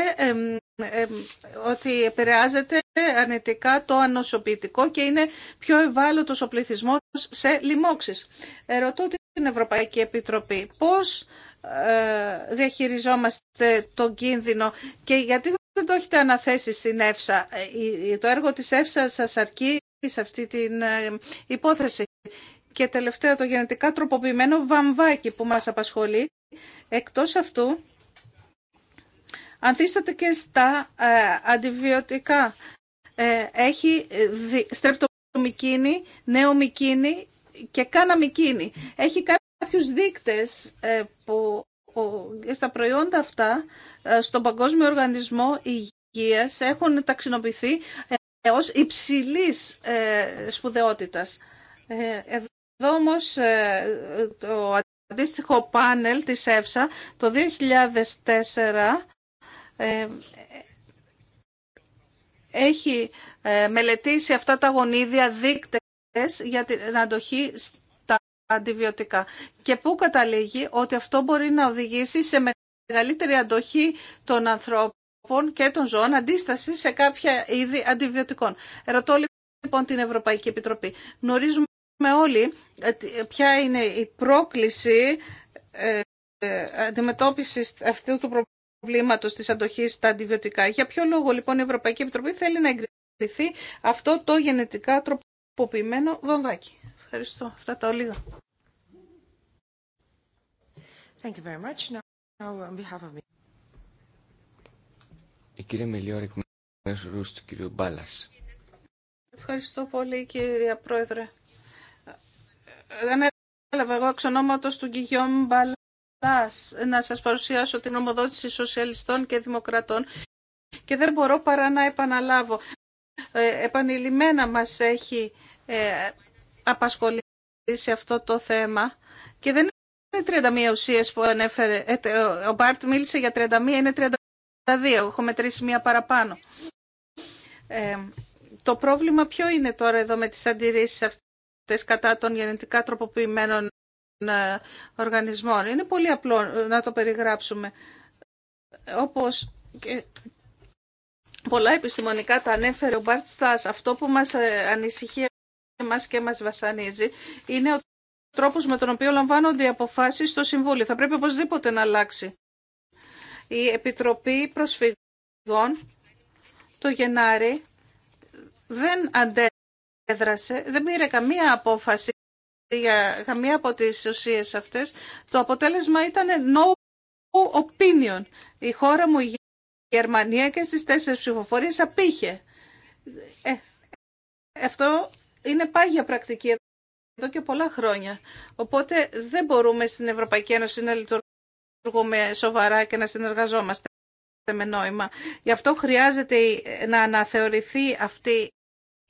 ότι επηρεάζεται αρνητικά το ανοσοποιητικό και είναι πιο ευάλωτος ο πληθυσμός σε λοιμώξεις. Ερωτώ την Ευρωπαϊκή Επιτροπή πώς ε, διαχειριζόμαστε τον κίνδυνο και γιατί δεν το έχετε αναθέσει στην ΕΦΣΑ. Ε, το έργο της ΕΦΣΑ σας αρκεί σε αυτή την ε, υπόθεση. Και τελευταίο το γενετικά τροποποιημένο βαμβάκι που μας απασχολεί. Εκτός αυτού, αντίσταται και στα ε, αντιβιωτικά. Ε, έχει ε, δι, στρεπτομικίνη, νεομικίνη και κάναμικίνη. Έχει κάποιους δείκτες που στα προϊόντα αυτά ε, στον Παγκόσμιο Οργανισμό Υγείας έχουν ταξινοποιηθεί ε, ως υψηλής ε, σπουδαιότητας. Εδώ όμως το αντίστοιχο πάνελ της ΕΦΣΑ το 2004 έχει μελετήσει αυτά τα γονίδια δείκτες για την αντοχή αντιβιωτικά. Και πού καταλήγει ότι αυτό μπορεί να οδηγήσει σε μεγαλύτερη αντοχή των ανθρώπων και των ζώων αντίσταση σε κάποια είδη αντιβιωτικών. Ερωτώ λοιπόν την Ευρωπαϊκή Επιτροπή. Γνωρίζουμε όλοι ε, ε, ποια είναι η πρόκληση ε, αντιμετώπιση αυτού του προβλήματος της αντοχής στα αντιβιωτικά. Για ποιο λόγο λοιπόν η Ευρωπαϊκή Επιτροπή θέλει να εγκριθεί αυτό το γενετικά τροποποιημένο βαμβάκι. Ευχαριστώ. Αυτά τα ολίγα. Thank you very much. Now, on behalf of me. Η κυρία του κυρίου Μπάλας. Ευχαριστώ πολύ κυρία Πρόεδρε. Δεν έλαβα εγώ εξ του Γκυγιόμ Μπάλας να σας παρουσιάσω την ομοδότηση σοσιαλιστών και δημοκρατών και δεν μπορώ παρά να επαναλάβω. Ε, επανειλημμένα μας έχει ε, απασχολεί σε αυτό το θέμα και δεν είναι 31 ουσίες που ανέφερε. Ε, ο Μπάρτ μίλησε για 31, είναι 32. Έχω μετρήσει μία παραπάνω. Ε, το πρόβλημα ποιο είναι τώρα εδώ με τις αντιρρήσεις αυτές κατά των γενετικά τροποποιημένων ε, οργανισμών. Είναι πολύ απλό να το περιγράψουμε. Όπως και πολλά επιστημονικά τα ανέφερε ο Μπάρτ Στάς, αυτό που μας ε, ανησυχεί μας και μας βασανίζει είναι ο τρόπος με τον οποίο λαμβάνονται οι αποφάσεις στο Συμβούλιο. Θα πρέπει οπωσδήποτε να αλλάξει. Η Επιτροπή Προσφυγών το Γενάρη δεν αντέδρασε, δεν πήρε καμία απόφαση για καμία από τις ουσίες αυτές. Το αποτέλεσμα ήταν no opinion. Η χώρα μου, η Γερμανία και στις τέσσερις ψηφοφορίες απήχε. Ε, αυτό είναι πάγια πρακτική εδώ και πολλά χρόνια. Οπότε δεν μπορούμε στην Ευρωπαϊκή Ένωση να λειτουργούμε σοβαρά και να συνεργαζόμαστε με νόημα. Γι' αυτό χρειάζεται να αναθεωρηθεί αυτή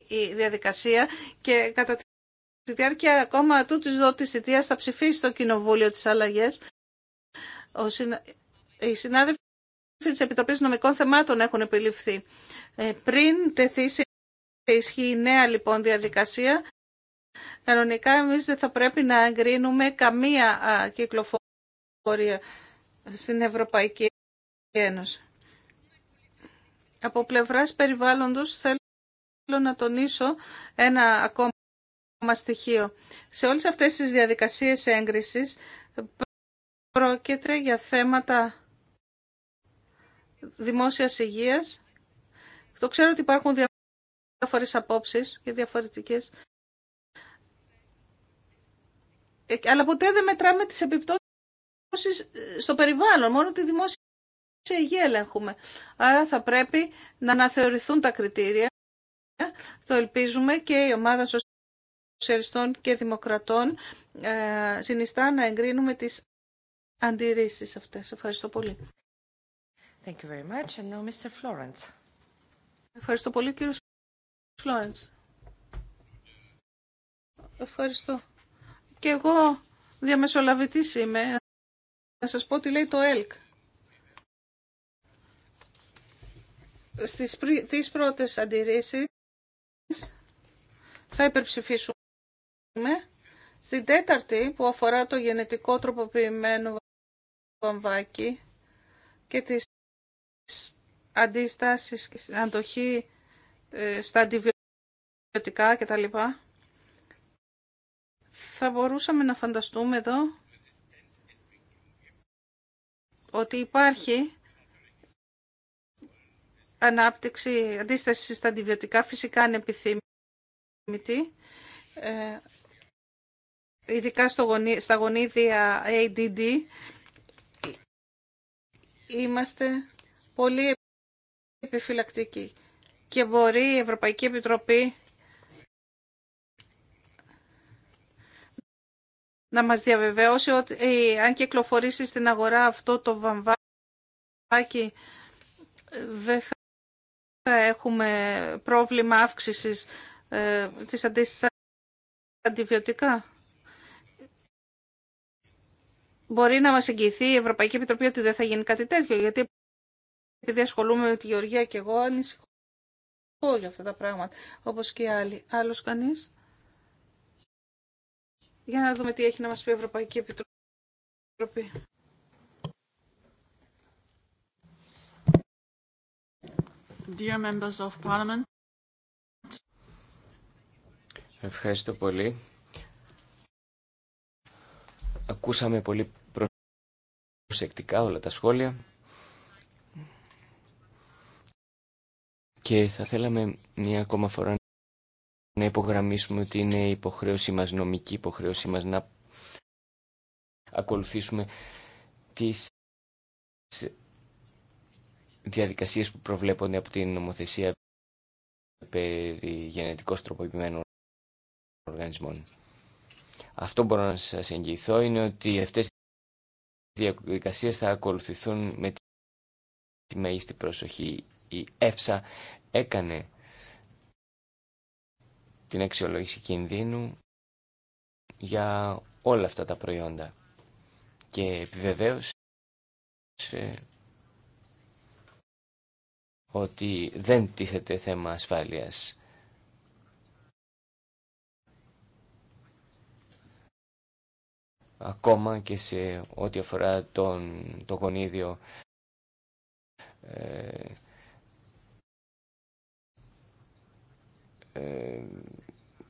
η διαδικασία και κατά τη διάρκεια ακόμα του της δότης θητείας θα ψηφίσει το Κοινοβούλιο της Αλλαγέ. Οι συνάδελφοι της Επιτροπής Νομικών Θεμάτων έχουν επιληφθεί. Ε, πριν τεθεί σε ισχύει η νέα λοιπόν διαδικασία, κανονικά εμείς δεν θα πρέπει να εγκρίνουμε καμία κυκλοφορία στην Ευρωπαϊκή Ένωση. Από πλευράς περιβάλλοντος θέλω να τονίσω ένα ακόμα στοιχείο. Σε όλες αυτές τις διαδικασίες έγκρισης πρόκειται για θέματα δημόσιας υγείας. Το ξέρω ότι υπάρχουν διάφορες απόψεις και διαφορετικές. Ε, αλλά ποτέ δεν μετράμε τις επιπτώσεις ε, στο περιβάλλον, μόνο τη δημόσια υγεία ελέγχουμε. Άρα θα πρέπει να αναθεωρηθούν τα κριτήρια. Το ελπίζουμε και η ομάδα σοσιαλιστών και δημοκρατών ε, συνιστά να εγκρίνουμε τις αντιρρήσεις αυτές. Ευχαριστώ πολύ. Ευχαριστώ πολύ, Φλόρεντς. Ευχαριστώ. Και εγώ διαμεσολαβητής είμαι. Να σας πω τι λέει το ΕΛΚ. Στις πρι... τις πρώτες αντιρρήσεις θα υπερψηφίσουμε. Στην τέταρτη που αφορά το γενετικό τροποποιημένο βαμβάκι και τις αντιστάσεις και αντοχή ε, στα αντιβιωτικά κτλ. Θα μπορούσαμε να φανταστούμε εδώ ότι υπάρχει ανάπτυξη, αντίσταση στα αντιβιωτικά φυσικά ανεπιθύμητη, ε, ειδικά στο στα γονίδια ADD. Είμαστε πολύ επιφυλακτικοί και μπορεί η Ευρωπαϊκή Επιτροπή να μας διαβεβαιώσει ότι ε, αν κυκλοφορήσει στην αγορά αυτό το βαμβάκι δεν θα έχουμε πρόβλημα αύξησης ε, της αντίστασης αντιβιωτικά. Μπορεί να μας εγγυηθεί η Ευρωπαϊκή Επιτροπή ότι δεν θα γίνει κάτι τέτοιο, γιατί επειδή ασχολούμαι με τη Γεωργία και εγώ ανησυχώ για αυτά τα πράγματα, όπως και άλλοι. Άλλος κανείς. Για να δούμε τι έχει να μας πει η Ευρωπαϊκή Επιτροπή. Dear members of Parliament. Ευχαριστώ πολύ. Ακούσαμε πολύ προσεκτικά όλα τα σχόλια. Και θα θέλαμε μία ακόμα φορά να υπογραμμίσουμε ότι είναι υποχρέωσή μας, νομική υποχρέωσή μας, να ακολουθήσουμε τις διαδικασίες που προβλέπονται από την νομοθεσία περί γενετικώς τροποποιημένων οργανισμών. Αυτό μπορώ να σας εγγυηθώ είναι ότι αυτές οι διαδικασίες θα ακολουθηθούν με τη μέγιστη προσοχή. Η ΕΦΣΑ έκανε την αξιολόγηση κινδύνου για όλα αυτά τα προϊόντα και επιβεβαίωσε ε, ότι δεν τίθεται θέμα ασφάλειας. Ακόμα και σε ό,τι αφορά τον, το γονίδιο ε, ε,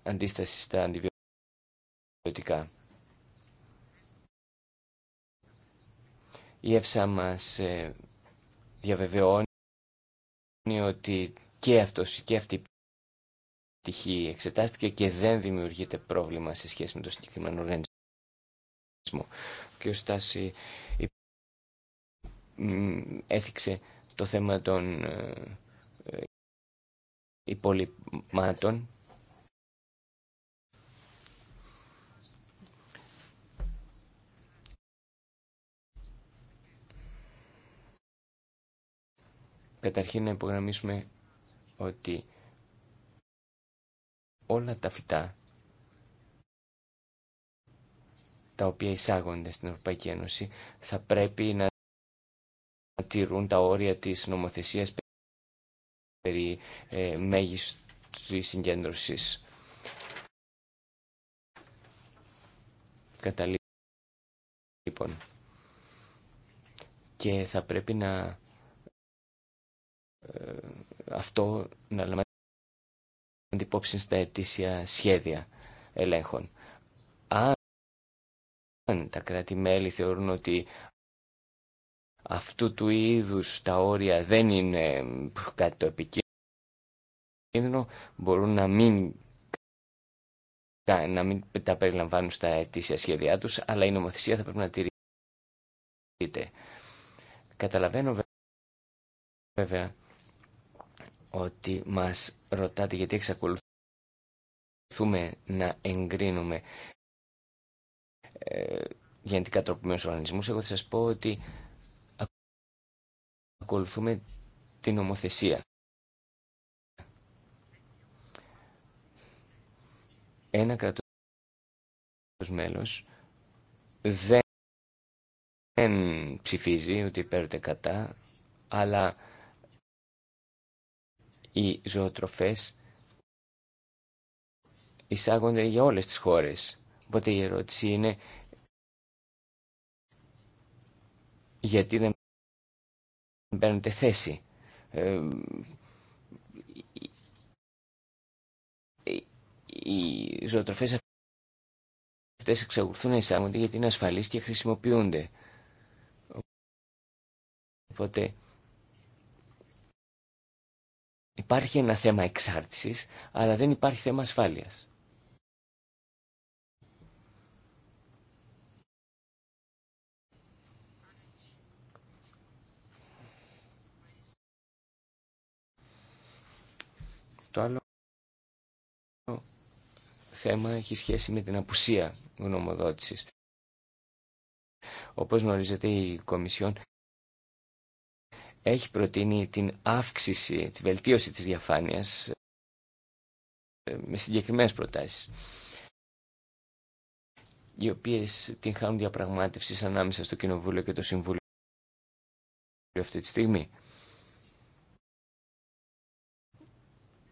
αντίσταση στα αντιβιωτικά. Η ΕΦΣΑ μας ε, διαβεβαιώνει ότι και, αυτός, και αυτή η πτυχή εξετάστηκε και δεν δημιουργείται πρόβλημα σε σχέση με το συγκεκριμένο οργανισμό. Και ο Στάση έθιξε το θέμα των ε, υπολοιμάτων. Καταρχήν να υπογραμμίσουμε ότι όλα τα φυτά τα οποία εισάγονται στην Ευρωπαϊκή Ένωση θα πρέπει να τηρούν τα όρια της νομοθεσίας περί ε, μέγιστης συγκέντρωσης. Λοιπόν. Και θα πρέπει να ε, αυτό να λαμβάνει υπόψη στα ετήσια σχέδια ελέγχων. Αν τα κράτη-μέλη θεωρούν ότι αυτού του είδους τα όρια δεν είναι κάτι το επικίνδυνο, μπορούν να μην, να μην τα περιλαμβάνουν στα αιτήσια σχέδιά τους, αλλά η νομοθεσία θα πρέπει να τηρείται. Καταλαβαίνω βέβαια ότι μας ρωτάτε γιατί εξακολουθούμε να εγκρίνουμε ε, γενετικά τροπημένους οργανισμούς. Εγώ θα σας πω ότι ακολουθούμε την νομοθεσία. Ένα κρατός μέλος δεν ψηφίζει ότι παίρνετε κατά, αλλά οι ζωοτροφές εισάγονται για όλες τις χώρες. Οπότε η ερώτηση είναι γιατί δεν παίρνετε θέση. Ε, οι ζωοτροφές αυτές εξακολουθούν να εισάγονται γιατί είναι ασφαλείς και χρησιμοποιούνται. Οπότε υπάρχει ένα θέμα εξάρτησης, αλλά δεν υπάρχει θέμα ασφάλειας. Το άλλο θέμα έχει σχέση με την απουσία γνωμοδότησης. Όπως γνωρίζετε η Κομισιόν έχει προτείνει την αύξηση, τη βελτίωση της διαφάνειας ε, με συγκεκριμένες προτάσεις οι οποίες την χάνουν διαπραγμάτευση ανάμεσα στο Κοινοβούλιο και το Συμβούλιο αυτή τη στιγμή.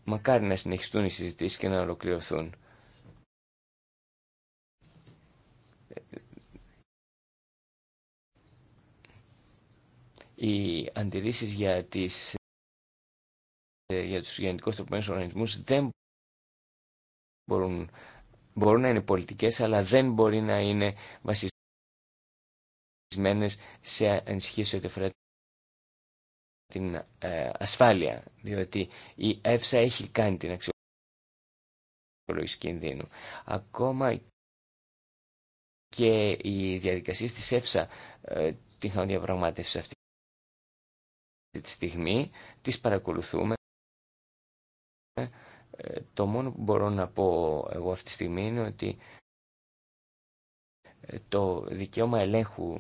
Μακάρι να συνεχιστούν οι συζητήσεις και να ολοκληρωθούν. Οι αντιρρήσεις για, τις, ε, για τους οργανισμού οργανισμούς δεν μπορούν, μπορούν να είναι πολιτικές, αλλά δεν μπορεί να είναι βασισμένες σε ανησυχίες ότι αφορά την ε, ασφάλεια, διότι η ΕΦΣΑ έχει κάνει την αξιολόγηση κινδύνου. Ακόμα και οι διαδικασίες της ΕΦΣΑ ε, την είχαν διαπραγματεύσει αυτή τη στιγμή, τις παρακολουθούμε. Ε, το μόνο που μπορώ να πω εγώ αυτή τη στιγμή είναι ότι ε, το δικαίωμα ελέγχου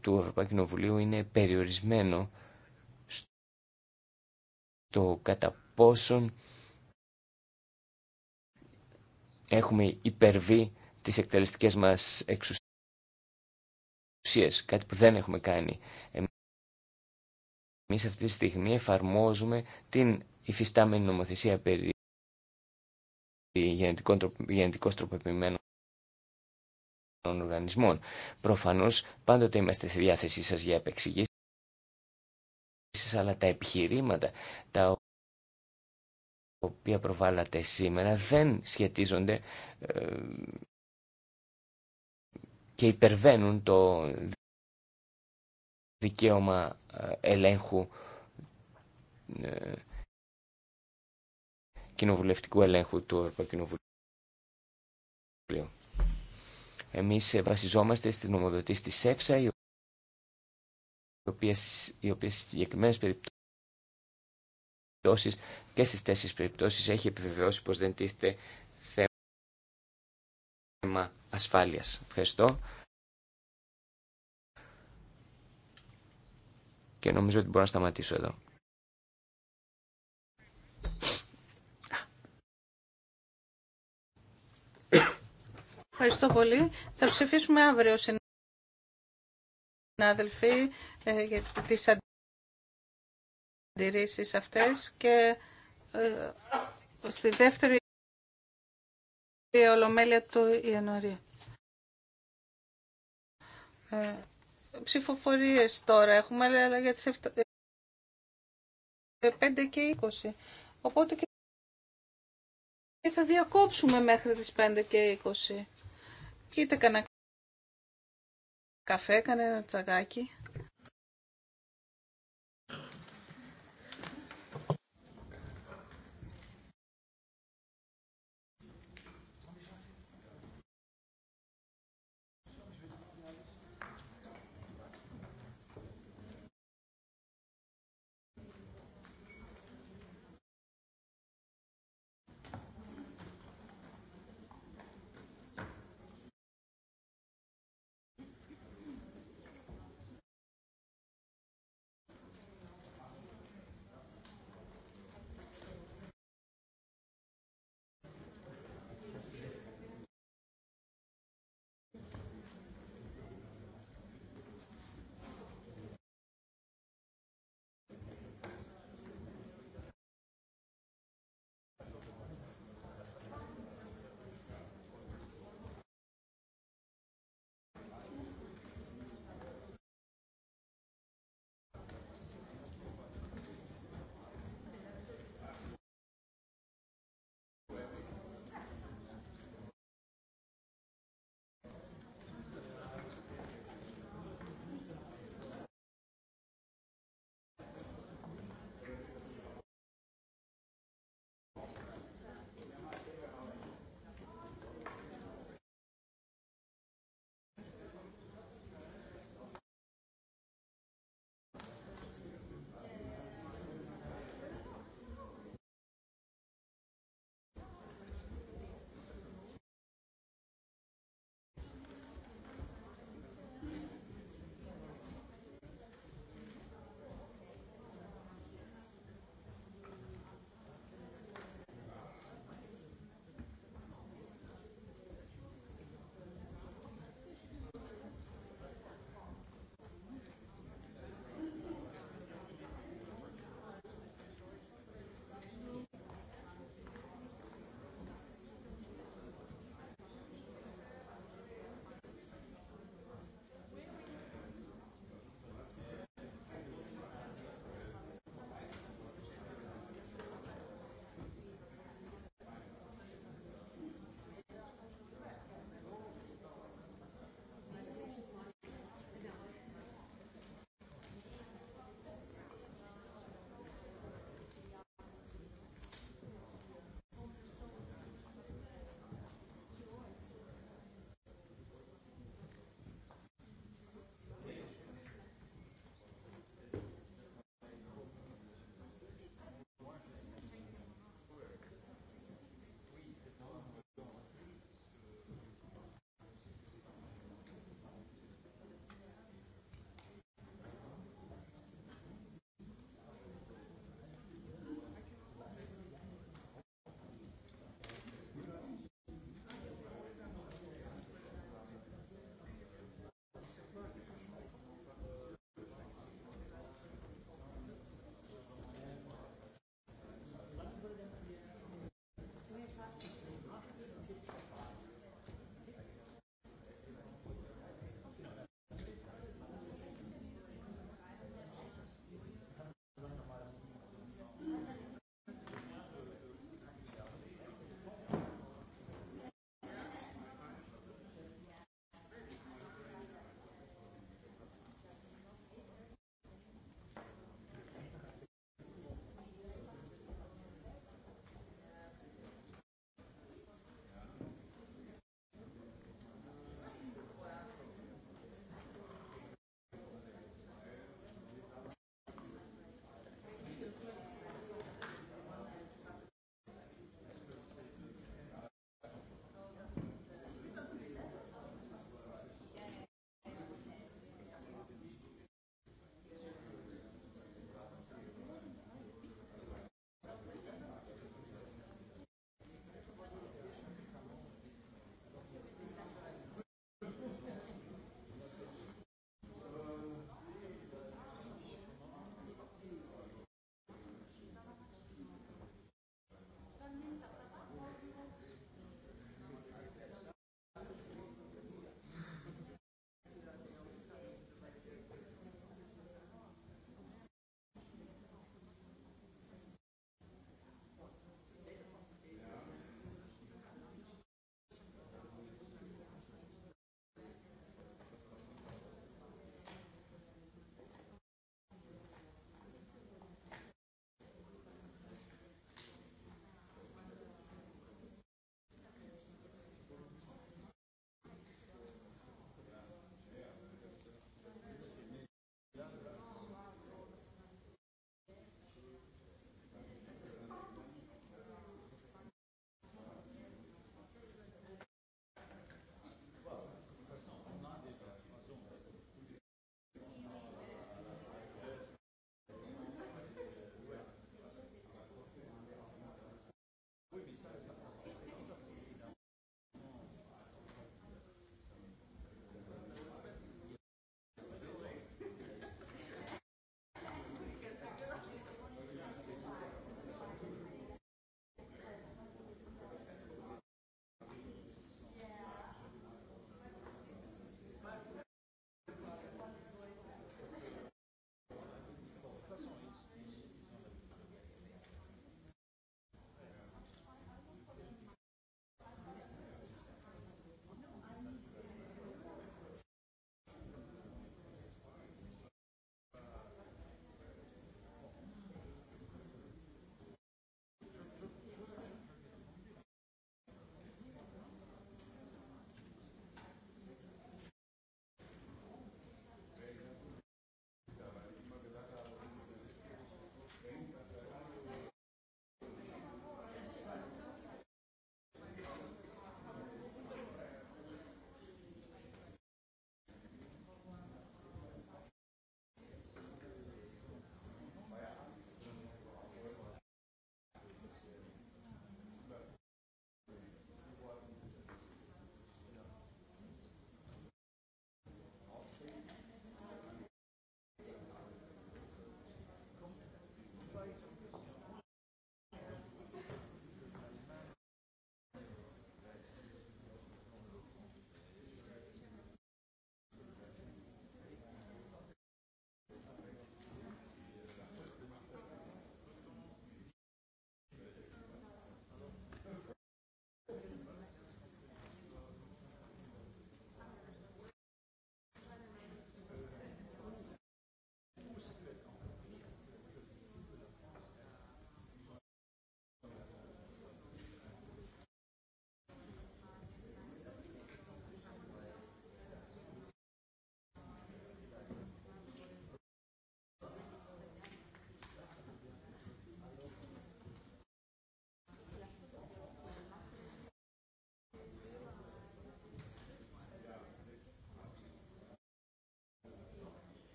του Ευρωπαϊκού Κοινοβουλίου είναι περιορισμένο στο κατά πόσον έχουμε υπερβεί τις εκτελεστικές μας εξουσίες, κάτι που δεν έχουμε κάνει. Εμείς αυτή τη στιγμή εφαρμόζουμε την υφιστάμενη νομοθεσία περί γενετικών τροποποιημένων οργανισμών. Προφανώς πάντοτε είμαστε στη διάθεσή σας για επεξηγήσεις, αλλά τα επιχειρήματα τα οποία προβάλλατε σήμερα δεν σχετίζονται ε, και υπερβαίνουν το δικαίωμα ε, ελέγχου ε, κοινοβουλευτικού ελέγχου του Ευρωπαϊκού Κοινοβουλίου. Εμείς βασιζόμαστε στην νομοδοτήσεις της ΕΦΣΑ, οι οποία στις συγκεκριμένες περιπτώσεις και στις τέσσερις περιπτώσεις έχει επιβεβαιώσει πως δεν τίθεται θέμα ασφάλειας. Ευχαριστώ. Και νομίζω ότι μπορώ να σταματήσω εδώ. Ευχαριστώ πολύ. Θα ψηφίσουμε αύριο, συνάδελφοι, ε, για τις αντιρρήσεις αυτές και ε, στη δεύτερη ολομέλεια του Ιανουαρίου. Ε, ψηφοφορίες τώρα έχουμε, αλλά για τις 5 και 20. Οπότε και θα διακόψουμε μέχρι τις 5 και 20. Πείτε κανένα καφέ, κανένα τσαγάκι.